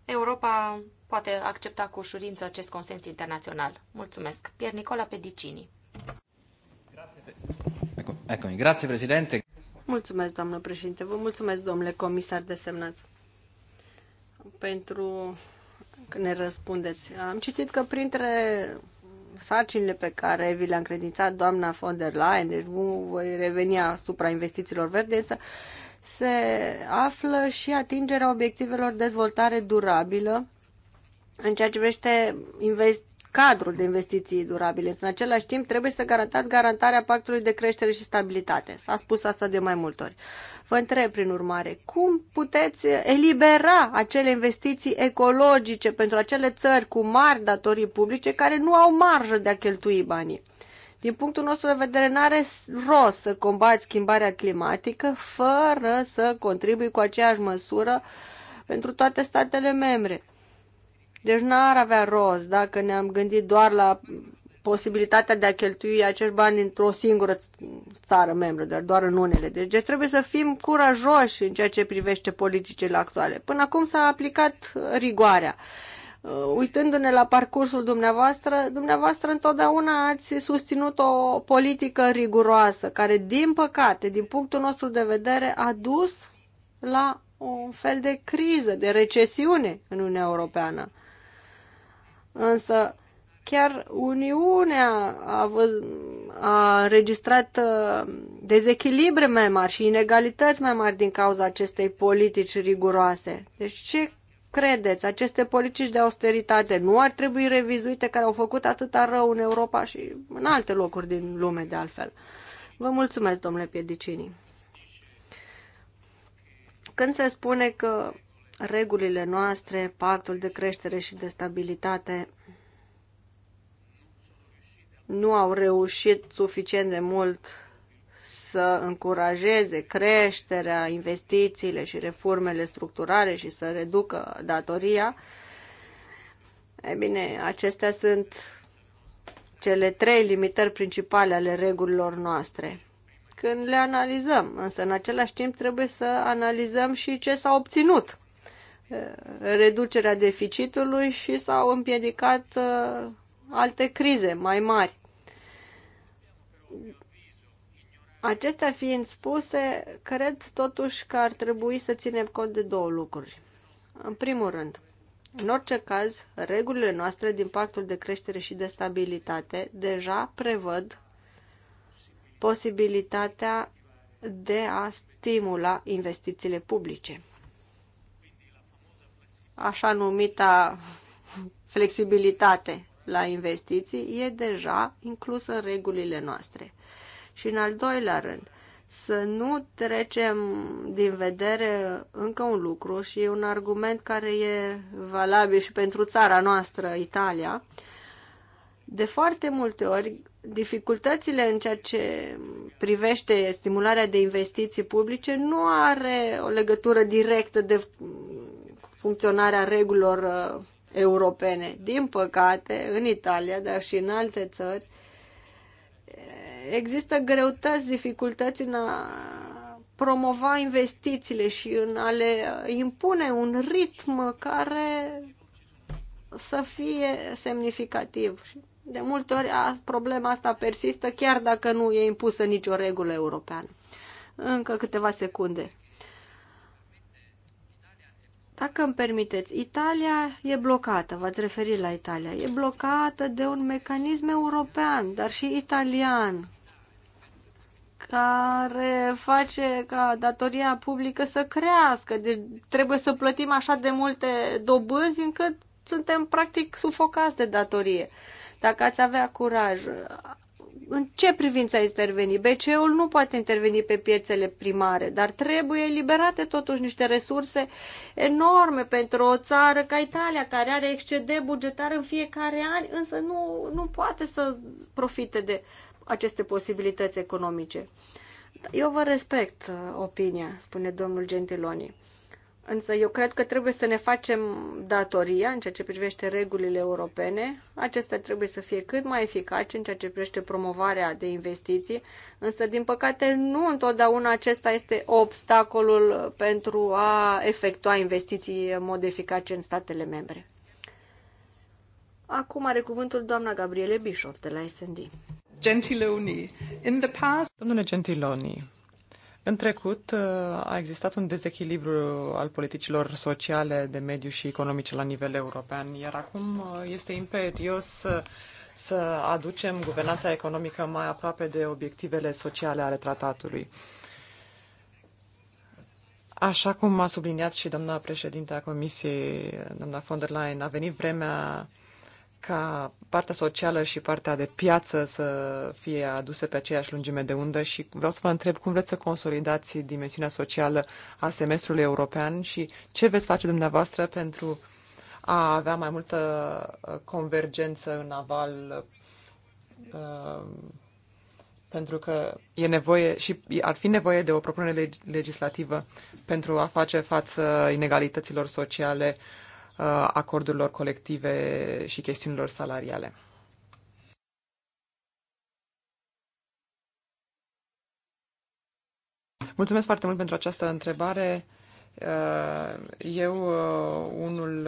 Europa poate accepta cu ușurință acest consens internațional. Mulțumesc. Pier Nicola Pedicini. Ecco, ecco, grazie, președinte. Mulțumesc, doamnă președinte. Vă mulțumesc, domnule comisar desemnat, pentru că ne răspundeți. Am citit că printre sarcinile pe care vi le-a încredințat doamna von der Leyen, deci nu voi reveni asupra investițiilor verde, însă se află și atingerea obiectivelor dezvoltare durabilă în ceea ce privește invest- cadrul de investiții durabile. În același timp, trebuie să garantați garantarea pactului de creștere și stabilitate. S-a spus asta de mai multe ori. Vă întreb, prin urmare, cum puteți elibera acele investiții ecologice pentru acele țări cu mari datorii publice care nu au marjă de a cheltui banii? Din punctul nostru de vedere, n-are rost să combați schimbarea climatică fără să contribui cu aceeași măsură pentru toate statele membre deci n-ar avea rost dacă ne-am gândit doar la posibilitatea de a cheltui acești bani într-o singură țară membră, dar doar în unele. Deci, deci trebuie să fim curajoși în ceea ce privește politicile actuale. Până acum s-a aplicat rigoarea. Uh, uitându-ne la parcursul dumneavoastră, dumneavoastră întotdeauna ați susținut o politică riguroasă, care, din păcate, din punctul nostru de vedere, a dus la un fel de criză, de recesiune în Uniunea Europeană. Însă chiar Uniunea a, avut, a înregistrat uh, dezechilibre mai mari și inegalități mai mari din cauza acestei politici riguroase. Deci ce credeți? Aceste politici de austeritate nu ar trebui revizuite care au făcut atâta rău în Europa și în alte locuri din lume de altfel. Vă mulțumesc, domnule Piedicini. Când se spune că regulile noastre, pactul de creștere și de stabilitate nu au reușit suficient de mult să încurajeze creșterea, investițiile și reformele structurale și să reducă datoria. E bine, acestea sunt cele trei limitări principale ale regulilor noastre. Când le analizăm, însă în același timp trebuie să analizăm și ce s-a obținut Eh, reducerea deficitului și s-au împiedicat eh, alte crize mai mari. Acestea fiind spuse, cred totuși că ar trebui să ținem cont de două lucruri. În primul rând, în orice caz, regulile noastre din pactul de creștere și de stabilitate deja prevăd posibilitatea de a stimula investițiile publice așa numita flexibilitate la investiții e deja inclusă în regulile noastre. Și în al doilea rând, să nu trecem din vedere încă un lucru și un argument care e valabil și pentru țara noastră, Italia. De foarte multe ori, dificultățile în ceea ce privește stimularea de investiții publice nu are o legătură directă de funcționarea regulilor uh, europene. Din păcate, în Italia, dar și în alte țări, există greutăți, dificultăți în a promova investițiile și în a le impune un ritm care să fie semnificativ. De multe ori problema asta persistă chiar dacă nu e impusă nicio regulă europeană. Încă câteva secunde. Dacă îmi permiteți, Italia e blocată, v-ați referit la Italia, e blocată de un mecanism european, dar și italian, care face ca datoria publică să crească. Deci trebuie să plătim așa de multe dobânzi încât suntem practic sufocați de datorie. Dacă ați avea curaj, în ce privință a intervenit? BCE-ul nu poate interveni pe piețele primare, dar trebuie eliberate totuși niște resurse enorme pentru o țară ca Italia, care are excede bugetar în fiecare an, însă nu, nu poate să profite de aceste posibilități economice. Eu vă respect uh, opinia, spune domnul Gentiloni. Însă eu cred că trebuie să ne facem datoria în ceea ce privește regulile europene. Acestea trebuie să fie cât mai eficace în ceea ce privește promovarea de investiții, însă din păcate nu întotdeauna acesta este obstacolul pentru a efectua investiții în mod eficace în statele membre. Acum are cuvântul doamna Gabriele Bischoff de la SND. Gentiloni, in the past... Domnule Gentiloni, în trecut uh, a existat un dezechilibru al politicilor sociale, de mediu și economice la nivel european, iar acum uh, este imperios să, să aducem guvernanța economică mai aproape de obiectivele sociale ale tratatului. Așa cum a subliniat și doamna președinte a Comisiei, doamna von der Leyen, a venit vremea uh, ca partea socială și partea de piață să fie aduse pe aceeași lungime de undă și vreau să vă întreb cum vreți să consolidați dimensiunea socială a semestrului european și ce veți face dumneavoastră pentru a avea mai multă uh, convergență în aval uh, pentru că e nevoie și ar fi nevoie de o propunere legislativă pentru a face față inegalităților sociale Uh, acordurilor colective și chestiunilor salariale. Mulțumesc foarte mult pentru această întrebare. Uh, eu, uh, unul,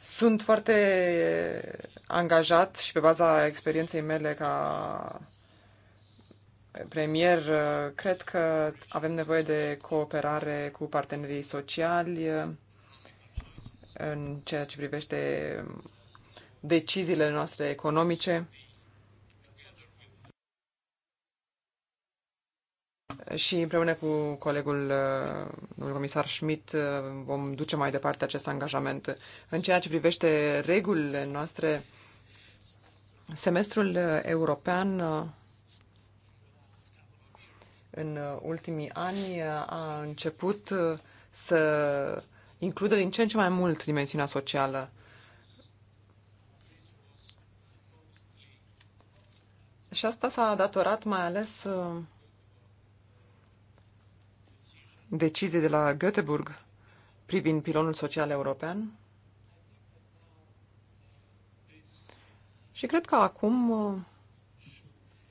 sunt foarte angajat și pe baza experienței mele ca premier, uh, cred că avem nevoie de cooperare cu partenerii sociali uh, în ceea ce privește deciziile noastre economice. Și împreună cu colegul uh, domnul comisar Schmidt vom duce mai departe acest angajament. În ceea ce privește regulile noastre, semestrul european în uh, ultimii ani uh, a început uh, să includă din ce în ce mai mult dimensiunea socială. Și asta s-a datorat mai ales decizii de la Göteborg privind pilonul social european. Și cred că acum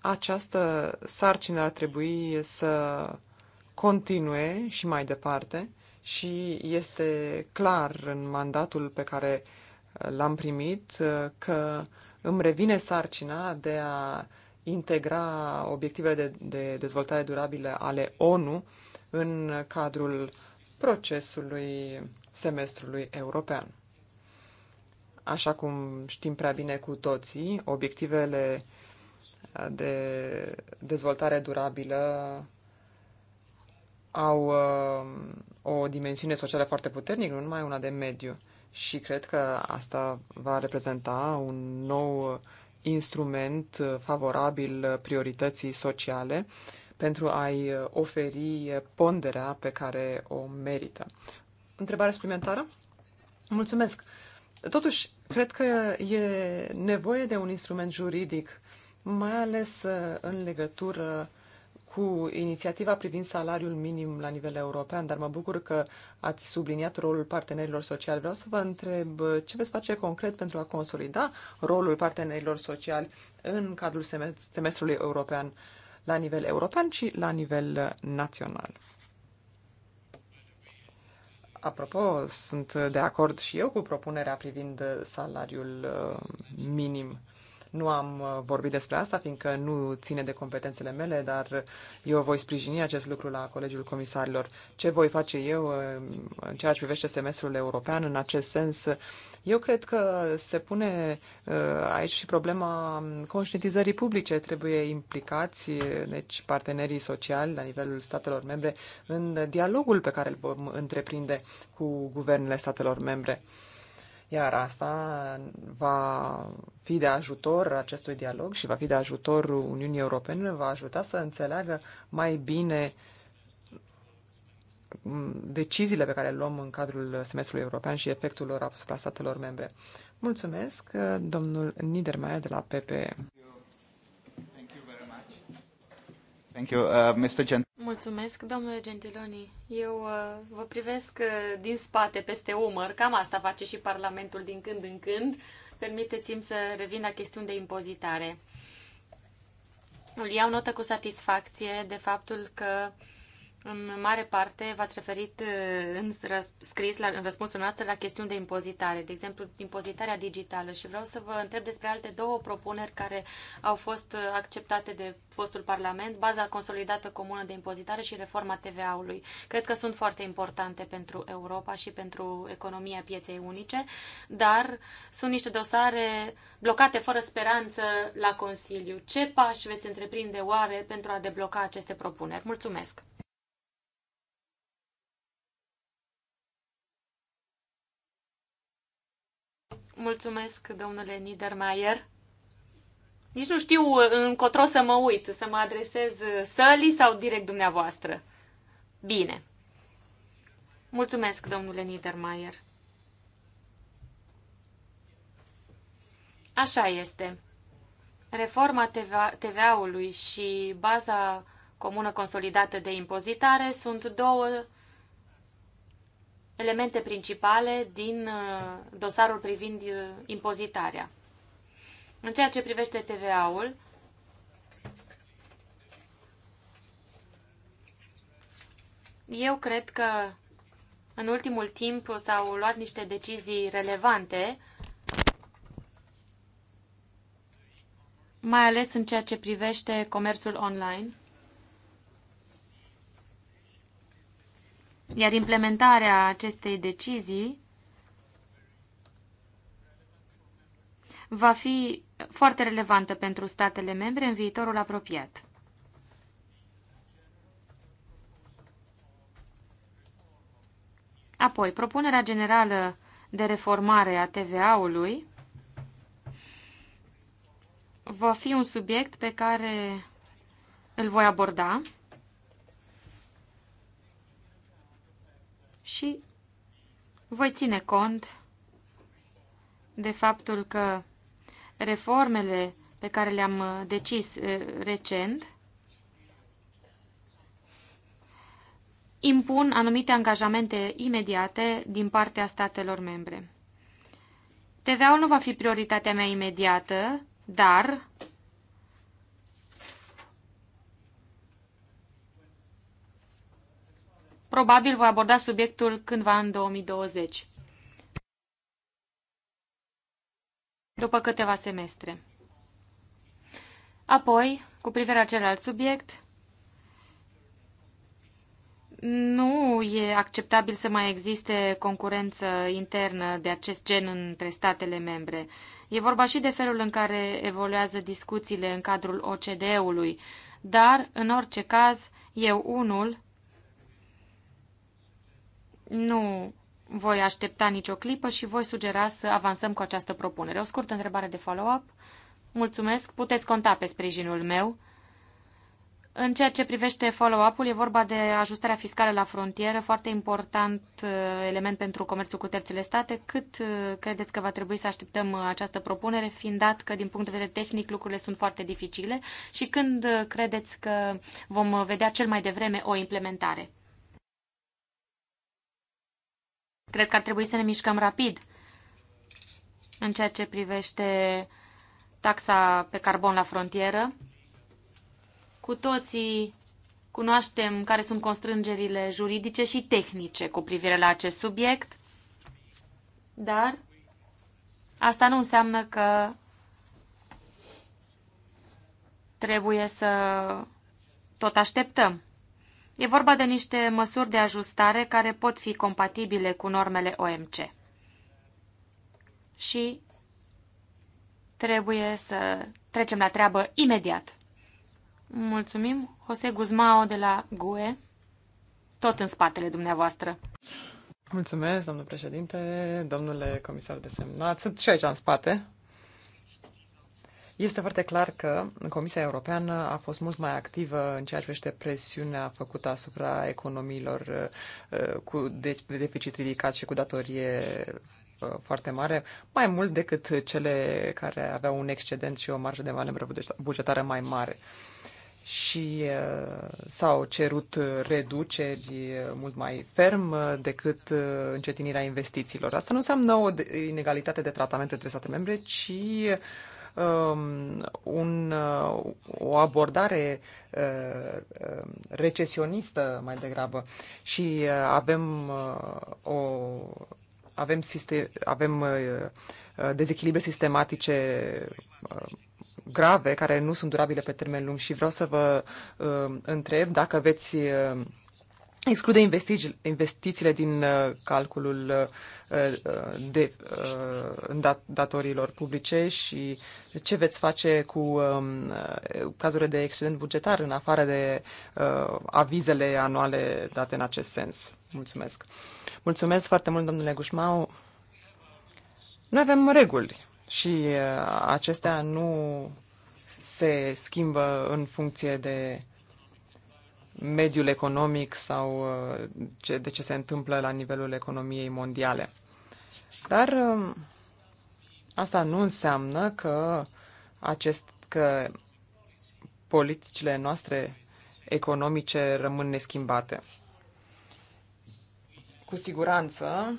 această sarcină ar trebui să continue și mai departe și este clar în mandatul pe care l-am primit uh, că îmi revine sarcina de a integra obiectivele de, de dezvoltare durabilă ale ONU în cadrul procesului semestrului european. Așa cum știm prea bine cu toții, obiectivele uh, de dezvoltare durabilă au uh, o dimensiune socială foarte puternică, nu numai una de mediu. Și cred că asta va reprezenta un nou instrument favorabil priorității sociale pentru a-i oferi ponderea pe care o merită. Întrebare suplimentară? Mulțumesc! Totuși, cred că e nevoie de un instrument juridic mai ales uh, în legătură cu inițiativa privind salariul minim la nivel european, dar mă bucur că ați subliniat rolul partenerilor sociali. Vreau să vă întreb uh, ce veți face concret pentru a consolida rolul partenerilor sociali în cadrul semestrului european la nivel european și la nivel uh, național. Apropo, sunt de acord și eu cu propunerea privind salariul minim nu am uh, vorbit despre asta, fiindcă nu ține de competențele mele, dar eu voi sprijini acest lucru la Colegiul Comisarilor. Ce voi face eu uh, în ceea ce privește semestrul european în acest sens? Eu cred că se pune uh, aici și problema conștientizării publice. Trebuie implicați, deci partenerii sociali la nivelul statelor membre, în dialogul pe care îl vom întreprinde cu guvernele statelor membre. Iar asta va fi de ajutor acestui dialog și va fi de ajutor Uniunii Europene, va ajuta să înțeleagă mai bine deciziile pe care le luăm în cadrul semestrului european și efectul lor asupra statelor membre. Mulțumesc, domnul Niedermayer de la PPE. Thank you, uh, Mr. Gent- Mulțumesc, domnule Gentiloni. Eu uh, vă privesc uh, din spate, peste umăr. Cam asta face și Parlamentul din când în când. Permiteți-mi să revin la chestiuni de impozitare. Îl iau notă cu satisfacție de faptul că uh, în mare parte v-ați referit uh, în scris la, în răspunsul noastră la chestiuni de impozitare, de exemplu impozitarea digitală și vreau să vă întreb despre alte două propuneri care au fost uh, acceptate de fostul Parlament, baza consolidată comună de impozitare și reforma TVA-ului. Cred că sunt foarte importante pentru Europa și pentru economia pieței unice, dar sunt niște dosare blocate fără speranță la Consiliu. Ce pași veți întreprinde oare pentru a debloca aceste propuneri? Mulțumesc! Mulțumesc, domnule Niedermayer. Nici nu știu încotro să mă uit, să mă adresez sălii sau direct dumneavoastră. Bine. Mulțumesc, domnule Niedermayer. Așa este. Reforma TVA-ului și baza comună consolidată de impozitare sunt două elemente principale din uh, dosarul privind uh, impozitarea. În ceea ce privește TVA-ul, eu cred că în ultimul timp s-au luat niște decizii relevante, mai ales în ceea ce privește comerțul online. Iar implementarea acestei decizii va fi foarte relevantă pentru statele membre în viitorul apropiat. Apoi, propunerea generală de reformare a TVA-ului va fi un subiect pe care îl voi aborda și voi ține cont de faptul că reformele pe care le-am decis eh, recent impun anumite angajamente imediate din partea statelor membre. TVA-ul nu va fi prioritatea mea imediată, dar Probabil voi aborda subiectul cândva în 2020. După câteva semestre. Apoi, cu privire la celălalt subiect, nu e acceptabil să mai existe concurență internă de acest gen între statele membre. E vorba și de felul în care evoluează discuțiile în cadrul OCDE-ului, dar, în orice caz, eu unul nu voi aștepta nicio clipă și voi sugera să avansăm cu această propunere. O scurtă întrebare de follow-up. Mulțumesc, puteți conta pe sprijinul meu. În ceea ce privește follow-up-ul, e vorba de ajustarea fiscală la frontieră, foarte important uh, element pentru comerțul cu terțele state. Cât uh, credeți că va trebui să așteptăm uh, această propunere, fiind dat că, din punct de vedere tehnic, lucrurile sunt foarte dificile și când credeți că vom vedea cel mai devreme o implementare? Cred că ar trebui să ne mișcăm rapid în ceea ce privește taxa pe carbon la frontieră. Cu toții cunoaștem care sunt constrângerile juridice și tehnice cu privire la acest subiect, dar asta nu înseamnă că trebuie să tot așteptăm. E vorba de niște măsuri de ajustare care pot fi compatibile cu normele OMC. Și trebuie să trecem la treabă imediat. Mulțumim, Jose Guzmao de la GUE, tot în spatele dumneavoastră. Mulțumesc, domnul președinte, domnule comisar de semnat. Sunt și aici în spate. Este foarte clar că Comisia Europeană a fost mult mai activă în ceea ce privește presiunea făcută asupra economiilor uh, cu deficit ridicat și cu datorie uh, foarte mare, mai mult decât cele care aveau un excedent și o marjă de manevră bugetară mai mare. Și uh, s-au cerut reduceri mult mai ferm decât încetinirea investițiilor. Asta nu înseamnă o inegalitate de tratament între state membre, ci uh, un, uh, o abordare uh, um, recesionistă mai degrabă și uh, avem uh, o avem, sistem, avem uh, dezechilibre sistematice uh, grave care nu sunt durabile pe termen lung și vreau să vă uh, întreb dacă veți exclude investițiile din uh, calculul uh, uh, de datorilor publice și ce veți face um, cu cazurile de excedent bugetar în afară de avizele anuale date în acest sens. Mulțumesc. Mulțumesc foarte mult, domnule Gușmau. Noi avem reguli și acestea nu se schimbă în funcție de mediul economic sau uh, ce, de ce se întâmplă la nivelul economiei mondiale. Dar um, asta nu înseamnă că, acest, că politicile noastre economice rămân neschimbate. Cu siguranță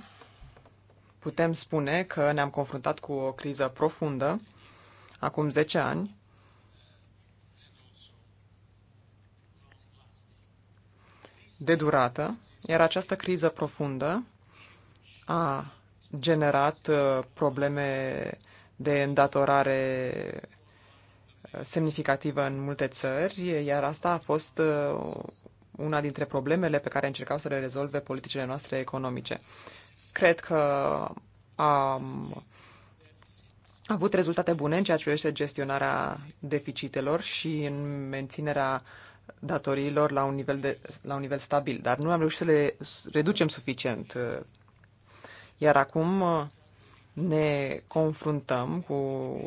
putem spune că ne-am confruntat cu o criză profundă acum 10 ani de durată, iar această criză profundă a generat uh, probleme de îndatorare uh, semnificativă în multe țări, iar asta a fost uh, una dintre problemele pe care încercau să le rezolve politicile noastre economice. Cred că am avut rezultate bune în ceea ce privește gestionarea deficitelor și în menținerea datoriilor la un nivel, de, la un nivel stabil, dar nu am reușit să le reducem suficient. Iar acum uh, ne confruntăm cu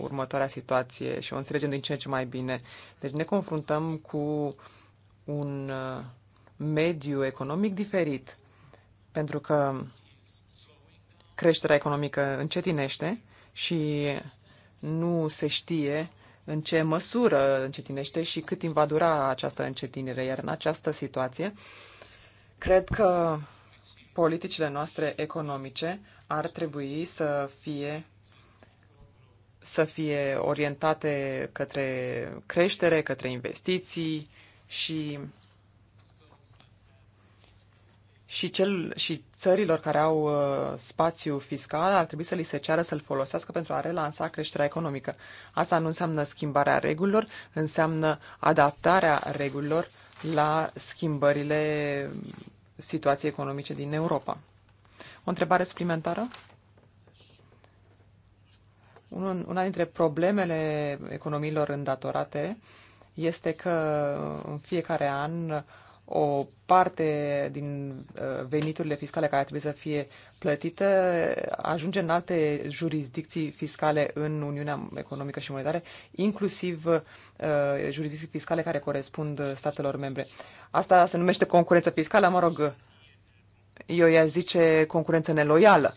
următoarea situație și o înțelegem din ce în ce mai bine. Deci ne confruntăm cu un uh, mediu economic diferit, pentru că creșterea economică încetinește și nu se știe în ce măsură încetinește și cât timp va dura această încetinire. Iar în această situație, cred că politicile noastre economice ar trebui să fie să fie orientate către creștere, către investiții și și, cel, și țărilor care au uh, spațiu fiscal ar trebui să li se ceară să-l folosească pentru a relansa creșterea economică. Asta nu înseamnă schimbarea regulilor, înseamnă adaptarea regulilor la schimbările situației economice din Europa. O întrebare suplimentară? Una dintre problemele economiilor îndatorate este că în fiecare an o parte din uh, veniturile fiscale care trebuie să fie plătită ajunge în alte jurisdicții fiscale în Uniunea Economică și Monetară, inclusiv uh, jurisdicții fiscale care corespund statelor membre. Asta se numește concurență fiscală, mă rog, eu i-aș zice concurență neloială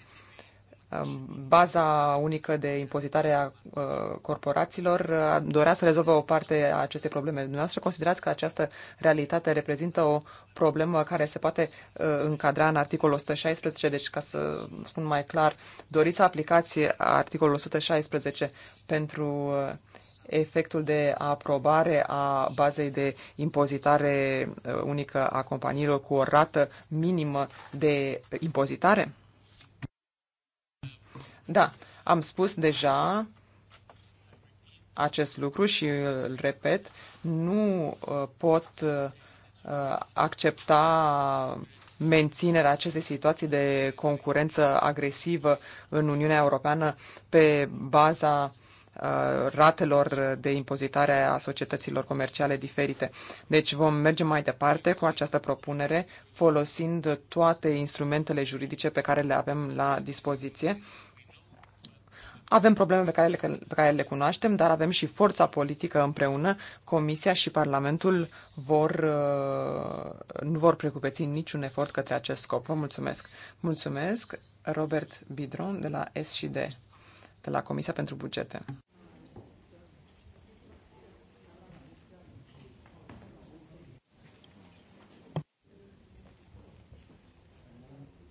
baza unică de impozitare a uh, corporațiilor uh, dorea să rezolvă o parte a acestei probleme. Dumneavoastră considerați că această realitate reprezintă o problemă care se poate uh, încadra în articolul 116, deci ca să spun mai clar, doriți să aplicați articolul 116 pentru efectul de aprobare a bazei de impozitare unică a companiilor cu o rată minimă de impozitare? Da, am spus deja acest lucru și îl repet, nu uh, pot uh, accepta menținerea acestei situații de concurență agresivă în Uniunea Europeană pe baza uh, ratelor de impozitare a societăților comerciale diferite. Deci vom merge mai departe cu această propunere folosind toate instrumentele juridice pe care le avem la dispoziție avem probleme pe care, le, pe care le cunoaștem, dar avem și forța politică împreună. Comisia și Parlamentul vor, uh, nu vor precupeți niciun efort către acest scop. Vă mulțumesc. Mulțumesc, Robert Bidron de la S&D, de la Comisia pentru Bugete.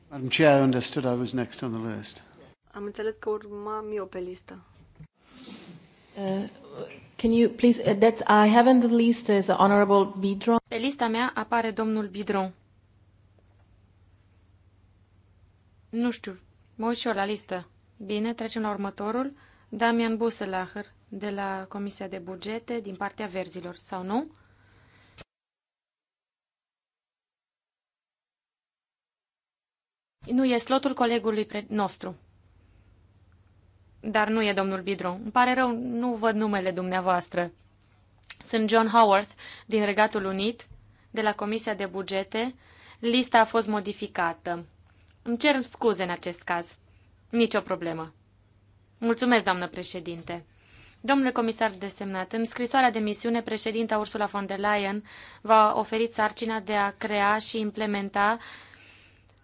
Madam Chair, I understood I was next on the list. Am înțeles că urma Mio pe listă. Uh, can you please, uh, that's, I have on the list as honorable Bidron. Pe lista mea apare domnul Bidron. Nu știu, mă uit și eu la listă. Bine, trecem la următorul. Damian Buselacher, de la Comisia de Bugete, din partea verzilor, sau nu? Nu, e slotul colegului nostru dar nu e domnul Bidron. Îmi pare rău, nu văd numele dumneavoastră. Sunt John Howarth din Regatul Unit, de la Comisia de Bugete. Lista a fost modificată. Îmi cer scuze în acest caz. Nicio problemă. Mulțumesc, doamnă președinte. Domnule comisar desemnat, în scrisoarea de misiune, președinta Ursula von der Leyen v-a oferit sarcina de a crea și implementa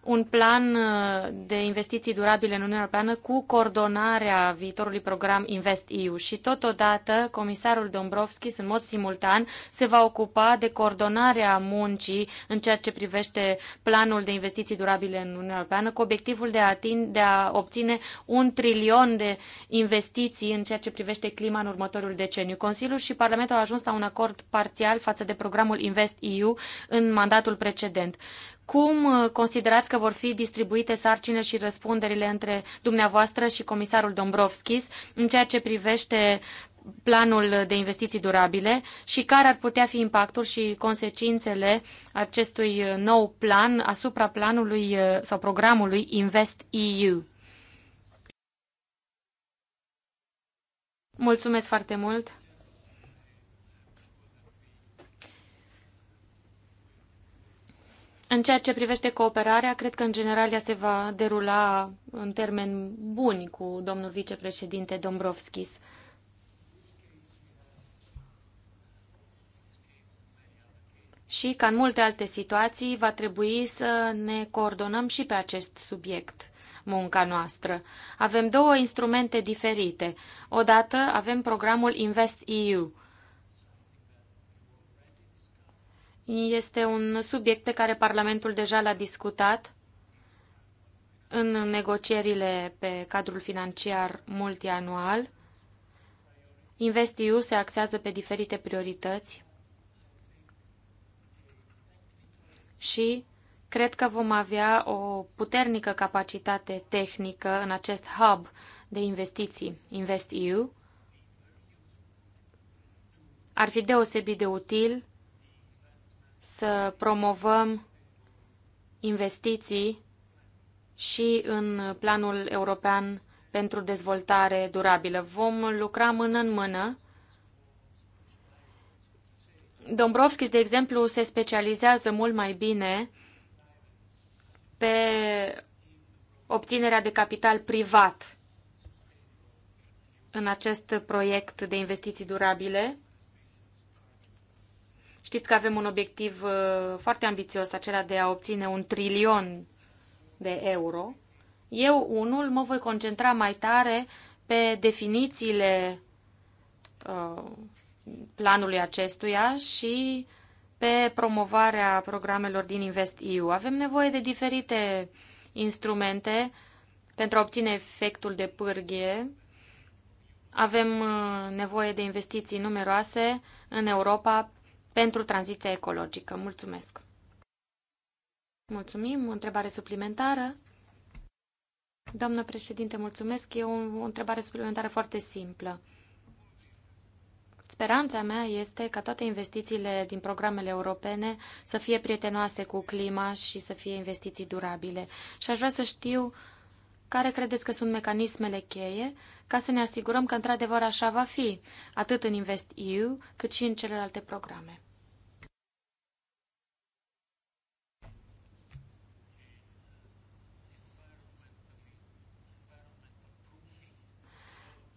un plan uh, de investiții durabile în Uniunea Europeană cu coordonarea viitorului program InvestEU și totodată comisarul Dombrovskis în mod simultan se va ocupa de coordonarea muncii în ceea ce privește planul de investiții durabile în Uniunea Europeană cu obiectivul de a, atin, de a obține un trilion de investiții în ceea ce privește clima în următorul deceniu. Consiliul și Parlamentul au ajuns la un acord parțial față de programul InvestEU în mandatul precedent. Cum uh, considerați că vor fi distribuite sarcinile și răspunderile între dumneavoastră și comisarul Dombrovskis în ceea ce privește planul de investiții durabile și care ar putea fi impactul și consecințele acestui nou plan asupra planului uh, sau programului Invest EU? Mulțumesc foarte mult! În ceea ce privește cooperarea, cred că în general ea se va derula în termeni buni cu domnul vicepreședinte Dombrovskis. Și, ca în multe alte situații, va trebui să ne coordonăm și pe acest subiect munca noastră. Avem două instrumente diferite. Odată avem programul InvestEU, Este un subiect pe care Parlamentul deja l-a discutat în negocierile pe cadrul financiar multianual. InvestEU se axează pe diferite priorități și cred că vom avea o puternică capacitate tehnică în acest hub de investiții, InvestEU. Ar fi deosebit de util să promovăm investiții și în planul european pentru dezvoltare durabilă. Vom lucra mână în mână. Dombrovskis, de exemplu, se specializează mult mai bine pe obținerea de capital privat în acest proiect de investiții durabile Știți că avem un obiectiv uh, foarte ambițios, acela de a obține un trilion de euro. Eu, unul, mă voi concentra mai tare pe definițiile uh, planului acestuia și pe promovarea programelor din InvestEU. Avem nevoie de diferite instrumente pentru a obține efectul de pârghie. Avem uh, nevoie de investiții numeroase în Europa pentru tranziția ecologică. Mulțumesc! Mulțumim! O întrebare suplimentară? Doamnă președinte, mulțumesc! E o, o întrebare suplimentară foarte simplă. Speranța mea este ca toate investițiile din programele europene să fie prietenoase cu clima și să fie investiții durabile. Și aș vrea să știu care credeți că sunt mecanismele cheie ca să ne asigurăm că într-adevăr așa va fi, atât în InvestEU cât și în celelalte programe.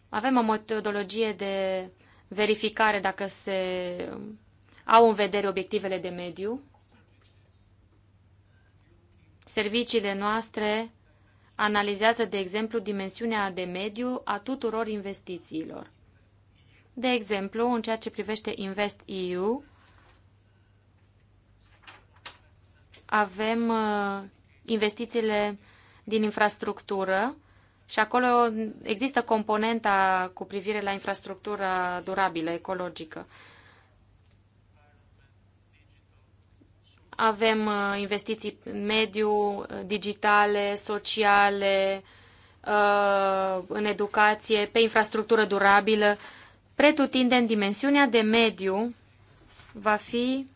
Avem o metodologie de verificare dacă se au în vedere obiectivele de mediu. Serviciile noastre analizează, de exemplu, dimensiunea de mediu a tuturor investițiilor. De exemplu, în ceea ce privește Invest EU, avem uh, investițiile din infrastructură și acolo există componenta cu privire la infrastructura durabilă, ecologică. Avem uh, investiții în mediu, uh, digitale, sociale, uh, în educație, pe infrastructură durabilă. Pretutindeni, dimensiunea de mediu va fi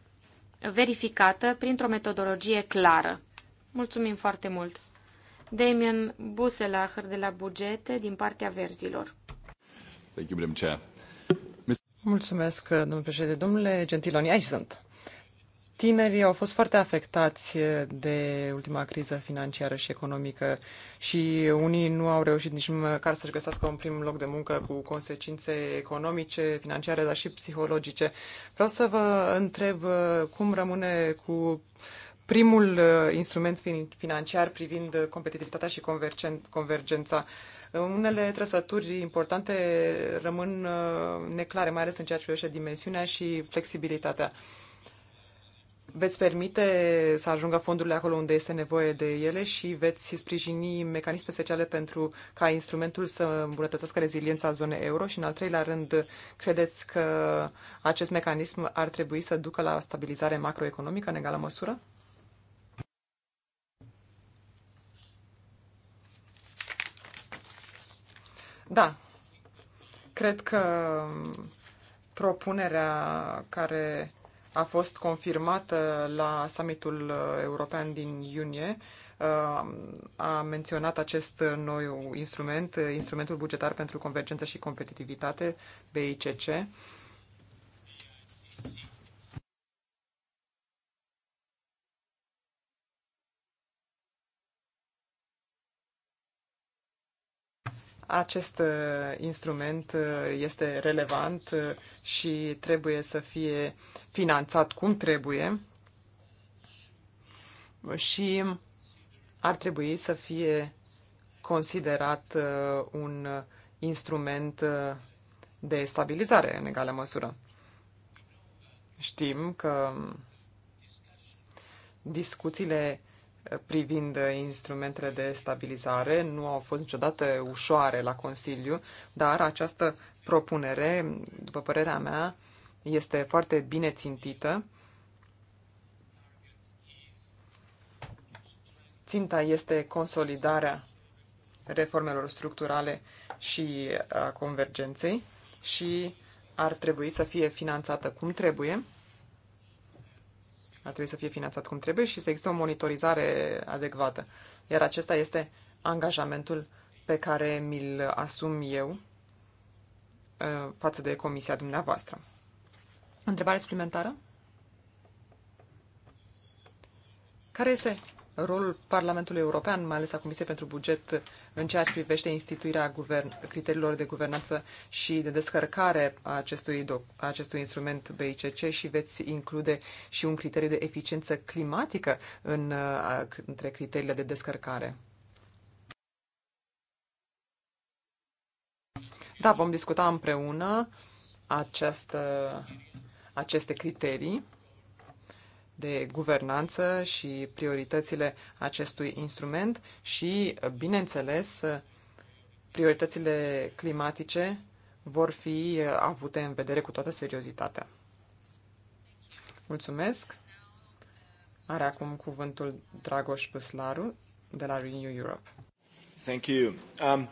verificată printr-o metodologie clară. Mulțumim foarte mult! Damien Buselacher de la Bugete, din partea verzilor. Thank you, Madam Chair. Mulțumesc, domnule președinte. Domnule Gentiloni, aici sunt. Tinerii au fost foarte afectați de ultima criză financiară și economică și unii nu au reușit nici măcar să-și găsească un prim loc de muncă cu consecințe economice, financiare, dar și psihologice. Vreau să vă întreb cum rămâne cu primul uh, instrument financiar privind uh, competitivitatea și convergența. Uh, unele trăsături importante rămân neclare, mai ales în ceea ce privește dimensiunea și flexibilitatea. Veți permite să ajungă fondurile acolo unde este nevoie de ele și veți sprijini mecanisme speciale pentru ca instrumentul să îmbunătățească reziliența zonei euro și, în al treilea rând, credeți că acest mecanism ar trebui să ducă la stabilizare macroeconomică în egală măsură? Da, cred că propunerea care a fost confirmată la summitul european din iunie uh, a menționat acest nou instrument, uh, instrumentul bugetar pentru convergență și competitivitate, BICC, Acest uh, instrument uh, este relevant uh, și trebuie să fie finanțat cum trebuie și ar trebui să fie considerat un instrument de stabilizare în egală măsură. Știm că discuțiile privind instrumentele de stabilizare nu au fost niciodată ușoare la Consiliu, dar această propunere, după părerea mea, este foarte bine țintită. Ținta este consolidarea reformelor structurale și a convergenței și ar trebui să fie finanțată cum trebuie ar trebui să fie finanțat cum trebuie și să există o monitorizare adecvată. Iar acesta este angajamentul pe care mi-l asum eu ă, față de comisia dumneavoastră. Întrebare suplimentară? Care este rolul Parlamentului European, mai ales a Comisiei pentru Buget, în ceea ce privește instituirea guvern, criteriilor de guvernanță și de descărcare a acestui, a acestui instrument BICC și veți include și un criteriu de eficiență climatică în, uh, între criteriile de descărcare. Da, vom discuta împreună această, aceste criterii de guvernanță și prioritățile acestui instrument și, bineînțeles, prioritățile climatice vor fi avute în vedere cu toată seriozitatea. Mulțumesc! Are acum cuvântul Dragoș Păslaru de la Renew Europe. Thank you. Um,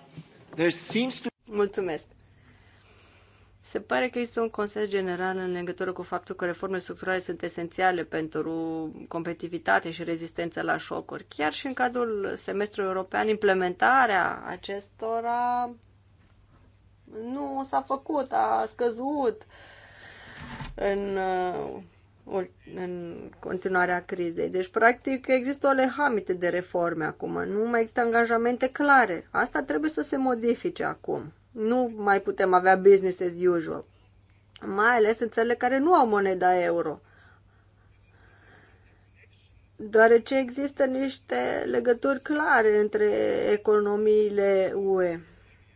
there seems to... Mulțumesc! Se pare că există un consens general în legătură cu faptul că reformele structurale sunt esențiale pentru competitivitate și rezistență la șocuri. Chiar și în cadrul semestrului european, implementarea acestora nu s-a făcut, a scăzut în, uh, în continuarea crizei. Deci, practic, există o lehamite de reforme acum. Nu mai există angajamente clare. Asta trebuie să se modifice acum. Nu mai putem avea business as usual, mai ales în țările care nu au moneda euro deoarece există niște legături clare între economiile UE.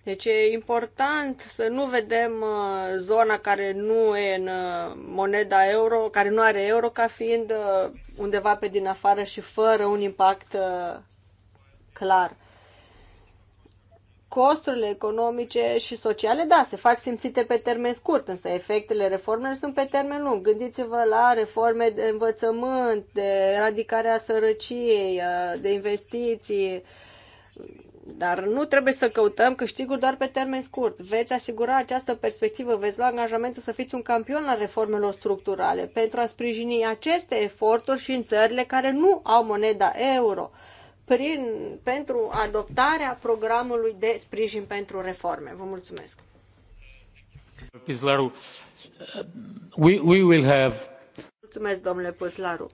Deci e important să nu vedem uh, zona care nu e în uh, moneda euro, care nu are euro, ca fiind uh, undeva pe din afară și fără un impact clar costurile economice și sociale, da, se fac simțite pe termen scurt, însă efectele reformelor sunt pe termen lung. Gândiți-vă la reforme de învățământ, de eradicarea sărăciei, de investiții, dar nu trebuie să căutăm câștiguri doar pe termen scurt. Veți asigura această perspectivă, veți lua angajamentul să fiți un campion la reformelor structurale pentru a sprijini aceste eforturi și în țările care nu au moneda euro prin, pentru adoptarea programului de sprijin pentru reforme. Vă mulțumesc. Pizlaru, we, we will have... Mulțumesc, domnule Pizlaru.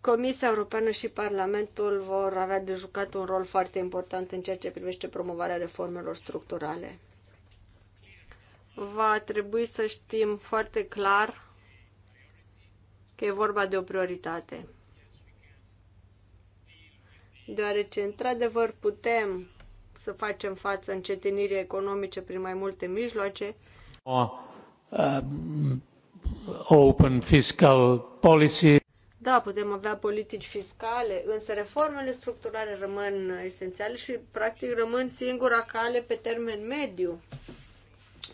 Comisia Europeană și Parlamentul vor avea de jucat un rol foarte important în ceea ce privește promovarea reformelor structurale. Va trebui să știm foarte clar că e vorba de o prioritate deoarece într-adevăr putem să facem față încetinirii economice prin mai multe mijloace. O, uh, um, open fiscal policy. Da, putem avea politici fiscale, însă reformele structurale rămân esențiale și practic rămân singura cale pe termen mediu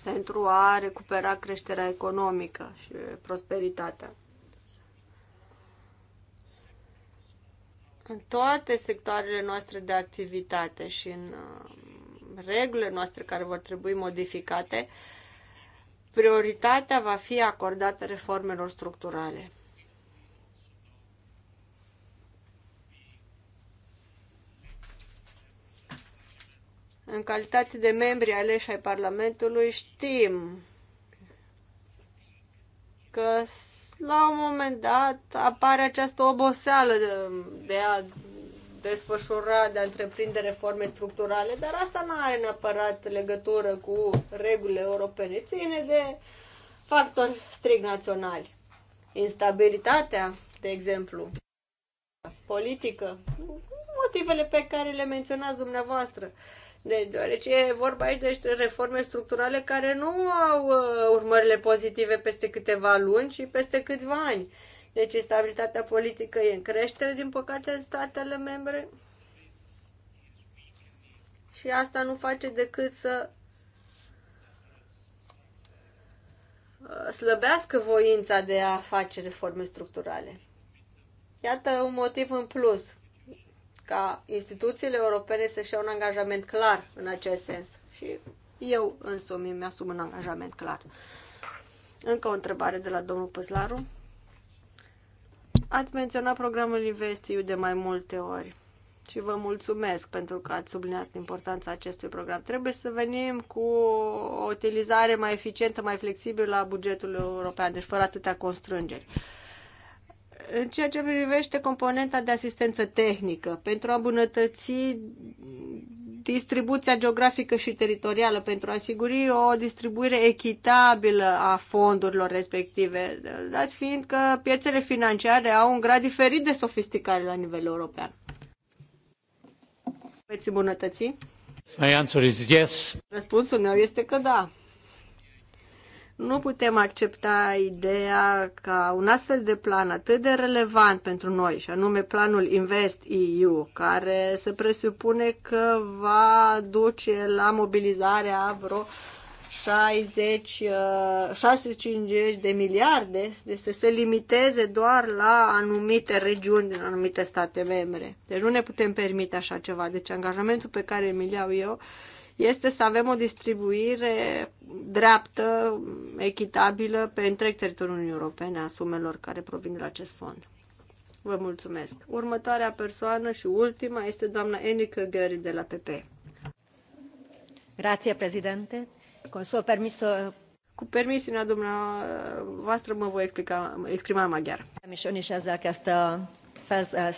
pentru a recupera creșterea economică și prosperitatea. în toate sectoarele noastre de activitate și în uh, regulile noastre care vor trebui modificate, prioritatea va fi acordată reformelor structurale. În calitate de membri aleși ai Parlamentului, știm că la un moment dat apare această oboseală de, de a desfășura, de a întreprinde reforme structurale, dar asta nu are neapărat legătură cu regulile europene, ține de factori strict naționali. Instabilitatea, de exemplu, politică, motivele pe care le menționați dumneavoastră. Uh, de, deoarece e vorba aici de niște reforme structurale care nu au uh, urmările pozitive peste câteva luni, ci peste câțiva ani. Deci stabilitatea politică e în creștere, din păcate, în statele membre. Și asta nu face decât să uh, slăbească voința de a face reforme structurale. Iată un motiv în plus ca instituțiile europene să-și iau un angajament clar în acest sens. Și eu însumi îmi asum un angajament clar. Încă o întrebare de la domnul Păslaru. Ați menționat programul InvestEU de mai multe ori și vă mulțumesc pentru că ați subliniat importanța acestui program. Trebuie să venim cu o utilizare mai eficientă, mai flexibilă a bugetului european, deci fără atâtea constrângeri. Uh, în ceea ce privește componenta de asistență tehnică, pentru a îmbunătăți distribuția geografică și teritorială, pentru a asiguri o distribuire echitabilă a fondurilor respective, dat fiind că piețele financiare au un grad diferit de sofisticare la nivel european. Veți îmbunătăți? My answer is yes. Răspunsul meu este că da. Nu putem accepta ideea ca un astfel de plan atât de relevant pentru noi, și anume planul Invest EU, care se presupune că va duce la mobilizarea vreo 60, 650 uh, de miliarde, deci să se limiteze doar la anumite regiuni din anumite state membre. Deci nu ne putem permite așa ceva. Deci angajamentul pe care mi iau eu este să avem o distribuire dreaptă, echitabilă pe întreg teritoriul Uniunii Europene a sumelor care provin de la acest fond. Vă mulțumesc. Următoarea persoană și ultima este doamna Enica Gheri de la PP. Grație, președinte. permis să uh, Cu permisiunea dumneavoastră mă voi explica, exprima maghiar. maghiară. És ezzel kezdte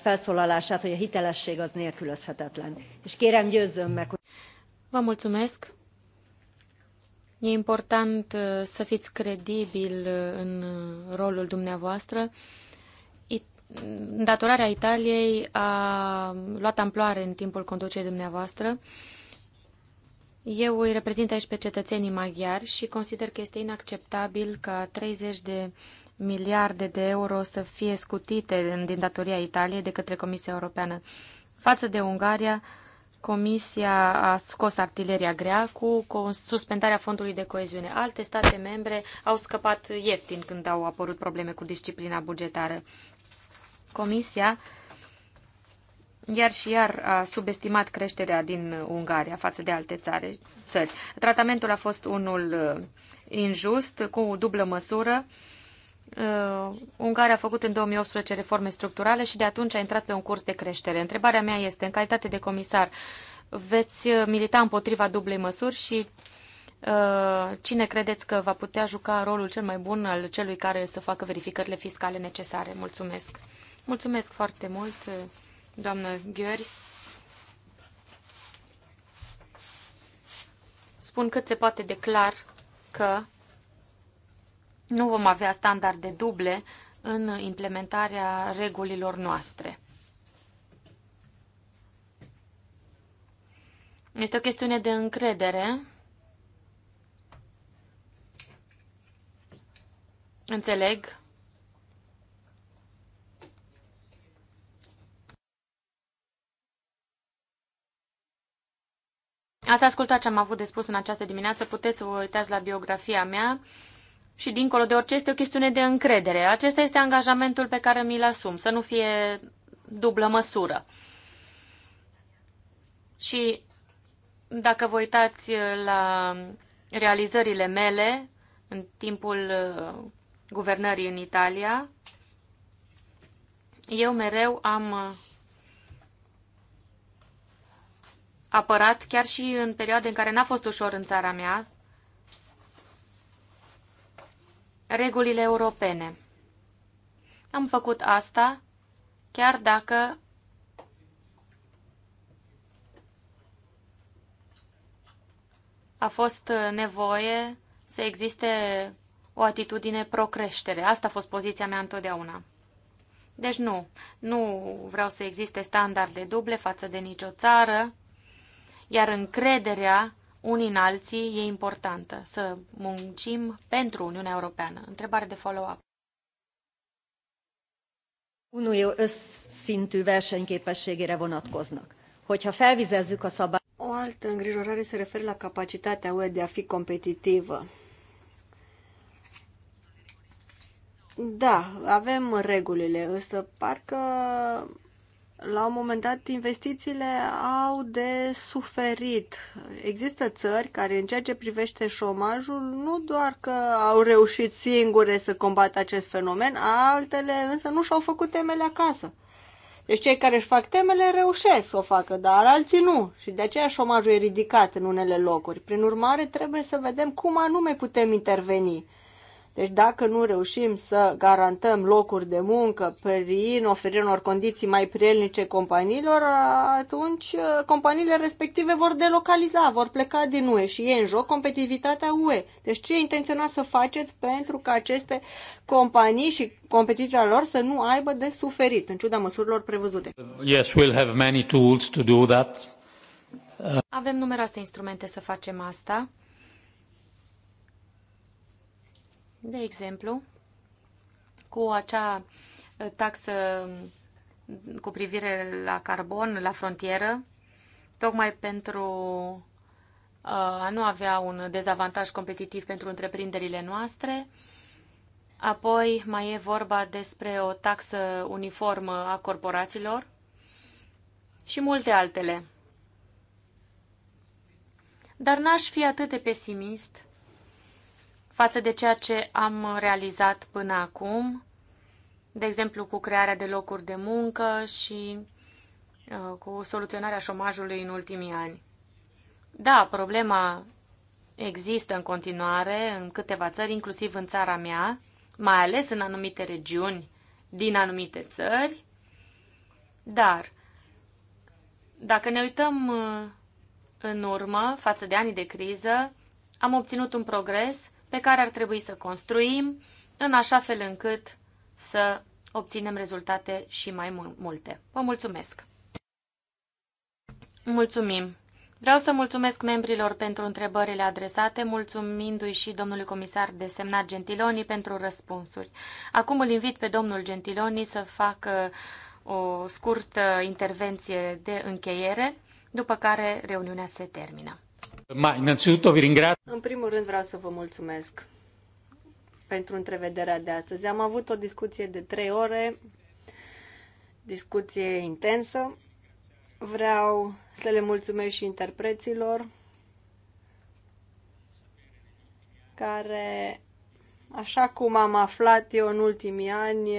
felszólalását, hogy a hitelesség az nélkülözhetetlen. És kérem győzzön meg, hogy... Vă mulțumesc. E important uh, să fiți credibil uh, în uh, rolul dumneavoastră. Datorarea Italiei a luat amploare în timpul conducerii dumneavoastră. Eu îi reprezint aici pe cetățenii maghiari și consider că este inacceptabil ca 30 de miliarde de euro să fie scutite din datoria Italiei de către Comisia Europeană. Față de Ungaria, Comisia a scos artileria grea cu suspendarea fondului de coeziune. Alte state membre au scăpat ieftin când au apărut probleme cu disciplina bugetară. Comisia iar și iar a subestimat creșterea din Ungaria față de alte țare, țări. Tratamentul a fost unul uh, injust, cu o dublă măsură. Uh, Ungaria a făcut în 2018 reforme structurale și de atunci a intrat pe un curs de creștere. Întrebarea mea este, în calitate de comisar, veți milita împotriva dublei măsuri și uh, cine credeți că va putea juca rolul cel mai bun al celui care să facă verificările fiscale necesare? Mulțumesc! Mulțumesc foarte mult, uh, doamnă Gheori. Spun cât se poate de clar că nu vom avea standarde duble în implementarea regulilor noastre. Este o chestiune de încredere. Înțeleg. Ați ascultat ce am avut de spus în această dimineață, puteți uitați la biografia mea și dincolo de orice este o chestiune de încredere. Acesta este angajamentul pe care mi-l asum, să nu fie dublă măsură. Și dacă vă uitați la realizările mele în timpul uh, guvernării în Italia, eu mereu am uh, apărat, chiar și în perioade în care n-a fost ușor în țara mea, regulile europene. Am făcut asta chiar dacă a fost nevoie să existe o atitudine pro-creștere. Asta a fost poziția mea întotdeauna. Deci nu, nu vreau să existe standarde duble față de nicio țară, iar încrederea unii în alții, e importantă să muncim pentru Uniunea Europeană. Întrebare de follow-up. Unió összszintű versenyképességére vonatkoznak. Hogyha felvizezzük a szabály... O altă îngrijorare se referă la capacitatea UE de a fi competitivă. Da, avem regulile, însă parcă la un moment dat investițiile au de suferit. Există țări care, în ceea ce privește șomajul, nu doar că au reușit singure să combată acest fenomen, altele însă nu și-au făcut temele acasă. Deci cei care își fac temele reușesc să o facă, dar alții nu. Și de aceea șomajul e ridicat în unele locuri. Prin urmare, trebuie să vedem cum anume putem interveni deci dacă nu reușim să garantăm locuri de muncă prin oferirea unor condiții mai prielnice companiilor, atunci uh, companiile respective vor delocaliza, vor pleca din UE și e în joc competitivitatea UE. Deci ce intenționați să faceți pentru ca aceste companii și competiția lor să nu aibă de suferit, în ciuda măsurilor prevăzute? Yes, we'll have many tools to do that. Avem numeroase instrumente să facem asta. De exemplu, cu acea uh, taxă mm, cu privire la carbon la frontieră, tocmai pentru uh, a nu avea un dezavantaj competitiv pentru întreprinderile noastre. Apoi mai e vorba despre o taxă uniformă a corporațiilor și multe altele. Dar n-aș fi atât de pesimist față de ceea ce am realizat până acum, de exemplu cu crearea de locuri de muncă și uh, cu soluționarea șomajului în ultimii ani. Da, problema există în continuare în câteva țări, inclusiv în țara mea, mai ales în anumite regiuni din anumite țări, dar dacă ne uităm uh, în urmă față de anii de criză, am obținut un progres pe care ar trebui să construim în așa fel încât să obținem rezultate și mai multe. Vă mulțumesc! Mulțumim! Vreau să mulțumesc membrilor pentru întrebările adresate, mulțumindu-i și domnului comisar desemnat Gentiloni pentru răspunsuri. Acum îl invit pe domnul Gentiloni să facă o scurtă intervenție de încheiere, după care reuniunea se termină. Ma, innanzitutto vi ringrazio. În primul rând vreau să vă mulțumesc pentru întrevederea de astăzi. Am avut o discuție de trei ore, discuție intensă. Vreau să le mulțumesc și interpreților care, așa cum am aflat eu în ultimii ani,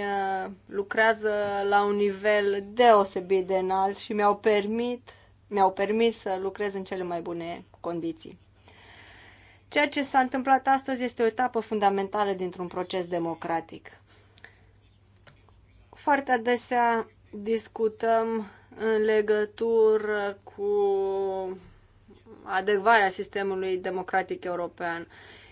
lucrează la un nivel deosebit de înalt și mi-au permis mi-au permis să lucrez în cele mai bune condiții. Ceea ce s-a întâmplat astăzi este o etapă fundamentală dintr-un proces democratic. Foarte adesea discutăm în legătură cu adecvarea sistemului democratic european.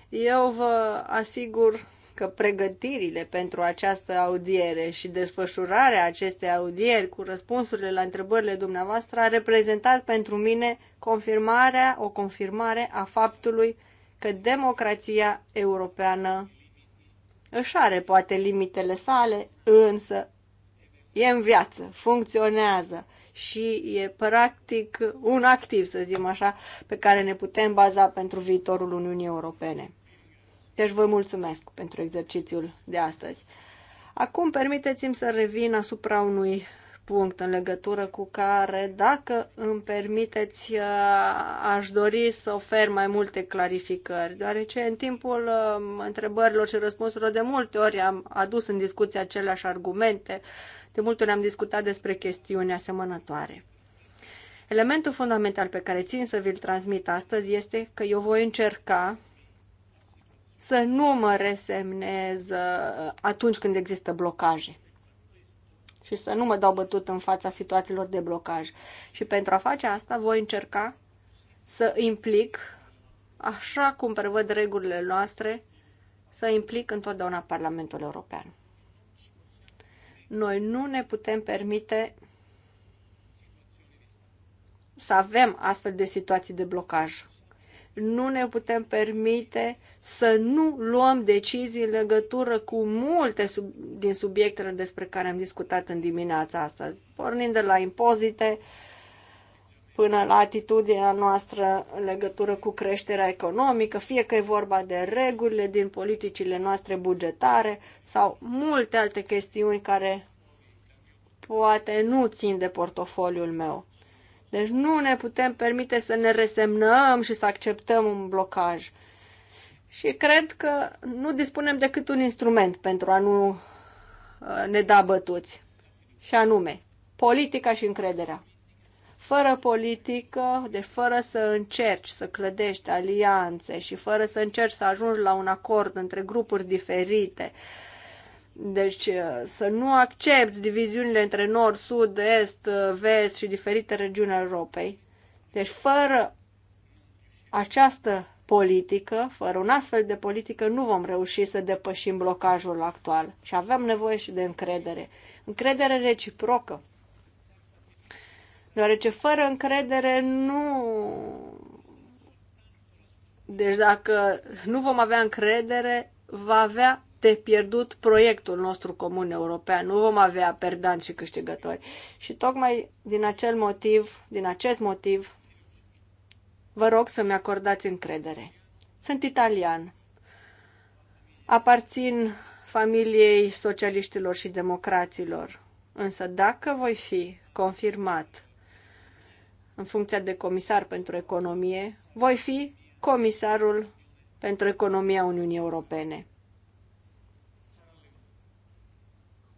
Eu vă asigur că pregătirile pentru această audiere și desfășurarea acestei audieri cu răspunsurile la întrebările dumneavoastră a reprezentat pentru mine confirmarea, o confirmare a faptului că democrația europeană își are poate limitele sale, însă e în viață, funcționează și e practic un activ, să zicem așa, pe care ne putem baza pentru viitorul Uniunii Europene. Deci vă mulțumesc pentru exercițiul de astăzi. Acum permiteți-mi să revin asupra unui punct în legătură cu care, dacă îmi permiteți, uh, aș dori să ofer mai multe clarificări, deoarece în timpul uh, întrebărilor și răspunsurilor de multe ori am adus în discuție aceleași argumente, de multe ori am discutat despre chestiuni asemănătoare. Elementul fundamental pe care țin să vi-l transmit astăzi este că eu voi încerca să nu mă resemnez uh, atunci când există blocaje și să nu mă dau bătut în fața situațiilor de blocaj. Și pentru a face asta voi încerca să implic, așa cum prevăd regulile noastre, să implic întotdeauna Parlamentul European. Noi nu ne putem permite să avem astfel de situații de blocaj nu ne putem permite să nu luăm decizii în legătură cu multe sub, din subiectele despre care am discutat în dimineața asta, pornind de la impozite până la atitudinea noastră în legătură cu creșterea economică, fie că e vorba de regulile din politicile noastre bugetare sau multe alte chestiuni care poate nu țin de portofoliul meu. Deci nu ne putem permite să ne resemnăm și să acceptăm un blocaj. Și cred că nu dispunem decât un instrument pentru a nu uh, ne da bătuți. Și anume, politica și încrederea. Fără politică, deci fără să încerci să clădești alianțe și fără să încerci să ajungi la un acord între grupuri diferite, uh, deci uh, să nu accept diviziunile între nord, sud, est, uh, vest și diferite regiuni ale Europei. Deci fără această politică, fără un astfel de politică, nu vom reuși să depășim blocajul actual. Și avem nevoie și de încredere. Încredere reciprocă. Deoarece fără încredere nu... Deci dacă nu vom avea încredere, va avea de pierdut proiectul nostru comun european. Nu vom avea perdanți și câștigători. Și tocmai din acel motiv, din acest motiv, vă rog să-mi acordați încredere. Sunt italian. Aparțin familiei socialiștilor și democraților. Însă dacă voi fi confirmat în funcția de comisar pentru economie, voi fi comisarul pentru economia Uniunii Europene.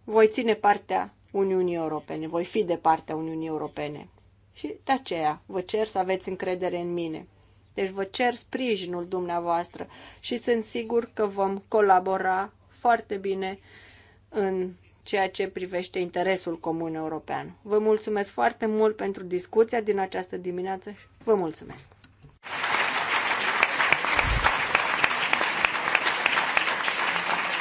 voi ține partea Uniunii Europene, voi fi de partea Uniunii Europene. Și de aceea vă cer să aveți încredere în mine. Deci vă cer sprijinul dumneavoastră și sunt sigur că vom colabora foarte bine în ceea ce privește interesul comun european. Vă mulțumesc foarte mult pentru discuția din această dimineață și vă mulțumesc!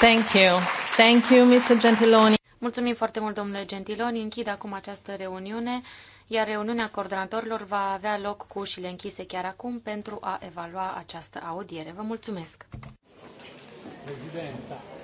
Thank you. Thank you, Mr. Gentiloni. Mulțumim foarte mult, domnule Gentiloni. Închid acum această reuniune, iar reuniunea coordonatorilor va avea loc cu ușile închise chiar acum pentru a evalua această audiere. Vă mulțumesc! Prezidenta.